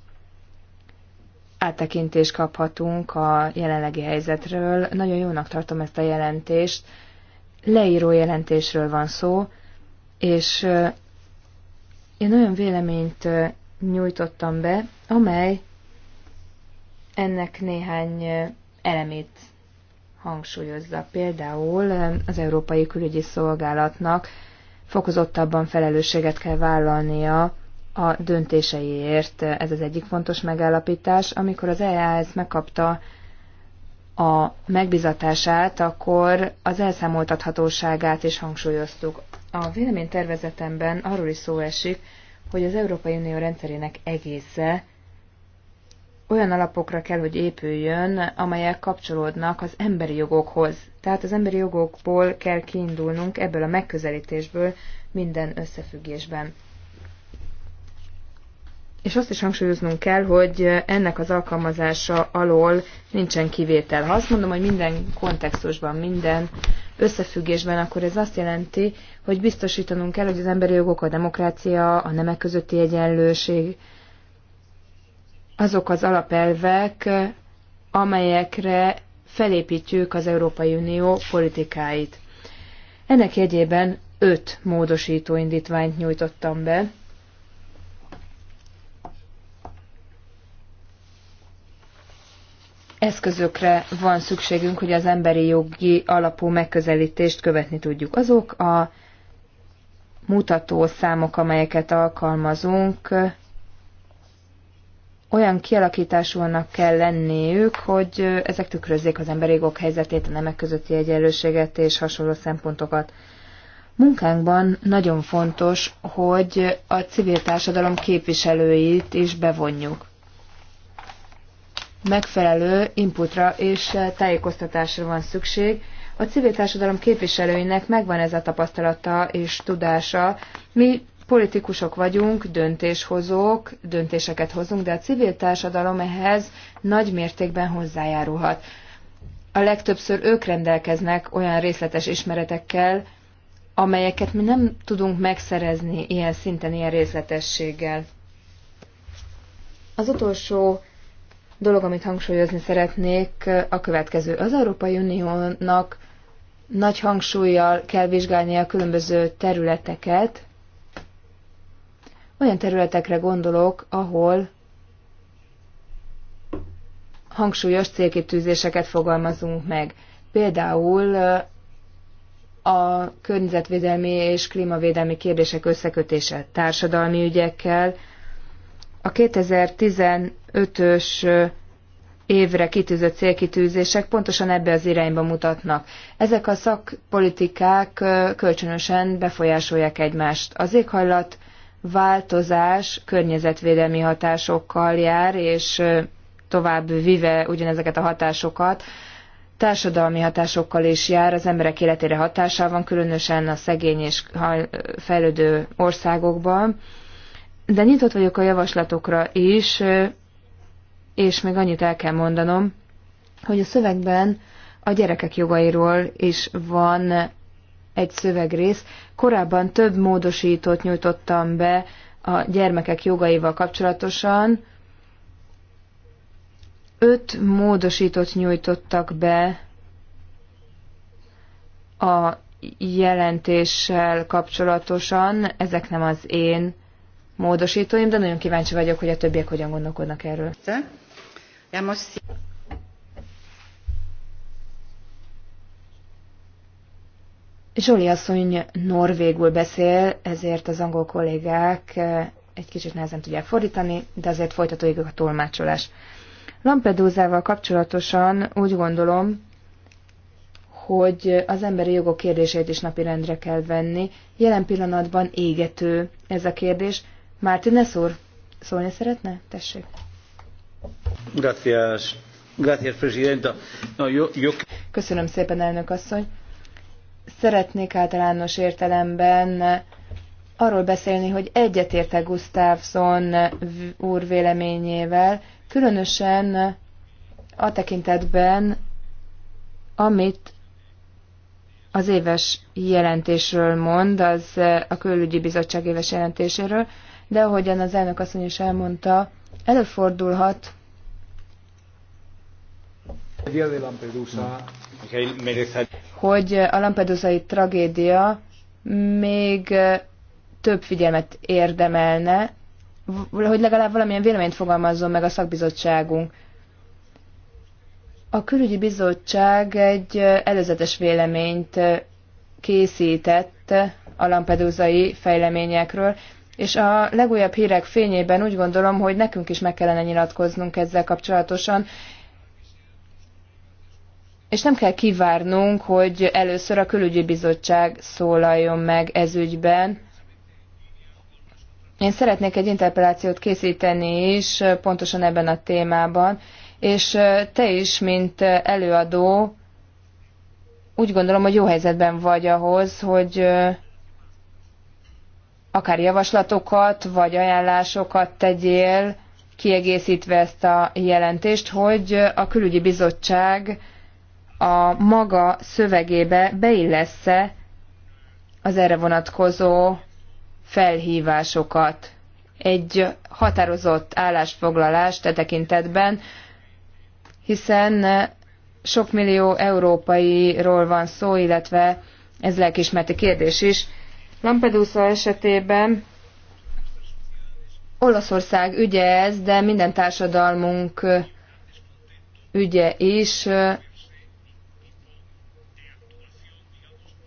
Áttekintést kaphatunk a jelenlegi helyzetről. Nagyon jónak tartom ezt a jelentést. Leíró jelentésről van szó, és én olyan véleményt nyújtottam be, amely ennek néhány elemét hangsúlyozza. Például az Európai Külügyi Szolgálatnak fokozottabban felelősséget kell vállalnia a döntéseiért. Ez az egyik fontos megállapítás. Amikor az EAS megkapta a megbizatását, akkor az elszámoltathatóságát is hangsúlyoztuk. A véleménytervezetemben arról is szó esik, hogy az Európai Unió rendszerének egésze olyan alapokra kell, hogy épüljön, amelyek kapcsolódnak az emberi jogokhoz. Tehát az emberi jogokból kell kiindulnunk ebből a megközelítésből minden összefüggésben. És azt is hangsúlyoznunk kell, hogy ennek az alkalmazása alól nincsen kivétel. Ha azt mondom, hogy minden kontextusban, minden összefüggésben, akkor ez azt jelenti, hogy biztosítanunk kell, hogy az emberi jogok, a demokrácia, a nemek közötti egyenlőség, azok az alapelvek, amelyekre felépítjük az Európai Unió politikáit. Ennek jegyében öt módosító indítványt nyújtottam be. Eszközökre van szükségünk, hogy az emberi jogi alapú megközelítést követni tudjuk. Azok a mutató számok, amelyeket alkalmazunk, olyan kialakításúnak kell lenniük, hogy ezek tükrözzék az emberi jogok helyzetét, a nemek közötti egyenlőséget és hasonló szempontokat. Munkánkban nagyon fontos, hogy a civil társadalom képviselőit is bevonjuk. Megfelelő inputra és tájékoztatásra van szükség. A civil társadalom képviselőinek megvan ez a tapasztalata és tudása. Mi politikusok vagyunk, döntéshozók, döntéseket hozunk, de a civil társadalom ehhez nagy mértékben hozzájárulhat. A legtöbbször ők rendelkeznek olyan részletes ismeretekkel, amelyeket mi nem tudunk megszerezni ilyen szinten, ilyen részletességgel. Az utolsó dolog, amit hangsúlyozni szeretnék, a következő. Az Európai Uniónak nagy hangsúlyjal kell vizsgálnia a különböző területeket, olyan területekre gondolok, ahol hangsúlyos célkitűzéseket fogalmazunk meg. Például a környezetvédelmi és klímavédelmi kérdések összekötése társadalmi ügyekkel, a 2015-ös évre kitűzött célkitűzések pontosan ebbe az irányba mutatnak. Ezek a szakpolitikák kölcsönösen befolyásolják egymást. Az éghajlat változás környezetvédelmi hatásokkal jár, és tovább vive ugyanezeket a hatásokat, társadalmi hatásokkal is jár, az emberek életére hatással van, különösen a szegény és fejlődő országokban. De nyitott vagyok a javaslatokra is, és még annyit el kell mondanom, hogy a szövegben a gyerekek jogairól is van egy szövegrész. Korábban több módosítót nyújtottam be a gyermekek jogaival kapcsolatosan. Öt módosítót nyújtottak be a jelentéssel kapcsolatosan. Ezek nem az én módosítóim, de nagyon kíváncsi vagyok, hogy a többiek hogyan gondolkodnak erről. Zsoli asszony norvégul beszél, ezért az angol kollégák eh, egy kicsit nehezen tudják fordítani, de azért folytatóig a tolmácsolás. Lampedúzával kapcsolatosan úgy gondolom, hogy az emberi jogok kérdését is napirendre kell venni. Jelen pillanatban égető ez a kérdés. Mártinez úr, szólni szeretne? Tessék. Gracias. Gracias, presidenta. No, yo, yo... Köszönöm szépen, elnök asszony szeretnék általános értelemben arról beszélni, hogy egyetérte Gustafsson úr véleményével, különösen a tekintetben, amit az éves jelentésről mond, az a külügyi bizottság éves jelentéséről, de ahogyan az elnök asszony is elmondta, előfordulhat, hogy a lampedozai tragédia még több figyelmet érdemelne, hogy legalább valamilyen véleményt fogalmazzon meg a szakbizottságunk. A külügyi bizottság egy előzetes véleményt készített a lampedúzai fejleményekről, és a legújabb hírek fényében úgy gondolom, hogy nekünk is meg kellene nyilatkoznunk ezzel kapcsolatosan, és nem kell kivárnunk, hogy először a külügyi bizottság szólaljon meg ez ügyben. Én szeretnék egy interpellációt készíteni is, pontosan ebben a témában, és te is, mint előadó, úgy gondolom, hogy jó helyzetben vagy ahhoz, hogy akár javaslatokat, vagy ajánlásokat tegyél, kiegészítve ezt a jelentést, hogy a külügyi bizottság a maga szövegébe beillesz-e az erre vonatkozó felhívásokat. Egy határozott állásfoglalást e tekintetben, hiszen sok millió európairól van szó, illetve ez lelkismerti kérdés is. Lampedusa esetében Olaszország ügye ez, de minden társadalmunk ügye is,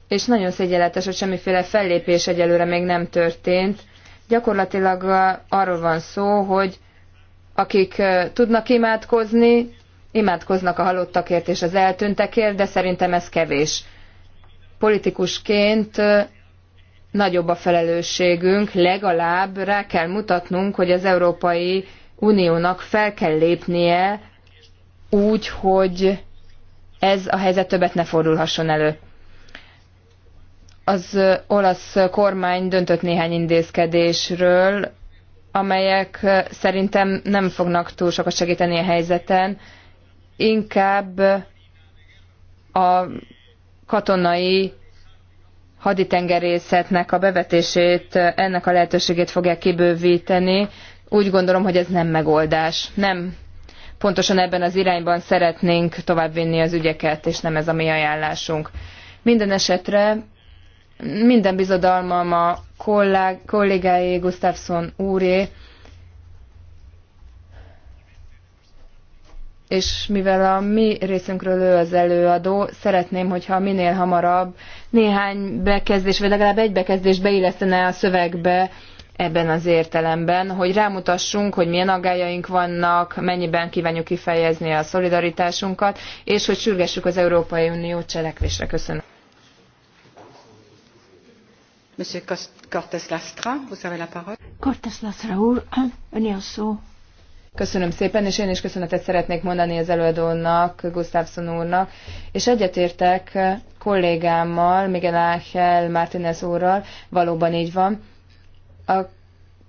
és nagyon szégyenletes, hogy semmiféle fellépés egyelőre még nem történt. Gyakorlatilag arról van szó, hogy akik tudnak imádkozni, imádkoznak a halottakért és az eltűntekért, de szerintem ez kevés. Politikusként nagyobb a felelősségünk, legalább rá kell mutatnunk, hogy az Európai Uniónak fel kell lépnie úgy, hogy ez a helyzet többet ne fordulhasson elő. Az olasz kormány döntött néhány intézkedésről, amelyek szerintem nem fognak túl sokat segíteni a helyzeten, inkább a katonai haditengerészetnek a bevetését, ennek a lehetőségét fogják kibővíteni. Úgy gondolom, hogy ez nem megoldás. Nem pontosan ebben az irányban szeretnénk továbbvinni az ügyeket, és nem ez a mi ajánlásunk. Minden esetre minden bizodalmam a kollég, kollégáé Gustafsson úré, és mivel a mi részünkről ő az előadó, szeretném, hogyha minél hamarabb néhány bekezdés, vagy legalább egy bekezdés beillesztene a szövegbe ebben az értelemben, hogy rámutassunk, hogy milyen aggájaink vannak, mennyiben kívánjuk kifejezni a szolidaritásunkat, és hogy sürgessük az Európai Unió cselekvésre. Köszönöm. Köszönöm szépen, és én is köszönetet szeretnék mondani az előadónak, Gustafsson úrnak, és egyetértek kollégámmal, Miguel Ángel Martínez úrral, valóban így van. A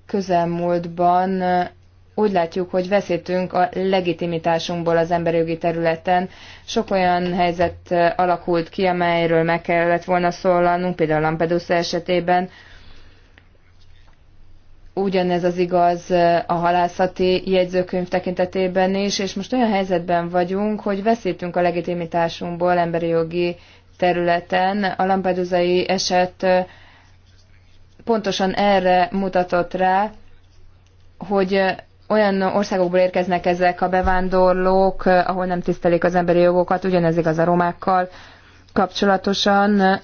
közelmúltban úgy látjuk, hogy veszítünk a legitimitásunkból az emberjogi területen. Sok olyan helyzet alakult ki, amelyről meg kellett volna szólalnunk, például Lampedusa esetében. Ugyanez az igaz a halászati jegyzőkönyv tekintetében is, és most olyan helyzetben vagyunk, hogy veszítünk a legitimitásunkból emberi jogi területen. A lampedusai eset pontosan erre mutatott rá, hogy olyan országokból érkeznek ezek a bevándorlók, eh, ahol nem tisztelik az emberi jogokat, ugyanez igaz a romákkal kapcsolatosan.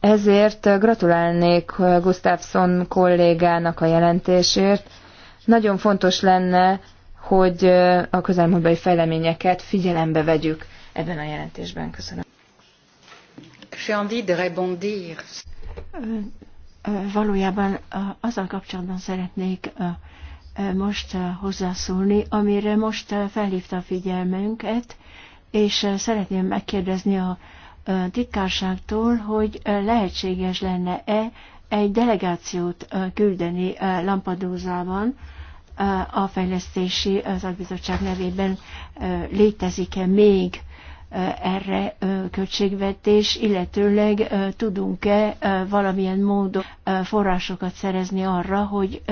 Ezért gratulálnék eh, Gustafsson kollégának a jelentésért. Nagyon fontos lenne, hogy eh, a közelmúltbeli fejleményeket figyelembe vegyük ebben a jelentésben. Köszönöm valójában azzal kapcsolatban szeretnék most hozzászólni, amire most felhívta a figyelmünket, és szeretném megkérdezni a titkárságtól, hogy lehetséges lenne-e egy delegációt küldeni Lampadózában, a fejlesztési szakbizottság nevében létezik-e még erre költségvetés, illetőleg tudunk-e valamilyen módon forrásokat szerezni arra, hogy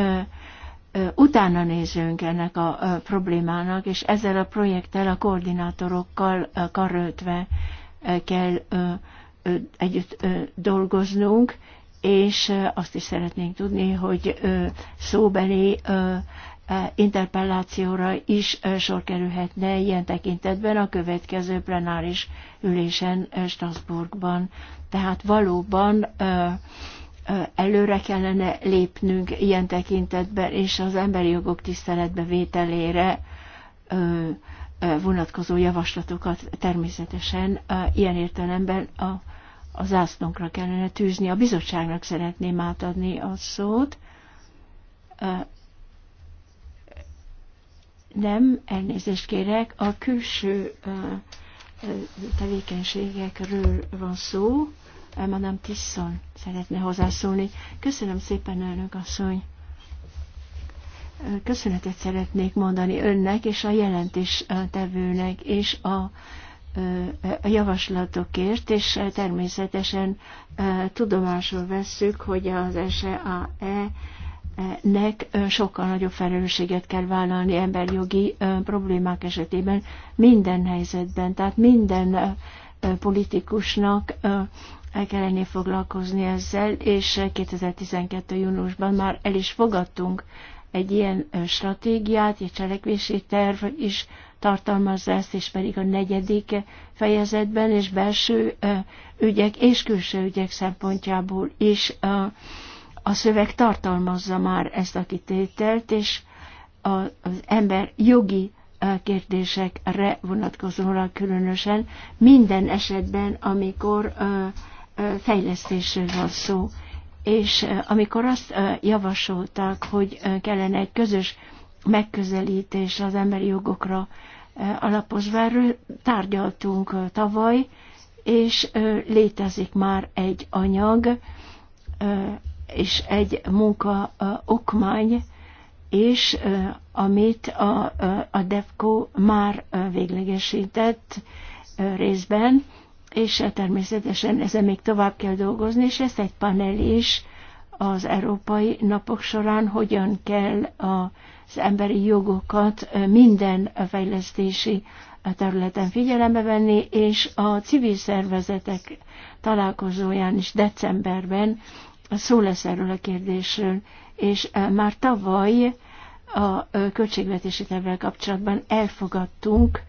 utána nézzünk ennek a problémának, és ezzel a projekttel a koordinátorokkal karöltve kell együtt dolgoznunk, és azt is szeretnénk tudni, hogy szóbeli E, interpellációra is e, sor kerülhetne ilyen tekintetben a következő plenáris ülésen e, Strasbourgban. Tehát valóban előre kellene lépnünk ilyen tekintetben, és az emberi jogok tiszteletbe vételére vonatkozó javaslatokat természetesen ilyen értelemben a, a zászlónkra kellene tűzni. A bizottságnak szeretném átadni a szót nem, elnézést kérek, a külső tevékenységekről van szó. Madame Tisson szeretne hozzászólni. Köszönöm szépen, elnök asszony. Köszönetet szeretnék mondani önnek és a jelentéstevőnek és a a javaslatokért, és természetesen tudomásul vesszük, hogy az SEAE nek sokkal nagyobb felelősséget kell vállalni emberjogi problémák esetében minden helyzetben. Tehát minden politikusnak el kell lenni foglalkozni ezzel, és 2012. júniusban már el is fogadtunk egy ilyen stratégiát, egy cselekvési terv is tartalmazza ezt, és pedig a negyedik fejezetben, és belső ügyek és külső ügyek szempontjából is a szöveg tartalmazza már ezt a kitételt, és az ember jogi kérdésekre vonatkozóan különösen minden esetben, amikor fejlesztésről van szó. És amikor azt javasolták, hogy kellene egy közös megközelítés az emberi jogokra alapozva, erről tárgyaltunk tavaly, és létezik már egy anyag, és egy munka okmány, és amit a, a DEFCO már véglegesített részben, és természetesen ezen még tovább kell dolgozni, és ez egy panel is az európai napok során, hogyan kell az emberi jogokat minden fejlesztési területen figyelembe venni, és a civil szervezetek találkozóján is decemberben szó lesz erről a kérdésről, és e, már tavaly a e, költségvetési tervvel kapcsolatban elfogadtunk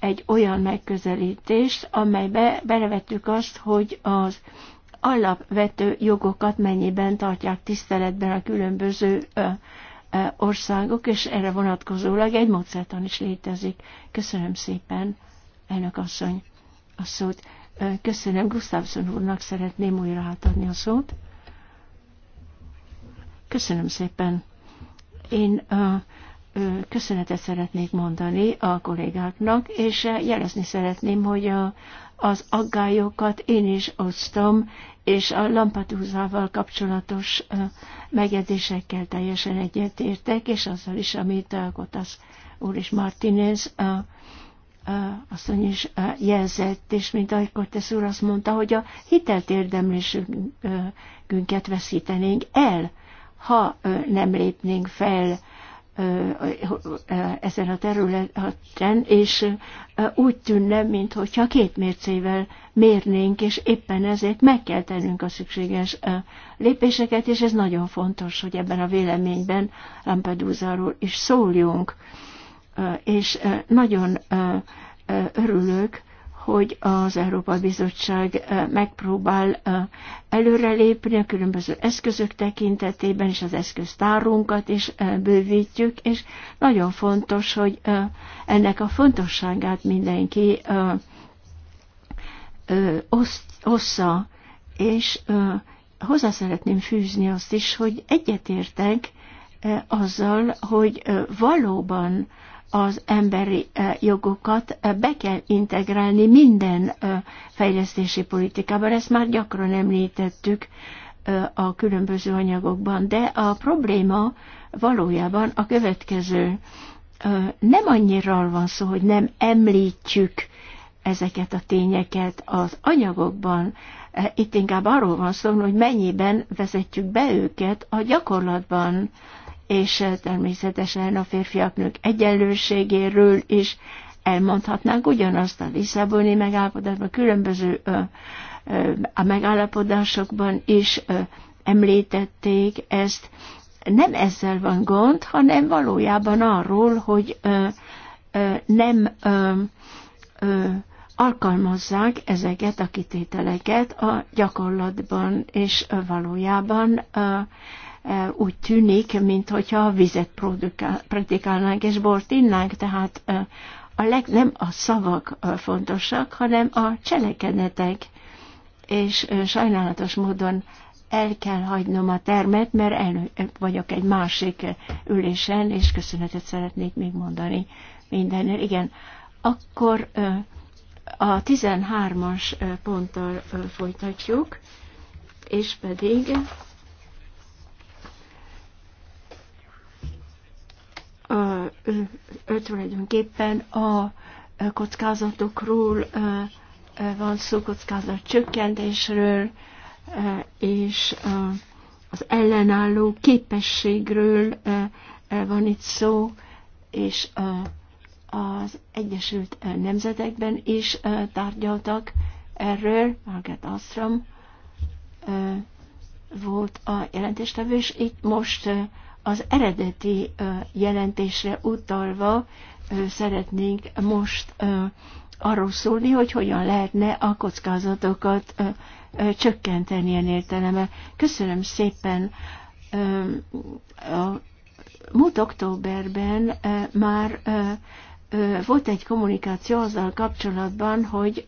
egy olyan megközelítést, amelybe belevettük azt, hogy az alapvető jogokat mennyiben tartják tiszteletben a különböző e, országok, és erre vonatkozólag egy módszertan is létezik. Köszönöm szépen, elnök asszony, a szót. Köszönöm gustavson úrnak, szeretném újra átadni a szót. Köszönöm szépen. Én a köszönetet szeretnék mondani a kollégáknak, és jelezni szeretném, hogy a, az aggályokat én is osztom, és a Lampatúzával kapcsolatos megjegyzésekkel teljesen egyetértek, és azzal is, amit Kotasz úr és Martinez a, a, asszony is jelzett, és mint ahogy Kotasz úr azt mondta, hogy a hitelt érdemlésünket veszítenénk el, ha nem lépnénk fel ezen a területen, és úgy tűnne, mintha két mércével mérnénk, és éppen ezért meg kell tennünk a szükséges lépéseket, és ez nagyon fontos, hogy ebben a véleményben Lampedusa-ról is szóljunk. És nagyon örülök, hogy az Európa Bizottság megpróbál előrelépni a különböző eszközök tekintetében, és az eszköztárunkat is bővítjük, és nagyon fontos, hogy ennek a fontosságát mindenki ossza, és hozzá szeretném fűzni azt is, hogy egyetértek azzal, hogy valóban az emberi eh, jogokat eh, be kell integrálni minden eh, fejlesztési politikában. Ezt már gyakran említettük a különböző anyagokban, de a probléma valójában a következő. Nem annyira van szó, hogy nem említjük ezeket a tényeket az anyagokban, itt inkább arról van szó, hogy mennyiben vezetjük be őket a gyakorlatban és eh, természetesen a férfiak nők egyenlőségéről is elmondhatnánk ugyanazt a Lisszaboni megállapodásban, különböző a megállapodásokban is említették ezt. Nem ezzel van gond, hanem valójában arról, hogy nem alkalmazzák ezeket a kitételeket a gyakorlatban, és valójában úgy tűnik, mintha vizet produkálnánk és bort innánk, tehát a leg, nem a szavak fontosak, hanem a cselekedetek. És sajnálatos módon el kell hagynom a termet, mert el vagyok egy másik ülésen, és köszönetet szeretnék még mondani mindenért. Igen, akkor a 13-as ponttal folytatjuk, és pedig ö, ö, tulajdonképpen a kockázatokról ö, van szó, kockázat csökkentésről, és az ellenálló képességről van itt szó, és az Egyesült Nemzetekben is tárgyaltak erről, Margaret Astrom volt a jelentéstevő, és itt most az eredeti jelentésre utalva szeretnénk most arról szólni, hogy hogyan lehetne a kockázatokat csökkenteni ilyen értelemben. Köszönöm szépen a múlt októberben már volt egy kommunikáció azzal kapcsolatban, hogy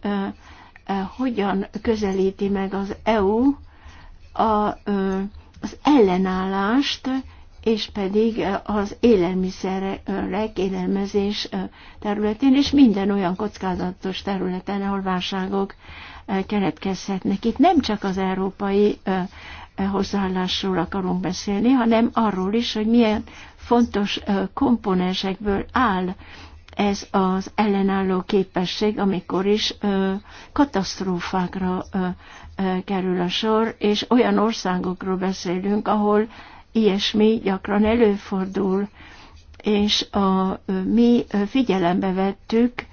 hogyan közelíti meg az EU a, az ellenállást és pedig eh, az élelmiszerek, élelmezés területén, és minden olyan kockázatos területen, ahol válságok eh, keletkezhetnek. Itt nem csak az európai eh, hozzáállásról akarunk beszélni, hanem arról is, hogy milyen fontos komponensekből áll ez az ellenálló képesség, amikor is katasztrófákra kerül a sor, és olyan országokról beszélünk, ahol ilyesmi gyakran előfordul, és a, mi figyelembe vettük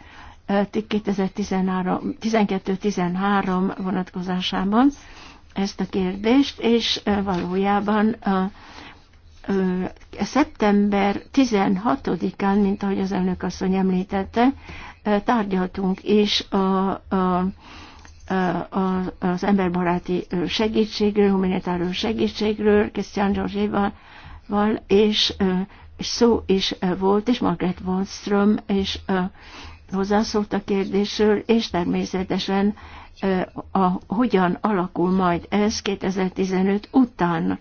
2012-13 vonatkozásában ezt a kérdést, és valójában a, szeptember 16-án, mint ahogy az elnök asszony említette, tárgyaltunk is a, a az emberbaráti segítségről, humanitáról segítségről, Christian Georgieval, és, és szó is volt, és Margaret Wallström és hozzászólt a kérdésről, és természetesen a, a, hogyan alakul majd ez 2015 után.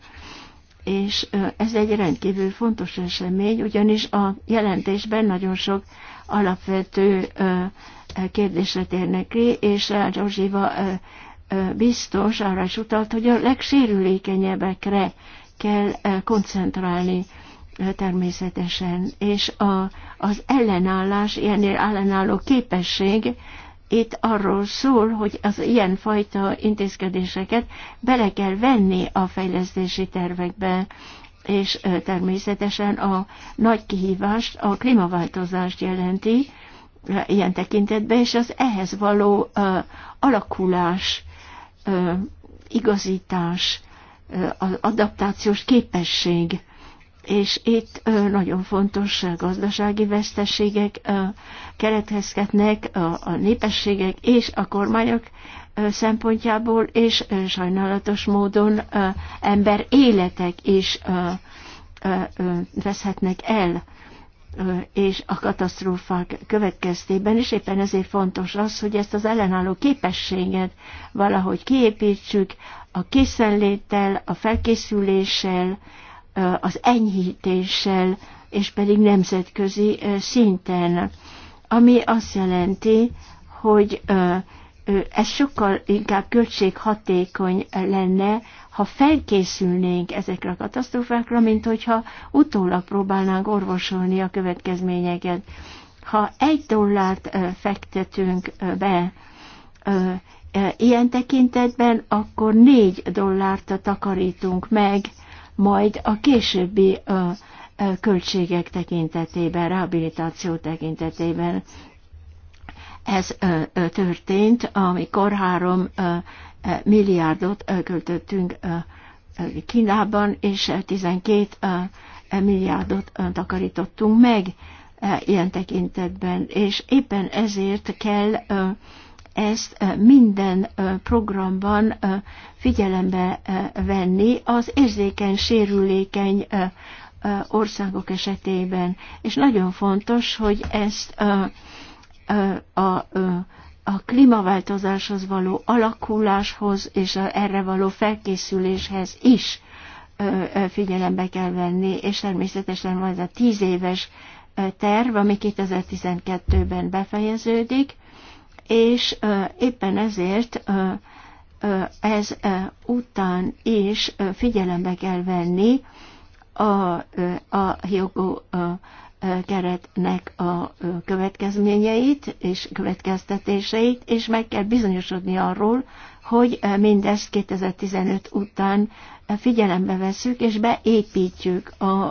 És ez egy rendkívül fontos esemény, ugyanis a jelentésben nagyon sok alapvető kérdésre térnek ki, és Zsózsiva biztos arra is utalt, hogy a legsérülékenyebbekre kell koncentrálni természetesen, és a, az ellenállás, ilyen ellenálló képesség itt arról szól, hogy az ilyen fajta intézkedéseket bele kell venni a fejlesztési tervekbe, és természetesen a nagy kihívást a klímaváltozást jelenti, ilyen tekintetben, és az ehhez való alakulás, igazítás, az adaptációs képesség, és itt nagyon fontos gazdasági veszteségek keretkezhetnek a népességek és a kormányok szempontjából, és sajnálatos módon ember életek is veszhetnek el és a katasztrófák következtében, és éppen ezért fontos az, hogy ezt az ellenálló képességet valahogy kiépítsük a készenléttel, a felkészüléssel, az enyhítéssel, és pedig nemzetközi szinten, ami azt jelenti, hogy ez sokkal inkább költséghatékony lenne, ha felkészülnénk ezekre a katasztrófákra, mint hogyha utólag próbálnánk orvosolni a következményeket. Ha egy dollárt fektetünk be ilyen tekintetben, akkor négy dollárt takarítunk meg, majd a későbbi költségek tekintetében, rehabilitáció tekintetében. Ez történt, amikor három milliárdot költöttünk Kínában, és 12 milliárdot takarítottunk meg ilyen tekintetben, és éppen ezért kell ezt minden programban figyelembe venni az érzékeny, sérülékeny országok esetében. És nagyon fontos, hogy ezt a, a, a a klímaváltozáshoz való alakuláshoz és a erre való felkészüléshez is figyelembe kell venni, és természetesen van ez a tíz éves terv, ami 2012-ben befejeződik, és éppen ezért ez után is figyelembe kell venni a, a Hyogo keretnek a következményeit és következtetéseit, és meg kell bizonyosodni arról, hogy mindezt 2015 után figyelembe veszük és beépítjük a,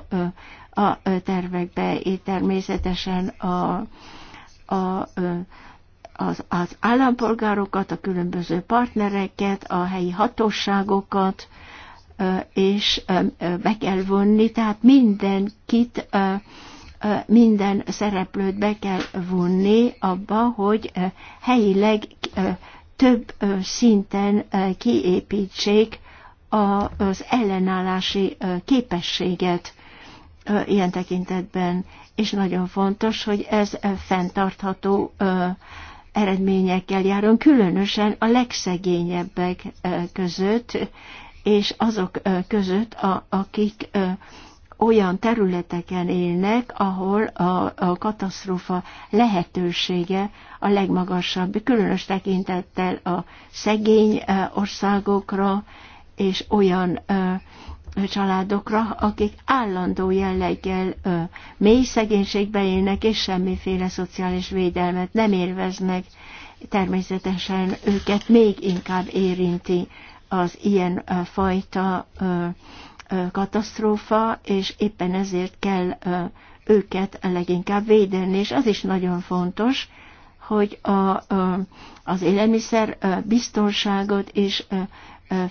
a tervekbe, és természetesen a, a, az, az állampolgárokat, a különböző partnereket, a helyi hatóságokat, és be kell vonni, tehát mindenkit minden szereplőt be kell vonni abba, hogy helyileg több szinten kiépítsék az ellenállási képességet ilyen tekintetben, és nagyon fontos, hogy ez fenntartható eredményekkel járon, különösen a legszegényebbek között, és azok között, akik olyan területeken élnek, ahol a, a katasztrófa lehetősége a legmagasabb, különös tekintettel a szegény országokra és olyan családokra, akik állandó jelleggel ö, mély szegénységbe élnek, és semmiféle szociális védelmet nem élveznek. Természetesen őket még inkább érinti az ilyen ö, fajta ö, katasztrófa, és éppen ezért kell őket leginkább védeni. És az is nagyon fontos, hogy a, az élelmiszer biztonságot is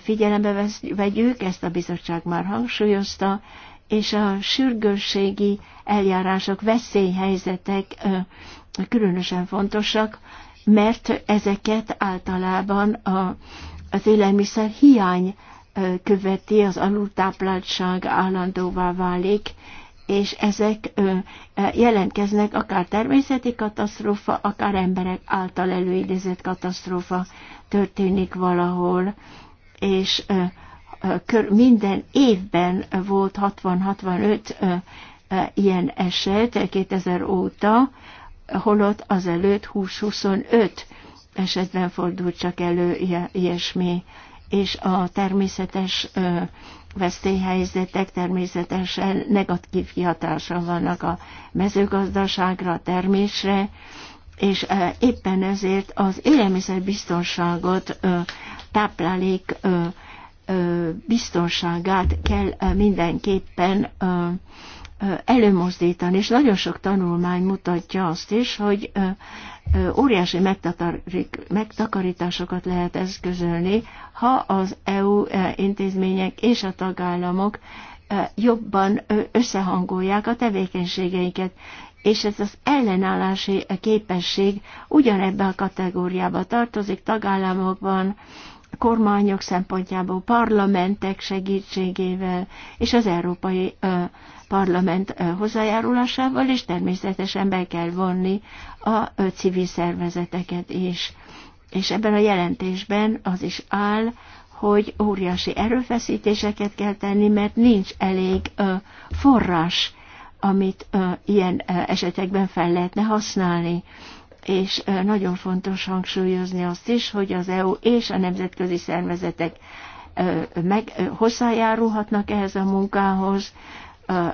figyelembe vegyük, ezt a bizottság már hangsúlyozta, és a sürgősségi eljárások, veszélyhelyzetek különösen fontosak, mert ezeket általában a, az élelmiszer hiány követi, az alultápláltság állandóvá válik, és ezek jelentkeznek akár természeti katasztrófa, akár emberek által előidézett katasztrófa történik valahol, és minden évben volt 60-65 ilyen eset 2000 óta, holott azelőtt 20-25 esetben fordult csak elő ilyesmi és a természetes veszélyhelyzetek természetesen negatív kihatása vannak a mezőgazdaságra, a termésre, és éppen ezért az élelmiszerbiztonságot táplálék biztonságát kell mindenképpen előmozdítani, és nagyon sok tanulmány mutatja azt is, hogy óriási megtakarításokat lehet eszközölni, ha az EU intézmények és a tagállamok jobban összehangolják a tevékenységeiket, és ez az ellenállási képesség ugyanebbe a kategóriába tartozik tagállamokban, kormányok szempontjából, parlamentek segítségével és az európai parlament hozzájárulásával, és természetesen be kell vonni a civil szervezeteket is. És ebben a jelentésben az is áll, hogy óriási erőfeszítéseket kell tenni, mert nincs elég forrás, amit ilyen esetekben fel lehetne használni és nagyon fontos hangsúlyozni azt is, hogy az EU és a nemzetközi szervezetek meg hozzájárulhatnak ehhez a munkához,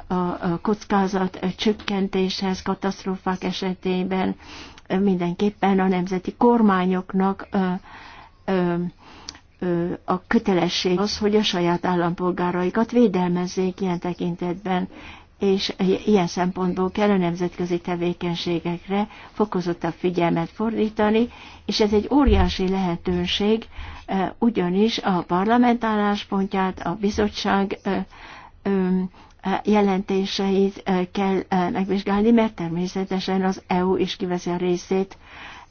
a kockázat csökkentéshez katasztrófák esetében mindenképpen a nemzeti kormányoknak a kötelesség az, hogy a saját állampolgáraikat védelmezzék ilyen tekintetben, és ilyen szempontból kell a nemzetközi tevékenységekre fokozottabb figyelmet fordítani, és ez egy óriási lehetőség, ugyanis a parlament álláspontját, a bizottság jelentéseit kell megvizsgálni, mert természetesen az EU is kiveszi a részét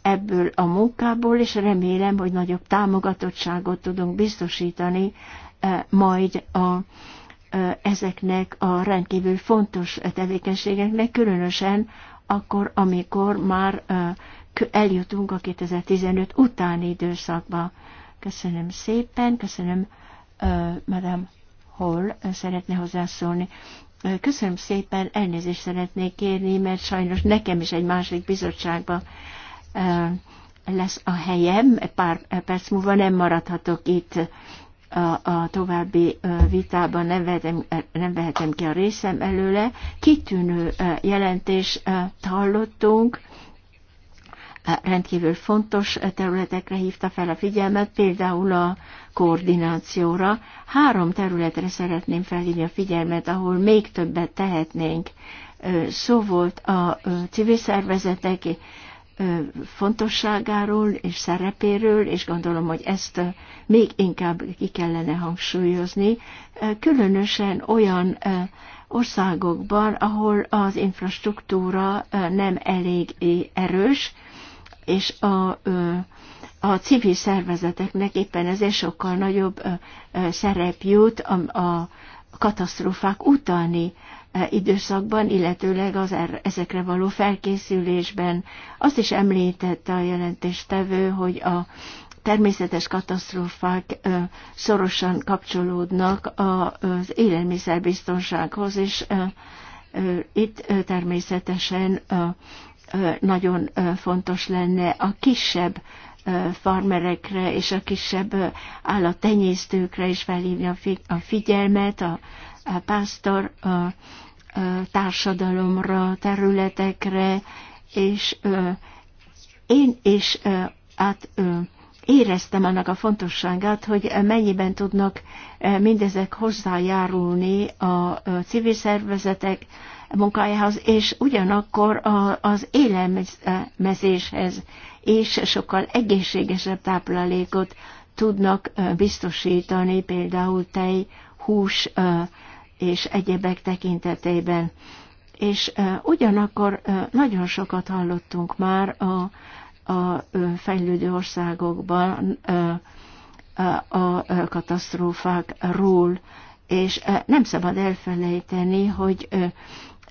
ebből a munkából, és remélem, hogy nagyobb támogatottságot tudunk biztosítani majd a, ezeknek a rendkívül fontos tevékenységeknek, különösen akkor, amikor már eljutunk a 2015 utáni időszakba. Köszönöm szépen, köszönöm, Madame Hall szeretne hozzászólni. Köszönöm szépen, elnézést szeretnék kérni, mert sajnos nekem is egy másik bizottságban lesz a helyem, pár perc múlva nem maradhatok itt a, a további vitában, nem vehetem, nem vehetem ki a részem előle. Kitűnő jelentést hallottunk, rendkívül fontos területekre hívta fel a figyelmet, például a koordinációra. Három területre szeretném felhívni a figyelmet, ahol még többet tehetnénk. Szó volt a civil szervezetek fontosságáról és szerepéről, és gondolom, hogy ezt még inkább ki kellene hangsúlyozni, különösen olyan országokban, ahol az infrastruktúra nem elég erős, és a, a civil szervezeteknek éppen ezért sokkal nagyobb szerep jut a, a katasztrófák utáni időszakban, illetőleg az er, ezekre való felkészülésben. Azt is említette a jelentéstevő, hogy a természetes katasztrófák szorosan kapcsolódnak az élelmiszerbiztonsághoz, és itt természetesen nagyon fontos lenne a kisebb farmerekre és a kisebb állattenyésztőkre is felhívni a figyelmet, a, pásztor a társadalomra, területekre, és én is át éreztem annak a fontosságát, hogy mennyiben tudnak mindezek hozzájárulni a civil szervezetek, munkájához, és ugyanakkor a, az élelmezéshez és sokkal egészségesebb táplálékot tudnak biztosítani, például tej, hús és egyebek tekintetében. És ugyanakkor nagyon sokat hallottunk már a, a fejlődő országokban a katasztrófákról, és nem szabad elfelejteni, hogy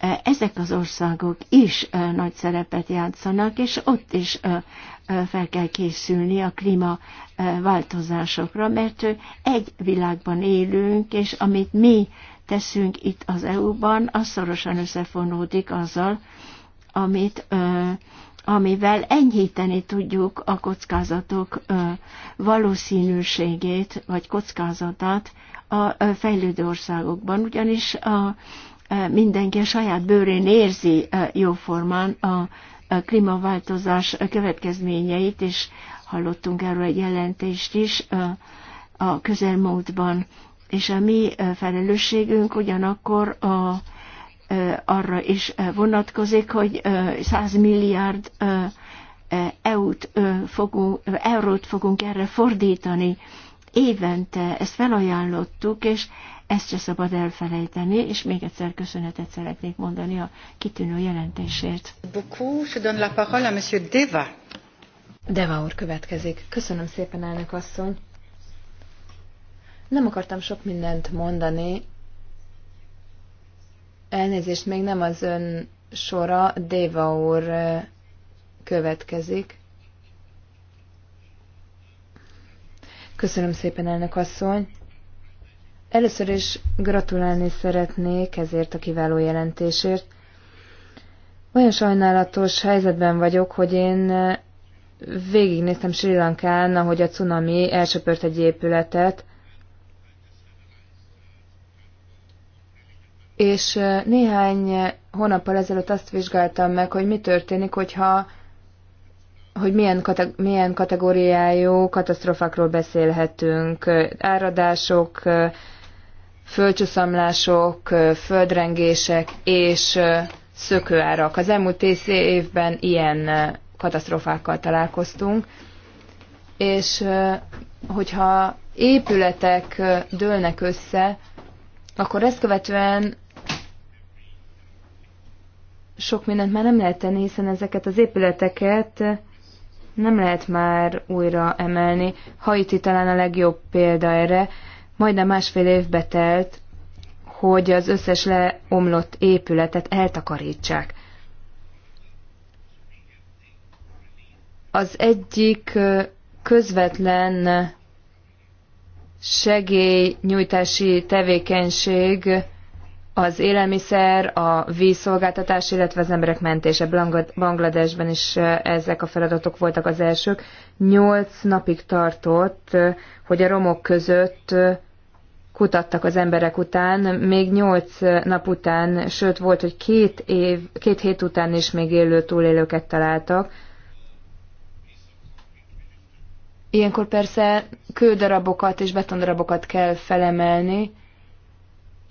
E, ezek az országok is e, nagy szerepet játszanak, és ott is e, fel kell készülni a klímaváltozásokra, mert egy világban élünk, és amit mi teszünk itt az EU-ban, az szorosan összefonódik azzal, amit amivel enyhíteni tudjuk a kockázatok valószínűségét vagy kockázatát a fejlődő országokban, ugyanis a Eh, mindenki a saját bőrén érzi eh, jóformán a klímaváltozás következményeit, és hallottunk erről egy jelentést is eh, a közelmúltban. És a mi felelősségünk ugyanakkor a, arra is vonatkozik, hogy 100 milliárd EU-t fogunk, eurót fogunk erre fordítani évente ezt felajánlottuk, és ezt se szabad elfelejteni, és még egyszer köszönetet szeretnék mondani a kitűnő jelentésért. Deva. Deva úr következik. Köszönöm szépen, elnök asszony. Nem akartam sok mindent mondani. Elnézést, még nem az ön sora, Deva úr következik. Köszönöm szépen, elnök asszony. Először is gratulálni szeretnék ezért a kiváló jelentésért. Olyan sajnálatos helyzetben vagyok, hogy én végignéztem Sri Lankán, ahogy a cunami elsöpört egy épületet, és néhány hónappal ezelőtt azt vizsgáltam meg, hogy mi történik, hogyha hogy milyen, kate- milyen kategóriájú katasztrofákról beszélhetünk, áradások, földcsúszamlások, földrengések és szökőárak. Az elmúlt tíz évben ilyen katasztrofákkal találkoztunk, és hogyha épületek dőlnek össze, akkor ezt követően sok mindent már nem lehet tenni, hiszen ezeket az épületeket nem lehet már újra emelni. Haiti talán a legjobb példa erre. Majdnem másfél évbe telt, hogy az összes leomlott épületet eltakarítsák. Az egyik közvetlen segélynyújtási tevékenység az élelmiszer, a vízszolgáltatás, illetve az emberek mentése. Bangladesben is ezek a feladatok voltak az elsők. Nyolc napig tartott, hogy a romok között kutattak az emberek után, még nyolc nap után, sőt volt, hogy két, év, két hét után is még élő túlélőket találtak. Ilyenkor persze kődarabokat és betondarabokat kell felemelni,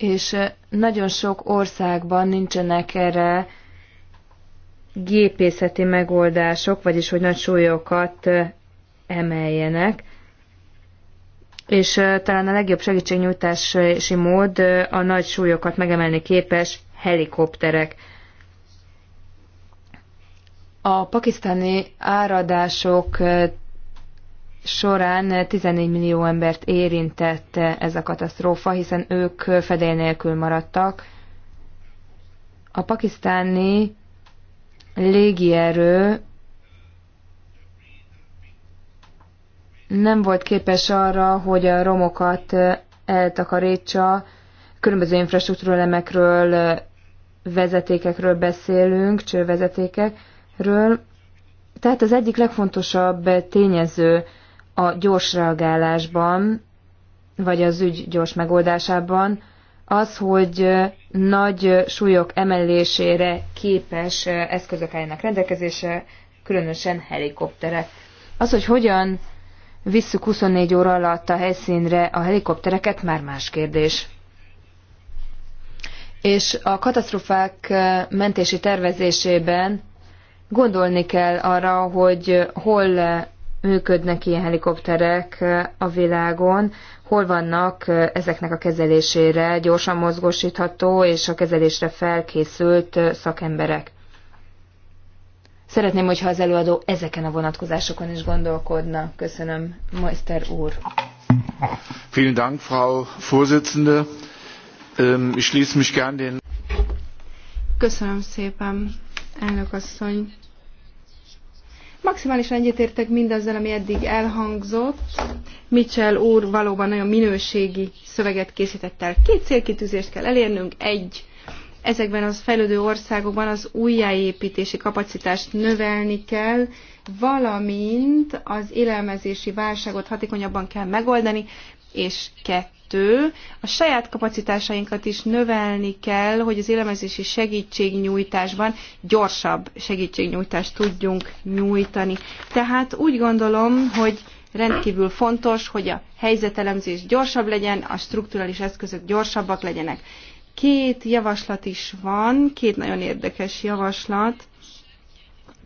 és nagyon sok országban nincsenek erre gépészeti megoldások, vagyis hogy nagy súlyokat emeljenek. És talán a legjobb segítségnyújtási mód a nagy súlyokat megemelni képes helikopterek. A pakisztáni áradások során 14 millió embert érintett ez a katasztrófa, hiszen ők fedél nélkül maradtak. A pakisztáni légierő nem volt képes arra, hogy a romokat eltakarítsa, különböző infrastruktúrelemekről, vezetékekről beszélünk, csővezetékekről. Tehát az egyik legfontosabb tényező a gyors reagálásban, vagy az ügy gyors megoldásában, az, hogy nagy súlyok emelésére képes eszközök álljanak rendelkezésre, különösen helikopterek. Az, hogy hogyan visszük 24 óra alatt a helyszínre a helikoptereket, már más kérdés. És a katasztrofák mentési tervezésében gondolni kell arra, hogy hol működnek ilyen helikopterek a világon, hol vannak ezeknek a kezelésére gyorsan mozgósítható és a kezelésre felkészült szakemberek. Szeretném, hogyha az előadó ezeken a vonatkozásokon is gondolkodna. Köszönöm, Meister úr. Vielen Dank, Frau Vorsitzende. Ähm, ich schließe mich gern den... Köszönöm szépen, elnök asszony. Maximálisan egyetértek mindazzal, ami eddig elhangzott. Mitchell úr valóban nagyon minőségi szöveget készített el. Két célkitűzést kell elérnünk. Egy, ezekben az fejlődő országokban az újjáépítési kapacitást növelni kell, valamint az élelmezési válságot hatékonyabban kell megoldani, és kettő kettő, a saját kapacitásainkat is növelni kell, hogy az élemezési segítségnyújtásban gyorsabb segítségnyújtást tudjunk nyújtani. Tehát úgy gondolom, hogy rendkívül fontos, hogy a helyzetelemzés gyorsabb legyen, a strukturális eszközök gyorsabbak legyenek. Két javaslat is van, két nagyon érdekes javaslat.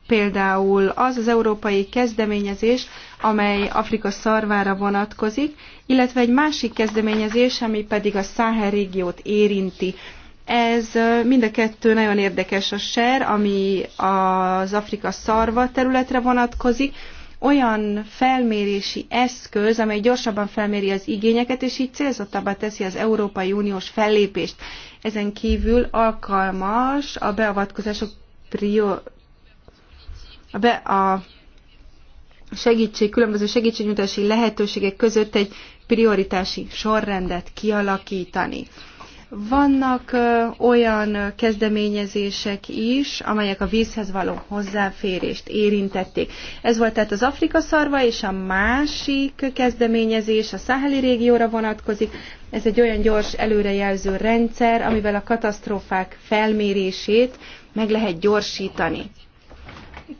Például az az európai kezdeményezés, amely Afrika szarvára vonatkozik, illetve egy másik kezdeményezés, ami pedig a Száhel régiót érinti. Ez mind a kettő nagyon érdekes a SER, ami az Afrika szarva területre vonatkozik, olyan felmérési eszköz, amely gyorsabban felméri az igényeket, és így célzottabbá teszi az Európai Uniós fellépést. Ezen kívül alkalmas a beavatkozások prior... a, be, a segítség, különböző segítségnyújtási lehetőségek között egy prioritási sorrendet kialakítani. Vannak olyan kezdeményezések is, amelyek a vízhez való hozzáférést érintették. Ez volt tehát az Afrika szarva, és a másik kezdeményezés a száheli régióra vonatkozik. Ez egy olyan gyors előrejelző rendszer, amivel a katasztrófák felmérését meg lehet gyorsítani.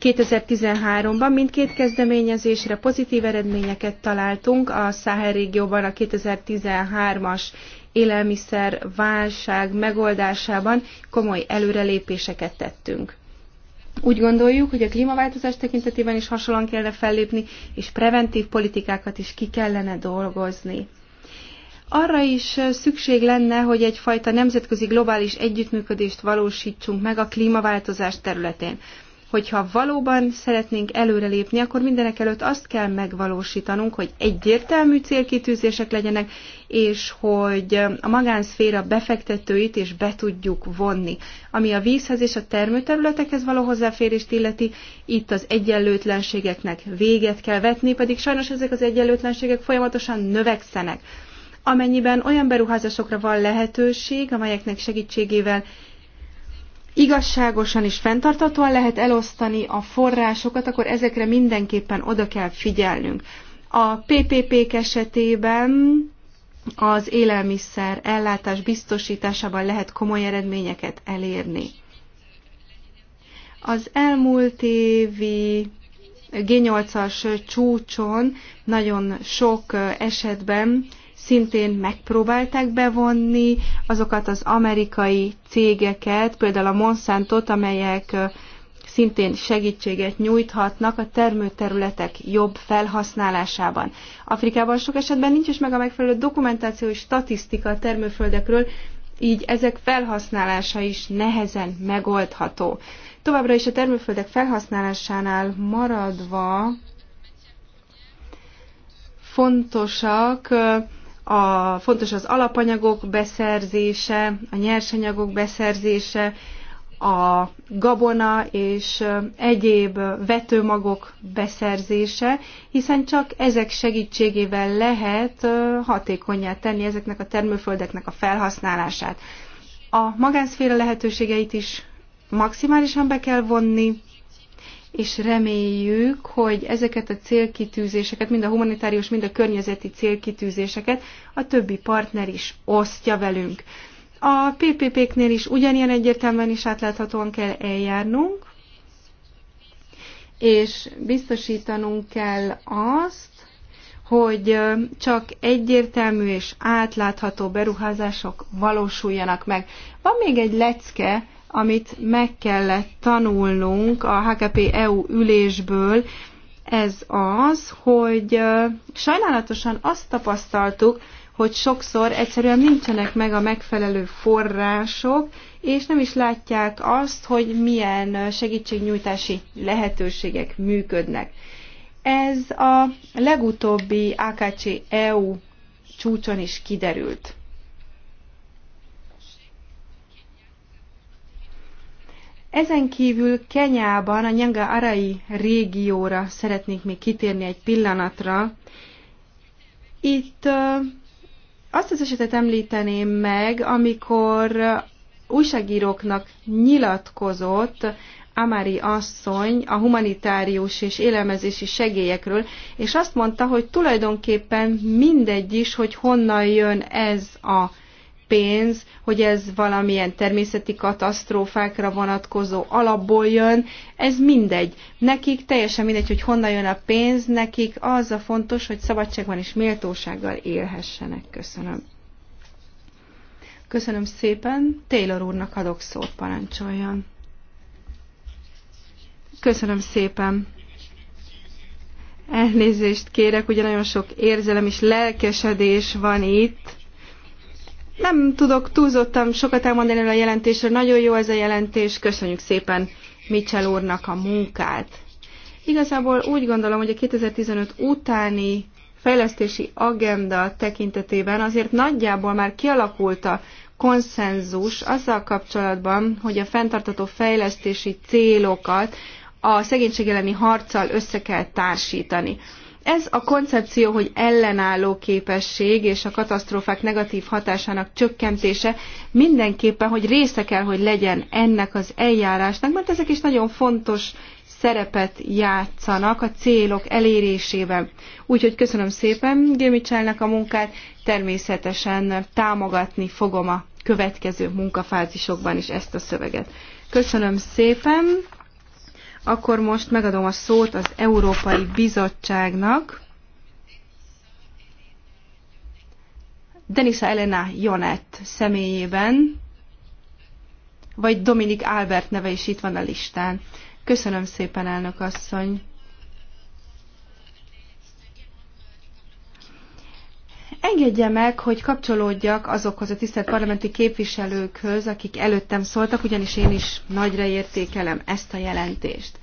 2013-ban mindkét kezdeményezésre pozitív eredményeket találtunk a Száhel régióban a 2013-as élelmiszer válság megoldásában komoly előrelépéseket tettünk. Úgy gondoljuk, hogy a klímaváltozás tekintetében is hasonlóan kellene fellépni, és preventív politikákat is ki kellene dolgozni. Arra is szükség lenne, hogy egyfajta nemzetközi globális együttműködést valósítsunk meg a klímaváltozás területén hogyha valóban szeretnénk előrelépni, akkor mindenek előtt azt kell megvalósítanunk, hogy egyértelmű célkitűzések legyenek, és hogy a magánszféra befektetőit is be tudjuk vonni. Ami a vízhez és a termőterületekhez való hozzáférést illeti, itt az egyenlőtlenségeknek véget kell vetni, pedig sajnos ezek az egyenlőtlenségek folyamatosan növekszenek amennyiben olyan beruházásokra van lehetőség, amelyeknek segítségével igazságosan és fenntartatóan lehet elosztani a forrásokat, akkor ezekre mindenképpen oda kell figyelnünk. A ppp esetében az élelmiszer ellátás biztosításában lehet komoly eredményeket elérni. Az elmúlt évi G8-as csúcson nagyon sok esetben szintén megpróbálták bevonni azokat az amerikai cégeket, például a Monsantot, amelyek szintén segítséget nyújthatnak a termőterületek jobb felhasználásában. Afrikában sok esetben nincs is meg a megfelelő dokumentáció és statisztika a termőföldekről, így ezek felhasználása is nehezen megoldható. Továbbra is a termőföldek felhasználásánál maradva fontosak a, fontos az alapanyagok beszerzése, a nyersanyagok beszerzése, a gabona és egyéb vetőmagok beszerzése, hiszen csak ezek segítségével lehet hatékonyá tenni ezeknek a termőföldeknek a felhasználását. A magánszféra lehetőségeit is maximálisan be kell vonni, és reméljük, hogy ezeket a célkitűzéseket, mind a humanitárius, mind a környezeti célkitűzéseket a többi partner is osztja velünk. A PPP-knél is ugyanilyen egyértelműen is átláthatóan kell eljárnunk, és biztosítanunk kell azt, hogy csak egyértelmű és átlátható beruházások valósuljanak meg. Van még egy lecke, amit meg kellett tanulnunk a HKP EU ülésből, ez az, hogy sajnálatosan azt tapasztaltuk, hogy sokszor egyszerűen nincsenek meg a megfelelő források, és nem is látják azt, hogy milyen segítségnyújtási lehetőségek működnek. Ez a legutóbbi AKC EU csúcson is kiderült. Ezen kívül Kenyában a Nyanga Arai régióra szeretnék még kitérni egy pillanatra. Itt azt az esetet említeném meg, amikor újságíróknak nyilatkozott Amari asszony a humanitárius és élelmezési segélyekről, és azt mondta, hogy tulajdonképpen mindegy is, hogy honnan jön ez a pénz, hogy ez valamilyen természeti katasztrófákra vonatkozó alapból jön, ez mindegy. Nekik teljesen mindegy, hogy honnan jön a pénz, nekik az a fontos, hogy szabadságban és méltósággal élhessenek. Köszönöm. Köszönöm szépen. Taylor úrnak adok szót, parancsoljon. Köszönöm szépen. Elnézést kérek, ugye nagyon sok érzelem és lelkesedés van itt nem tudok túlzottan sokat elmondani a jelentésről. Nagyon jó ez a jelentés. Köszönjük szépen Mitchell úrnak a munkát. Igazából úgy gondolom, hogy a 2015 utáni fejlesztési agenda tekintetében azért nagyjából már kialakult a konszenzus azzal kapcsolatban, hogy a fenntartató fejlesztési célokat a szegénység elleni harccal össze kell társítani. Ez a koncepció, hogy ellenálló képesség és a katasztrófák negatív hatásának csökkentése mindenképpen, hogy része kell, hogy legyen ennek az eljárásnak, mert ezek is nagyon fontos szerepet játszanak a célok elérésében. Úgyhogy köszönöm szépen Gémicselnek a munkát, természetesen támogatni fogom a következő munkafázisokban is ezt a szöveget. Köszönöm szépen! Akkor most megadom a szót az Európai Bizottságnak. Denisa Elena Jonett személyében, vagy Dominik Albert neve is itt van a listán. Köszönöm szépen, elnök asszony! Engedje meg, hogy kapcsolódjak azokhoz a tisztelt parlamenti képviselőkhöz, akik előttem szóltak, ugyanis én is nagyra értékelem ezt a jelentést.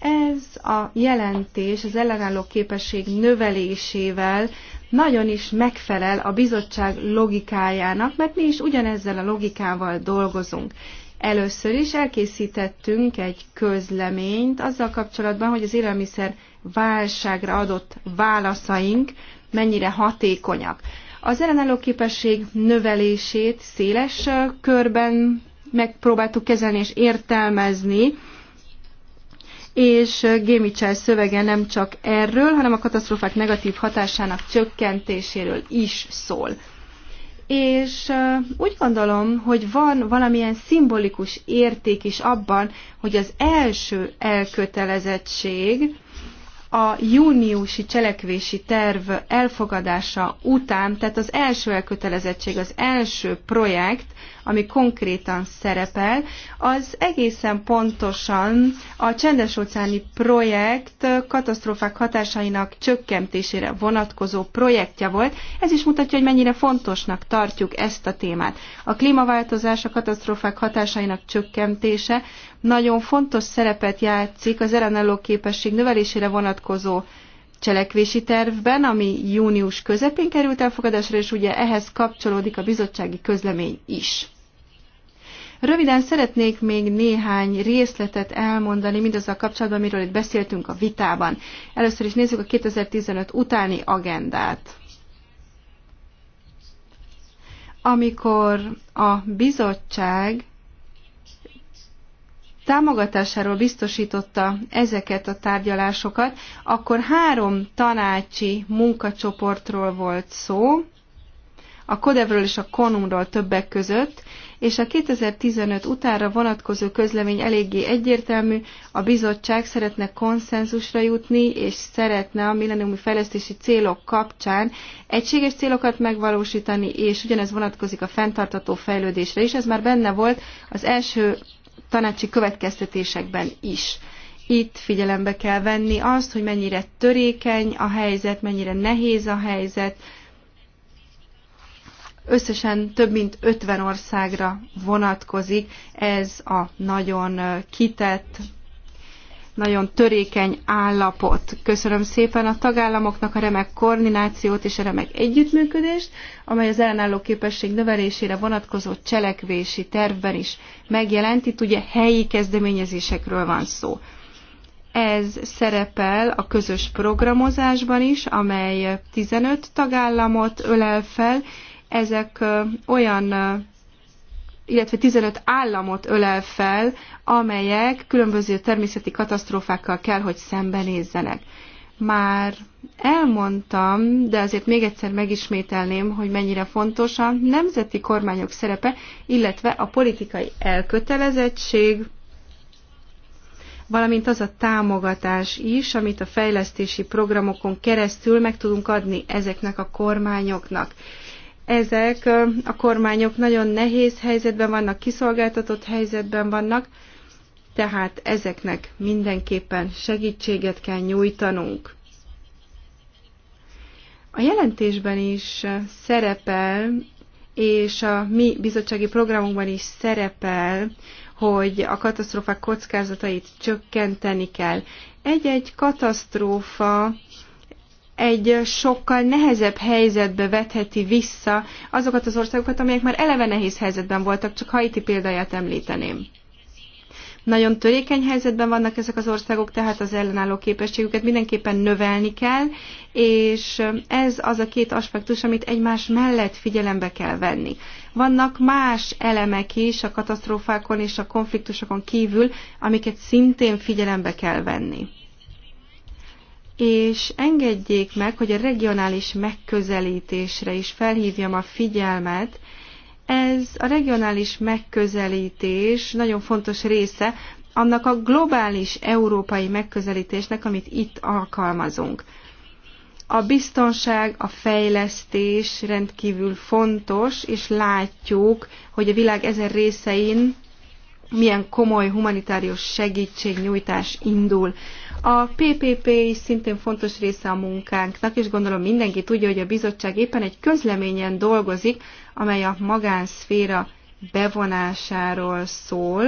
Ez a jelentés az ellenálló képesség növelésével nagyon is megfelel a bizottság logikájának, mert mi is ugyanezzel a logikával dolgozunk. Először is elkészítettünk egy közleményt azzal kapcsolatban, hogy az élelmiszer válságra adott válaszaink mennyire hatékonyak. Az ellenálló képesség növelését széles körben megpróbáltuk kezelni és értelmezni, és Gémicsel szövege nem csak erről, hanem a katasztrófák negatív hatásának csökkentéséről is szól. És úgy gondolom, hogy van valamilyen szimbolikus érték is abban, hogy az első elkötelezettség, a júniusi cselekvési terv elfogadása után, tehát az első elkötelezettség, az első projekt, ami konkrétan szerepel, az egészen pontosan a csendes óceáni projekt katasztrófák hatásainak csökkentésére vonatkozó projektje volt. Ez is mutatja, hogy mennyire fontosnak tartjuk ezt a témát. A klímaváltozás, a katasztrófák hatásainak csökkentése nagyon fontos szerepet játszik az ellenálló képesség növelésére vonatkozó cselekvési tervben, ami június közepén került elfogadásra, és ugye ehhez kapcsolódik a bizottsági közlemény is. Röviden szeretnék még néhány részletet elmondani mindazzal kapcsolatban, amiről itt beszéltünk a vitában. Először is nézzük a 2015 utáni agendát. Amikor a bizottság támogatásáról biztosította ezeket a tárgyalásokat, akkor három tanácsi munkacsoportról volt szó, a Kodevről és a Konumról többek között, és a 2015 utára vonatkozó közlemény eléggé egyértelmű, a bizottság szeretne konszenzusra jutni, és szeretne a milleniumi fejlesztési célok kapcsán egységes célokat megvalósítani, és ugyanez vonatkozik a fenntartató fejlődésre is, ez már benne volt az első tanácsi következtetésekben is. Itt figyelembe kell venni azt, hogy mennyire törékeny a helyzet, mennyire nehéz a helyzet, összesen több mint 50 országra vonatkozik ez a nagyon kitett, nagyon törékeny állapot. Köszönöm szépen a tagállamoknak a remek koordinációt és a remek együttműködést, amely az ellenálló képesség növelésére vonatkozó cselekvési tervben is megjelent. Itt ugye helyi kezdeményezésekről van szó. Ez szerepel a közös programozásban is, amely 15 tagállamot ölel fel, ezek olyan illetve 15 államot ölel fel, amelyek különböző természeti katasztrófákkal kell, hogy szembenézzenek. Már elmondtam, de azért még egyszer megismételném, hogy mennyire fontos a nemzeti kormányok szerepe, illetve a politikai elkötelezettség, valamint az a támogatás is, amit a fejlesztési programokon keresztül meg tudunk adni ezeknek a kormányoknak ezek a kormányok nagyon nehéz helyzetben vannak, kiszolgáltatott helyzetben vannak, tehát ezeknek mindenképpen segítséget kell nyújtanunk. A jelentésben is szerepel, és a mi bizottsági programunkban is szerepel, hogy a katasztrófák kockázatait csökkenteni kell. Egy-egy katasztrófa egy sokkal nehezebb helyzetbe vetheti vissza azokat az országokat, amelyek már eleve nehéz helyzetben voltak, csak Haiti példáját említeném. Nagyon törékeny helyzetben vannak ezek az országok, tehát az ellenálló képességüket mindenképpen növelni kell, és ez az a két aspektus, amit egymás mellett figyelembe kell venni. Vannak más elemek is a katasztrófákon és a konfliktusokon kívül, amiket szintén figyelembe kell venni és engedjék meg, hogy a regionális megközelítésre is felhívjam a figyelmet. Ez a regionális megközelítés nagyon fontos része annak a globális európai megközelítésnek, amit itt alkalmazunk. A biztonság, a fejlesztés rendkívül fontos, és látjuk, hogy a világ ezen részein milyen komoly humanitárius segítségnyújtás indul. A PPP is szintén fontos része a munkánknak, és gondolom mindenki tudja, hogy a bizottság éppen egy közleményen dolgozik, amely a magánszféra bevonásáról szól.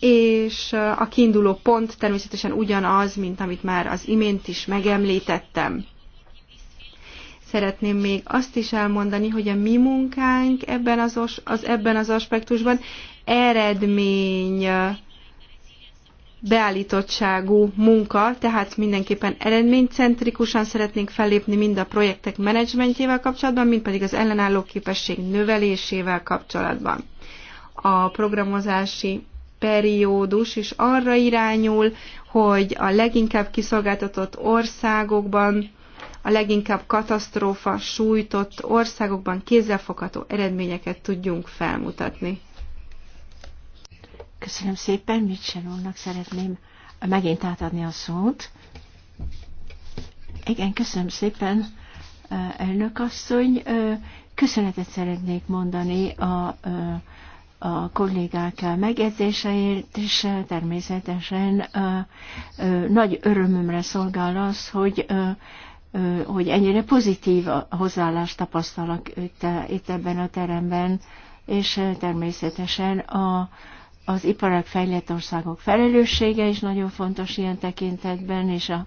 És a kiinduló pont természetesen ugyanaz, mint amit már az imént is megemlítettem. Szeretném még azt is elmondani, hogy a mi munkánk ebben az, az, ebben az aspektusban eredmény beállítottságú munka, tehát mindenképpen eredménycentrikusan szeretnénk fellépni mind a projektek menedzsmentjével kapcsolatban, mind pedig az ellenálló képesség növelésével kapcsolatban. A programozási periódus is arra irányul, hogy a leginkább kiszolgáltatott országokban, a leginkább katasztrófa sújtott országokban kézzelfogható eredményeket tudjunk felmutatni. Köszönöm szépen, Mitchell úrnak szeretném megint átadni a szót. Igen, köszönöm szépen, elnök asszony. Köszönetet szeretnék mondani a, a kollégák megjegyzéseért, és természetesen nagy örömömre szolgál az, hogy hogy ennyire pozitív a hozzáállást tapasztalak itt, itt ebben a teremben, és természetesen a, az iparak fejlett országok felelőssége is nagyon fontos ilyen tekintetben, és a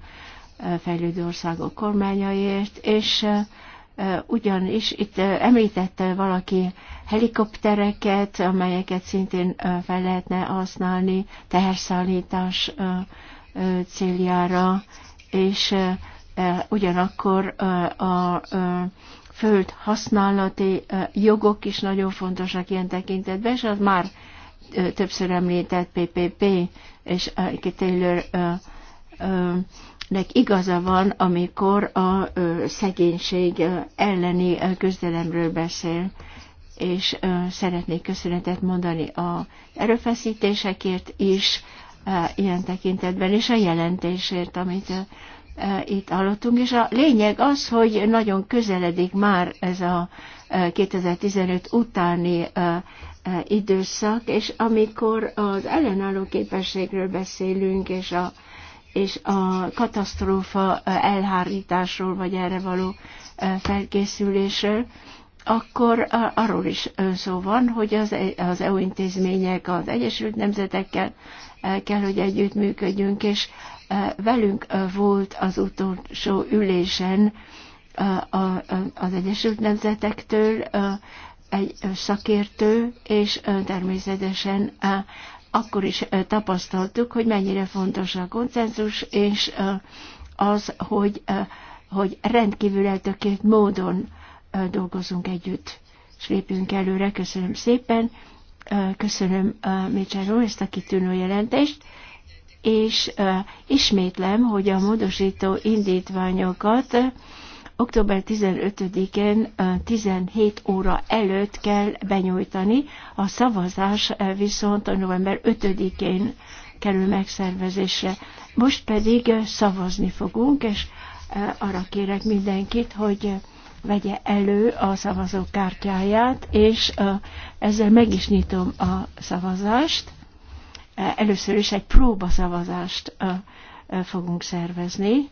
fejlődő országok kormányaiért, és ugyanis itt említette valaki helikoptereket, amelyeket szintén fel lehetne használni teherszállítás céljára, és ugyanakkor a föld használati jogok is nagyon fontosak ilyen tekintetben, és az már többször említett PPP és Ike Taylor nek igaza van, amikor a szegénység elleni küzdelemről beszél, és szeretnék köszönetet mondani a erőfeszítésekért is ilyen tekintetben, és a jelentésért, amit itt hallottunk, és a lényeg az, hogy nagyon közeledik már ez a 2015 utáni E, időszak, és amikor az ellenálló képességről beszélünk, és a, és a katasztrófa e, elhárításról, vagy erre való e, felkészülésről, akkor arról is szó van, hogy az, az EU intézmények az Egyesült Nemzetekkel kell, hogy együttműködjünk, és velünk volt az utolsó ülésen az Egyesült Nemzetektől egy szakértő, és természetesen akkor is tapasztaltuk, hogy mennyire fontos a konszenzus, és az, hogy, hogy rendkívül eltökélt módon dolgozunk együtt, és lépjünk előre. Köszönöm szépen, köszönöm Mécsáról ezt a kitűnő jelentést, és ismétlem, hogy a módosító indítványokat Október 15-én 17 óra előtt kell benyújtani, a szavazás viszont a november 5-én kerül megszervezésre. Most pedig szavazni fogunk, és arra kérek mindenkit, hogy vegye elő a szavazókártyáját, és ezzel meg is nyitom a szavazást. Először is egy próbaszavazást fogunk szervezni.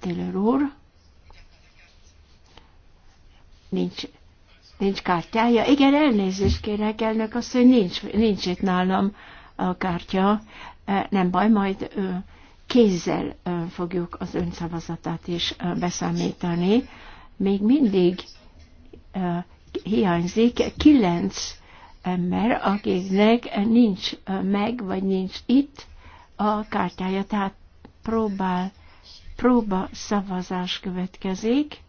Taylor úr. Nincs, nincs kártyája. Igen, elnézést kérek, elnök azt, hogy nincs, nincs itt nálam a kártya. E, nem baj, majd kézzel fogjuk az önszavazatát is beszámítani. Még mindig hiányzik kilenc ember, akiknek nincs meg, vagy nincs itt a kártyája, tehát próbál próba szavazás következik.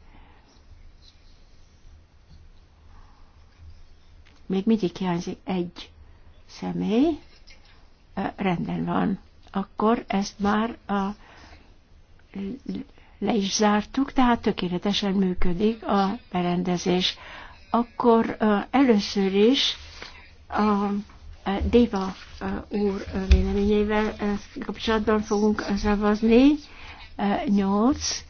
Még mindig hiányzik egy személy. Rendben van. Akkor ezt már a, le is zártuk, tehát tökéletesen működik a berendezés. Akkor először is a Déva úr véleményével kapcsolatban fogunk szavazni nyolc,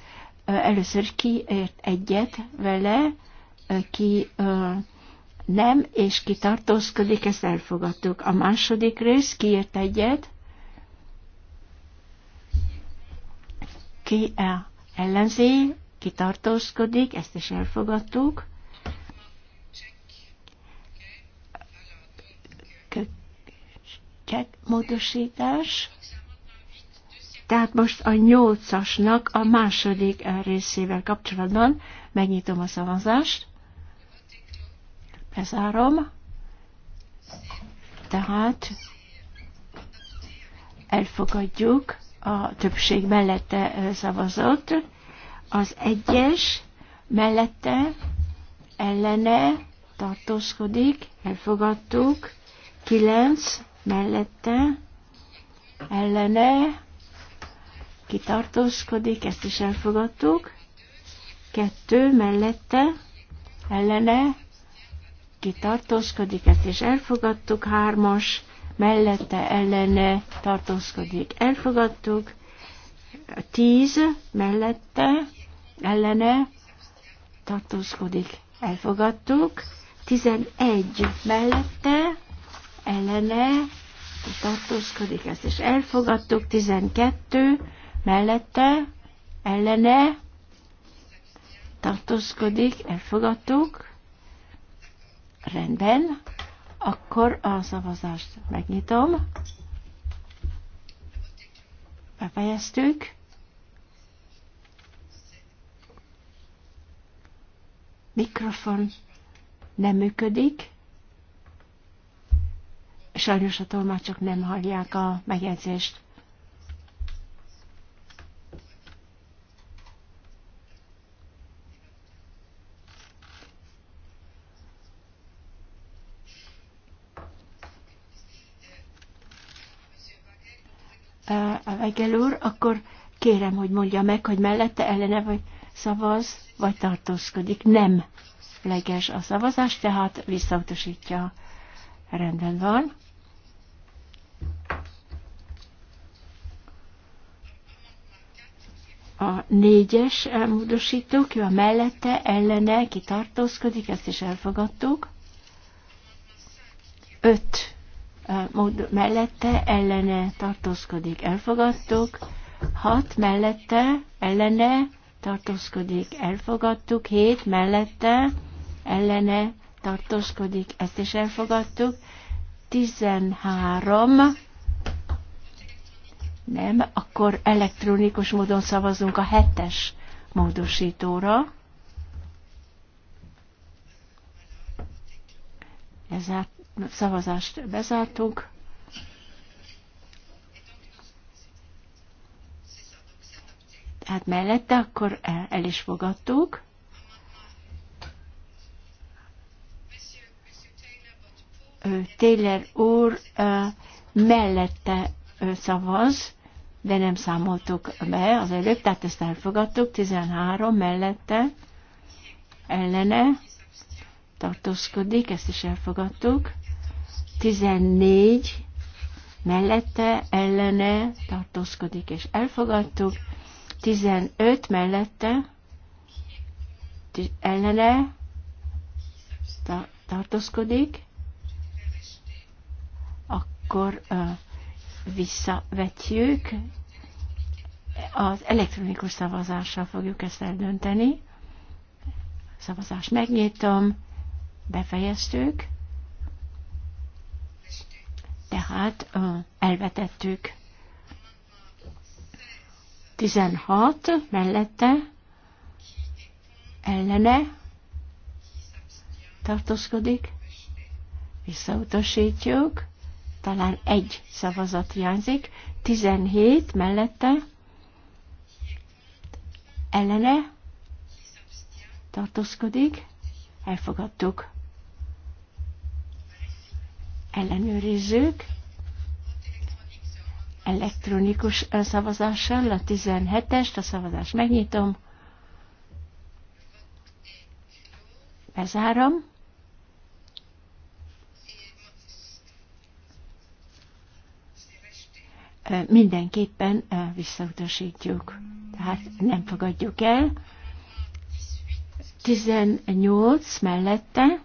először ki ért egyet vele, ki nem, és ki tartózkodik, ezt elfogadtuk. A második rész kiért egyet, ki ellenzi, ki tartózkodik, ezt is elfogadtuk. Check módosítás. Tehát most a nyolcasnak a második eh, részével kapcsolatban megnyitom a szavazást. Bezárom. Tehát elfogadjuk, a többség mellette eh, szavazott. Az egyes mellette ellene tartózkodik, elfogadtuk. Kilenc mellette ellene kitartóskodik, ezt is elfogadtuk. Kettő mellette, ellene, kitartóskodik, ezt is elfogadtuk. Hármas mellette, ellene, tartózkodik, elfogadtuk. Tíz mellette, ellene, tartózkodik, elfogadtuk. Tizenegy mellette, ellene, tartózkodik, ezt is elfogadtuk. Tizenkettő mellette, ellene, tartózkodik, elfogadtuk, rendben, akkor a szavazást megnyitom, befejeztük, mikrofon nem működik, sajnos a tolmácsok nem hallják a megjegyzést. Weigel úr, akkor kérem, hogy mondja meg, hogy mellette ellene vagy szavaz, vagy tartózkodik. Nem leges a szavazás, tehát visszautasítja. Rendben van. a négyes eh, módosítók, ki a mellette, ellene, ki tartózkodik, ezt is elfogadtuk. Öt mód mellette ellene tartózkodik, elfogadtuk. Hat mellette ellene tartózkodik, elfogadtuk. Hét mellette ellene tartózkodik, ezt is elfogadtuk. 13 nem, akkor elektronikus módon szavazunk a hetes módosítóra. Lezárt szavazást bezártunk. Hát mellette akkor el, el is fogadtuk. Taylor úr mellette szavaz, de nem számoltuk be az előbb, tehát ezt elfogadtuk, 13 mellette ellene tartózkodik, ezt is elfogadtuk. 14 mellette ellene tartózkodik, és elfogadtuk. 15 mellette ellene tartózkodik, akkor uh, visszavetjük. Az elektronikus szavazással fogjuk ezt eldönteni. Szavazást megnyitom, befejeztük tehát elvetettük. 16 mellette ellene tartózkodik, visszautasítjuk, talán egy szavazat hiányzik, 17 mellette ellene tartózkodik, elfogadtuk ellenőrizzük elektronikus szavazással a 17-est, a szavazást megnyitom, bezárom, mindenképpen visszautasítjuk, tehát nem fogadjuk el. 18 mellette,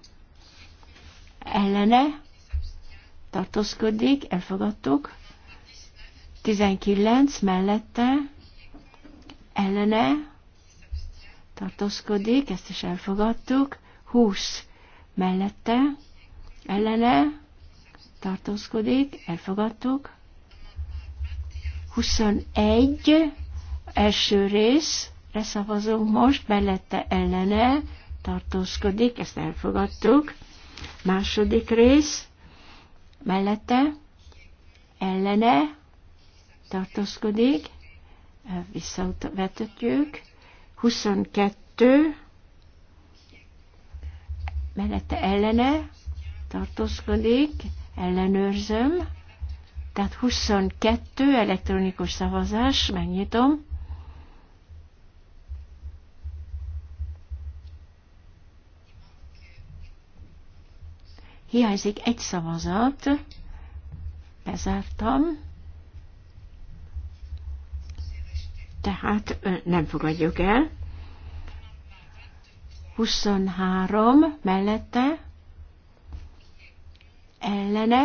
ellene, tartózkodik, elfogadtuk. 19 mellette, ellene, tartózkodik, ezt is elfogadtuk. 20 mellette, ellene, tartózkodik, elfogadtuk. 21 első rész, leszavazunk most, mellette ellene tartózkodik, ezt elfogadtuk. Második rész mellette, ellene, tartózkodik, visszavetetjük, 22, mellette ellene, tartózkodik, ellenőrzöm, tehát 22 elektronikus szavazás, megnyitom, Hiányzik egy szavazat. Bezártam. Tehát nem fogadjuk el. 23 mellette ellene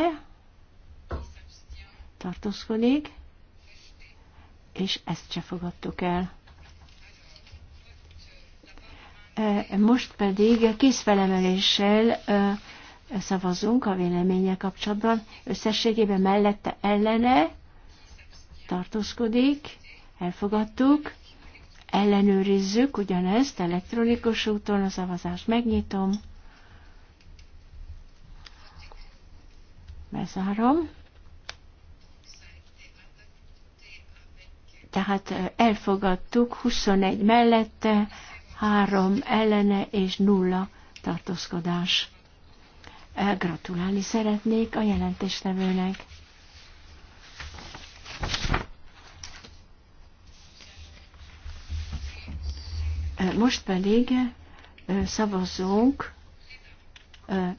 tartózkodik, és ezt se fogadtuk el. Most pedig készfelemeléssel szavazunk a véleménye kapcsolatban. Összességében mellette ellene tartózkodik, elfogadtuk, ellenőrizzük ugyanezt elektronikus úton, a szavazást megnyitom, bezárom, tehát elfogadtuk 21 mellette, 3 ellene és 0 tartózkodás. Gratulálni szeretnék a jelentéstevőnek. Most pedig szavazzunk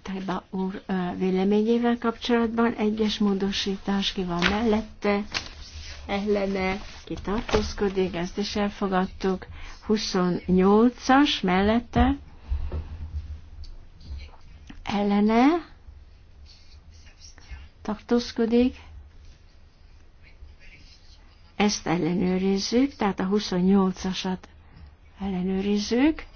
Treba úr véleményével kapcsolatban. Egyes módosítás ki van mellette, ellene, ki tartózkodik, ezt is elfogadtuk. 28-as mellette, ellene tartózkodik. Ezt ellenőrizzük, tehát a 28-asat ellenőrizzük.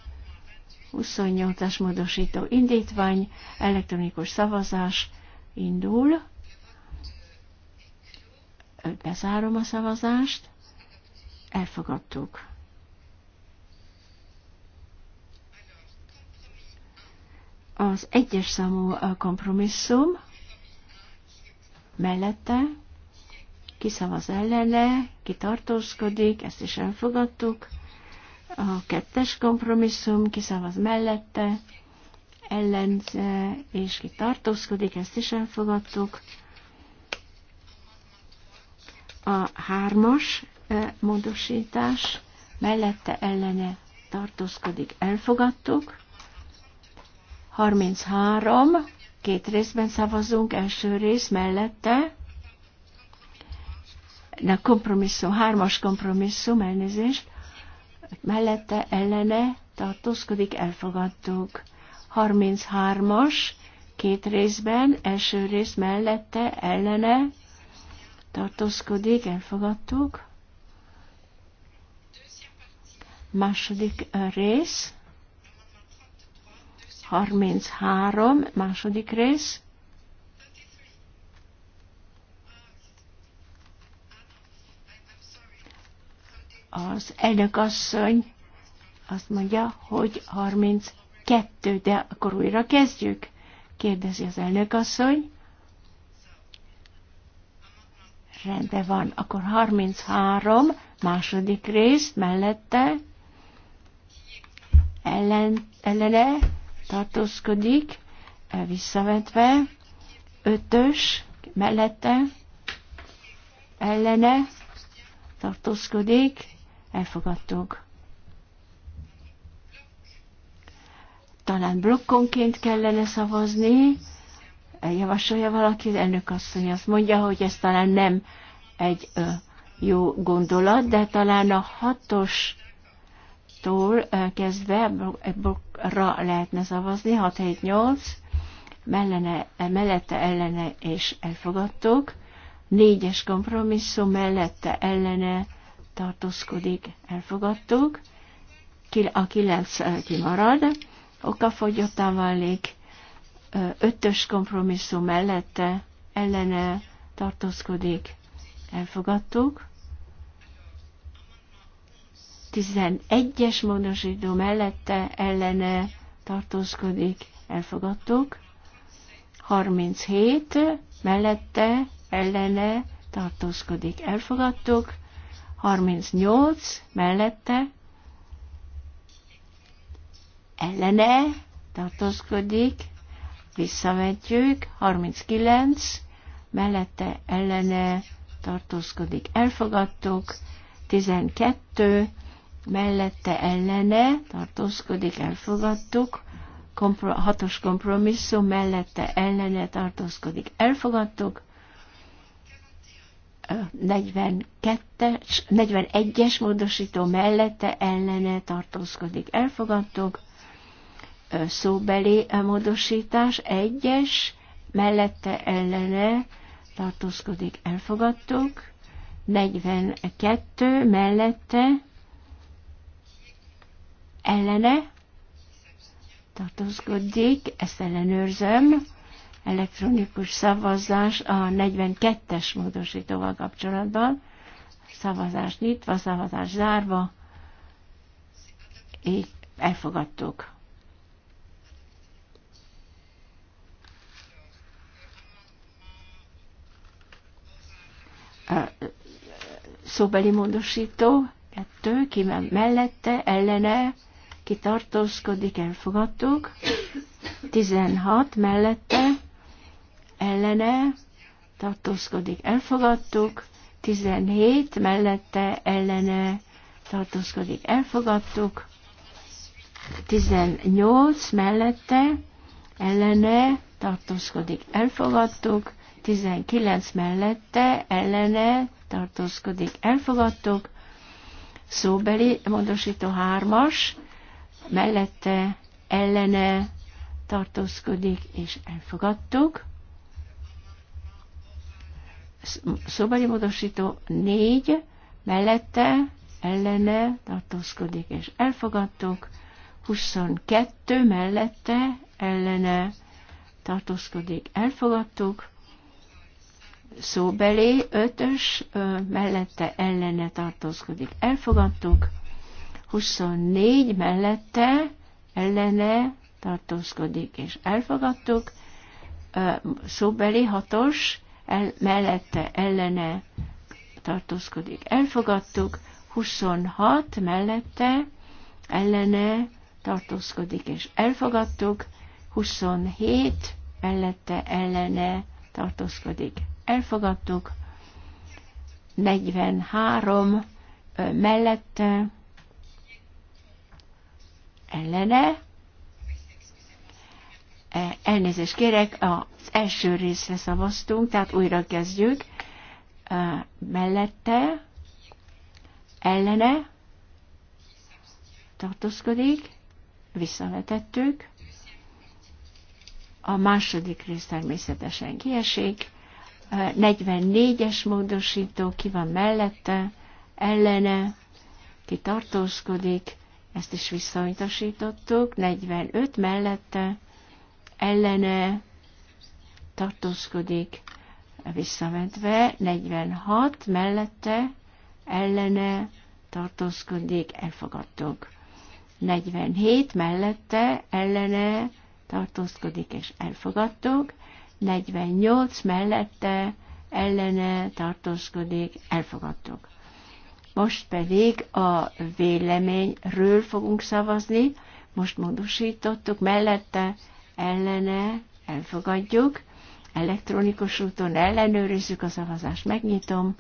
28-as módosító indítvány, elektronikus szavazás indul. Bezárom a szavazást. Elfogadtuk. Az egyes számú kompromisszum mellette kiszavaz ellene, kitartózkodik, ezt is elfogadtuk. A kettes kompromisszum kiszavaz mellette, ellenze és kitartózkodik, ezt is elfogadtuk. A hármas módosítás mellette ellene tartózkodik, elfogadtuk. 33, két részben szavazunk, első rész mellette, na kompromisszum, hármas kompromisszum, elnézést, mellette, ellene tartózkodik, elfogadtuk. 33-as, két részben, első rész mellette, ellene tartózkodik, elfogadtuk. Második rész, 33, második rész. Az elnök asszony azt mondja, hogy 32, de akkor újra kezdjük, kérdezi az elnök asszony. Rendben van, akkor 33, második rész mellette, ellen, ellene, tartózkodik, visszavetve, ötös, mellette, ellene, tartózkodik, elfogadtuk. Talán blokkonként kellene szavazni, javasolja valaki, elnök asszony azt mondja, hogy ez talán nem egy jó gondolat, de talán a hatos tól kezdve blokkra lehetne szavazni, 6 7 8 mellene, e, mellette ellene és elfogadtuk, négyes kompromisszum mellette ellene tartózkodik, elfogadtuk, a kilenc kimarad, okafogyottá válik, ötös kompromisszum mellette ellene tartózkodik, elfogadtuk, 11-es módosító mellette ellene tartózkodik, elfogadtuk. 37 mellette ellene tartózkodik, elfogadtuk. 38 mellette ellene tartózkodik, visszavetjük. 39 mellette ellene tartózkodik, elfogadtuk. 12 mellette ellene tartózkodik, elfogadtuk, kompro- hatos kompromisszum mellette ellene tartózkodik, elfogadtuk, 42-es, 41-es módosító mellette ellene tartózkodik, elfogadtuk, szóbeli módosítás, 1-es mellette ellene tartózkodik, elfogadtuk, 42 mellette ellene tartózkodik, ezt ellenőrzöm, elektronikus szavazás a 42-es módosítóval kapcsolatban, szavazás nyitva, szavazás zárva, így elfogadtuk. A szóbeli módosító, kettő, ki mellette, ellene, ki tartózkodik, elfogadtuk. 16 mellette, ellene, tartózkodik, elfogadtuk. 17 mellette, ellene, tartózkodik, elfogadtuk. 18 mellette, ellene, tartózkodik, elfogadtuk. 19 mellette, ellene, tartózkodik, elfogadtuk. Szóbeli módosító hármas, mellette ellene tartózkodik, és elfogadtuk. Szobari módosító négy mellette ellene tartózkodik, és elfogadtuk. 22 mellette ellene tartózkodik, elfogadtuk. Szóbeli 5-ös mellette ellene tartózkodik, elfogadtuk. 24 mellette ellene tartózkodik, és elfogadtuk. Szóbeli hatos el, mellette ellene tartózkodik, elfogadtuk. 26 mellette ellene tartózkodik, és elfogadtuk. 27 mellette ellene tartózkodik, elfogadtuk. 43 mellette ellene. E, elnézést kérek, az első részre szavaztunk, tehát újra kezdjük. E, mellette, ellene, tartózkodik, visszavetettük. A második rész természetesen kiesik. 44-es e, módosító ki van mellette, ellene, ki tartózkodik, ezt is visszautasítottuk, 45 mellette ellene tartózkodik, visszavetve, 46 mellette ellene tartózkodik, elfogadtuk. 47 mellette ellene tartózkodik és elfogadtuk, 48 mellette ellene tartózkodik, elfogadtuk. Most pedig a véleményről fogunk szavazni. Most módosítottuk, mellette ellene elfogadjuk. Elektronikus úton ellenőrizzük a szavazást, megnyitom.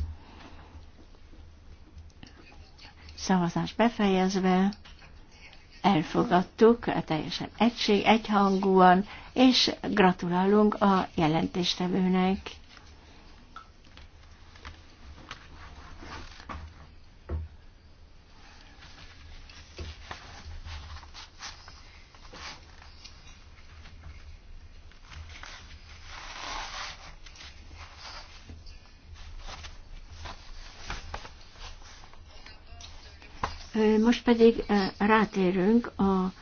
Szavazás befejezve elfogadtuk teljesen egység, egyhangúan, és gratulálunk a jelentéstevőnek. Most pedig eh, rátérünk a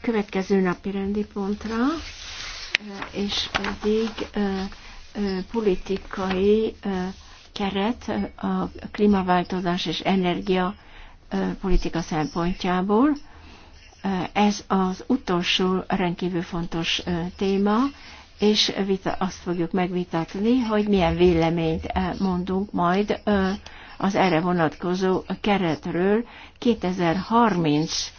következő napi rendi pontra, eh, és pedig eh, politikai keret a klímaváltozás és energia politika szempontjából. Ez az utolsó rendkívül fontos téma, és azt fogjuk megvitatni, hogy milyen véleményt mondunk majd az erre vonatkozó keretről 2030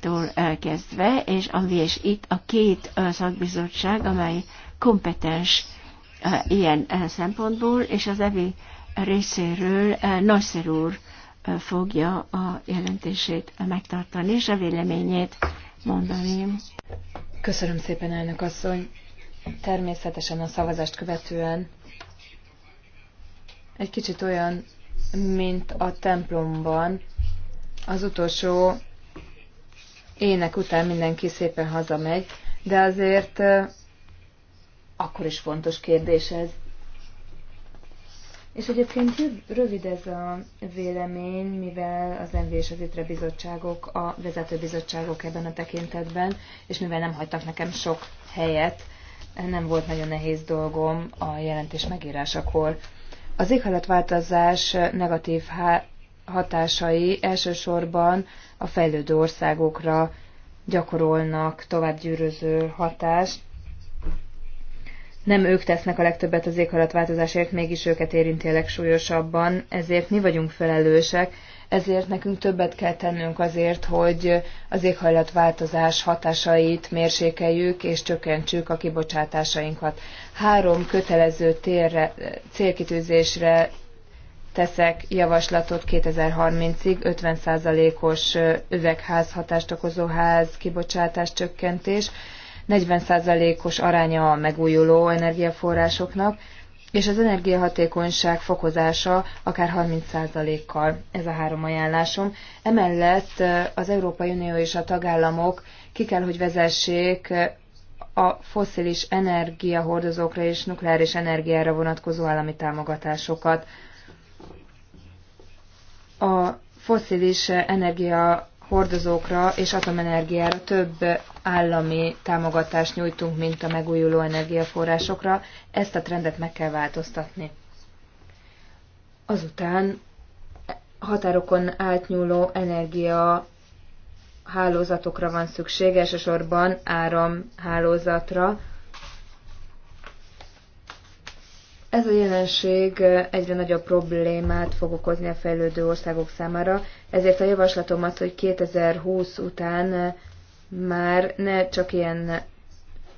tól elkezdve, és ami is itt a két szakbizottság, amely kompetens ilyen szempontból, és az EVI részéről Nasser úr fogja a jelentését megtartani, és a véleményét mondani. Köszönöm szépen, elnök asszony! Természetesen a szavazást követően egy kicsit olyan, mint a templomban. Az utolsó ének után mindenki szépen hazamegy, de azért akkor is fontos kérdés ez. És egyébként rövid ez a vélemény, mivel az MV és az ITRE bizottságok, a vezető bizottságok ebben a tekintetben, és mivel nem hagytak nekem sok helyet, nem volt nagyon nehéz dolgom a jelentés megírásakor. Az éghajlatváltozás negatív hatásai elsősorban a fejlődő országokra gyakorolnak tovább gyűröző hatást. Nem ők tesznek a legtöbbet az éghajlatváltozásért, mégis őket érinti a legsúlyosabban, ezért mi vagyunk felelősek, ezért nekünk többet kell tennünk azért, hogy az éghajlatváltozás hatásait mérsékeljük és csökkentsük a kibocsátásainkat. Három kötelező térre, célkitűzésre teszek javaslatot 2030-ig 50%-os hatást okozó ház kibocsátás csökkentés, 40%-os aránya a megújuló energiaforrásoknak, és az energiahatékonyság fokozása akár 30%-kal. Ez a három ajánlásom. Emellett az Európai Unió és a tagállamok ki kell, hogy vezessék a foszilis energiahordozókra és nukleáris energiára vonatkozó állami támogatásokat. A foszilis energiahordozókra és atomenergiára több állami támogatást nyújtunk, mint a megújuló energiaforrásokra. Ezt a trendet meg kell változtatni. Azután határokon átnyúló energia hálózatokra van szükség, elsősorban áramhálózatra. Ez a jelenség egyre nagyobb problémát fog okozni a fejlődő országok számára, ezért a javaslatom az, hogy 2020 után már ne csak ilyen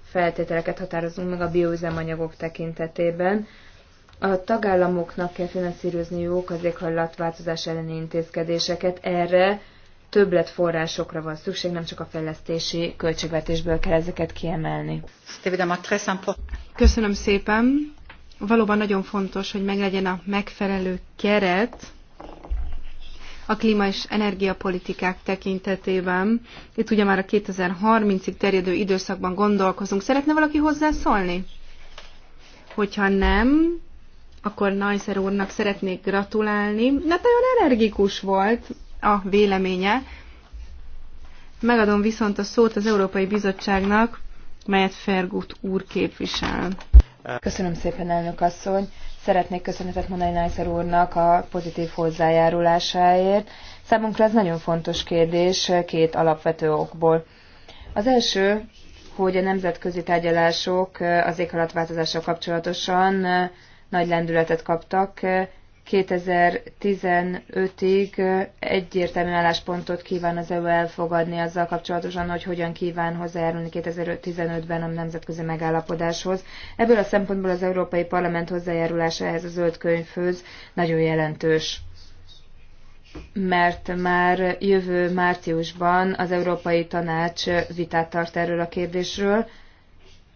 feltételeket határozunk meg a bioüzemanyagok tekintetében. A tagállamoknak kell jók az éghajlatváltozás elleni intézkedéseket, erre többletforrásokra van szükség, nem csak a fejlesztési költségvetésből kell ezeket kiemelni. Köszönöm szépen! Valóban nagyon fontos, hogy meglegyen a megfelelő keret, a klíma és energiapolitikák tekintetében. Itt ugye már a 2030-ig terjedő időszakban gondolkozunk. Szeretne valaki hozzászólni? Hogyha nem, akkor Najszer úrnak szeretnék gratulálni. Na, nagyon energikus volt a véleménye. Megadom viszont a szót az Európai Bizottságnak, melyet Fergut úr képvisel. Köszönöm szépen, elnök asszony. Szeretnék köszönetet mondani Nájszer úrnak a pozitív hozzájárulásáért. Számunkra ez nagyon fontos kérdés két alapvető okból. Az első, hogy a nemzetközi tárgyalások az éghajlatváltozással kapcsolatosan nagy lendületet kaptak, 2015-ig egyértelmű álláspontot kíván az EU elfogadni azzal kapcsolatosan, hogy hogyan kíván hozzájárulni 2015-ben a nemzetközi megállapodáshoz. Ebből a szempontból az Európai Parlament hozzájárulása ehhez a zöld könyvhöz nagyon jelentős mert már jövő márciusban az Európai Tanács vitát tart erről a kérdésről,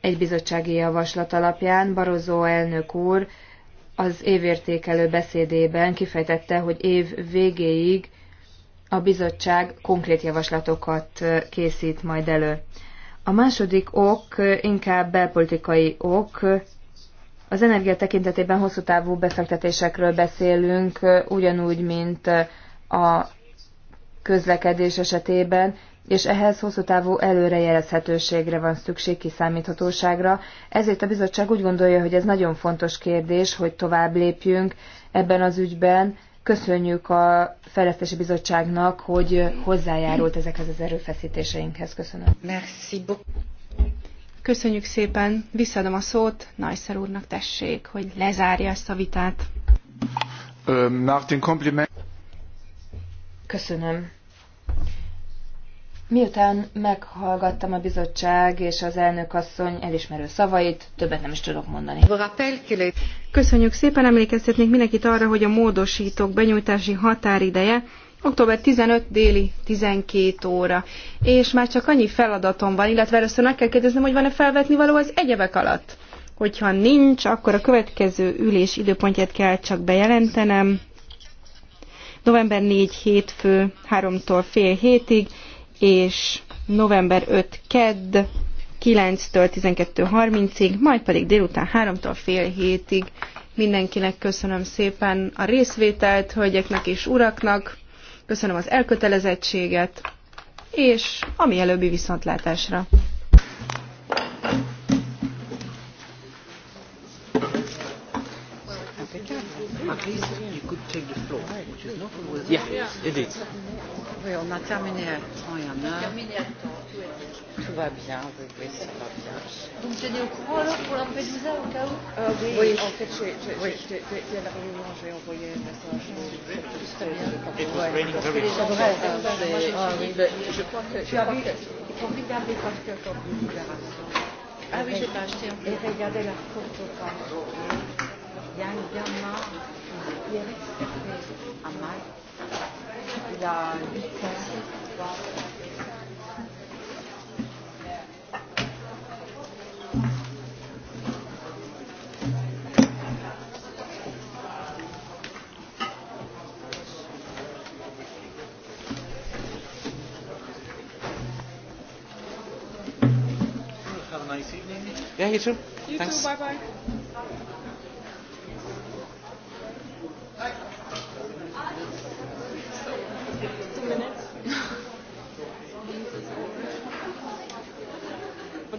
egy bizottsági javaslat alapján Barozó elnök úr az évértékelő beszédében kifejtette, hogy év végéig a bizottság konkrét javaslatokat készít majd elő. A második ok inkább belpolitikai ok. Az energia tekintetében hosszú távú befektetésekről beszélünk, ugyanúgy, mint a közlekedés esetében, és ehhez hosszú távú előrejelezhetőségre van szükség, kiszámíthatóságra. Ezért a bizottság úgy gondolja, hogy ez nagyon fontos kérdés, hogy tovább lépjünk ebben az ügyben. Köszönjük a Fejlesztési Bizottságnak, hogy hozzájárult ezekhez az erőfeszítéseinkhez. Köszönöm. Merci Köszönjük szépen. Visszadom a szót. Najszer úrnak tessék, hogy lezárja ezt a vitát. Martin, kompliment. Köszönöm Miután meghallgattam a bizottság és az elnök asszony elismerő szavait, többet nem is tudok mondani. Köszönjük szépen, emlékeztetnék mindenkit arra, hogy a módosítók benyújtási határideje október 15 déli 12 óra. És már csak annyi feladatom van, illetve először meg kell kérdeznem, hogy van-e felvetni való az egyebek alatt. Hogyha nincs, akkor a következő ülés időpontját kell csak bejelentenem. November 4 hétfő, 3-tól fél hétig, és november 5 kedd 9-től 12.30-ig, majd pedig délután 3-tól fél hétig. Mindenkinek köszönöm szépen a részvételt, hölgyeknek és uraknak, köszönöm az elkötelezettséget, és a mielőbbi viszontlátásra. At least you could take the floor, which is not always yeah, it is. Oui, on a terminé à temps, il y en a. tout va bien, oui, oui, ça va bien. Vous me tenez au courant alors pour Lampedusa au cas où euh, oui, oui, en fait, j'ai, j'ai, oui. dès, dès, la réunion, j'ai envoyé un message. Euh, très bien. Ouais, parce que les gens restent. Ah je crois que... Tu as vu, il faut vite garder parce que quand vous libération. Ah oui, j'ai pas acheté Et regardez la photo quand il y a un gamin qui est resté à Malte. Yeah, you too. You Thanks. too. Bye bye. Bye.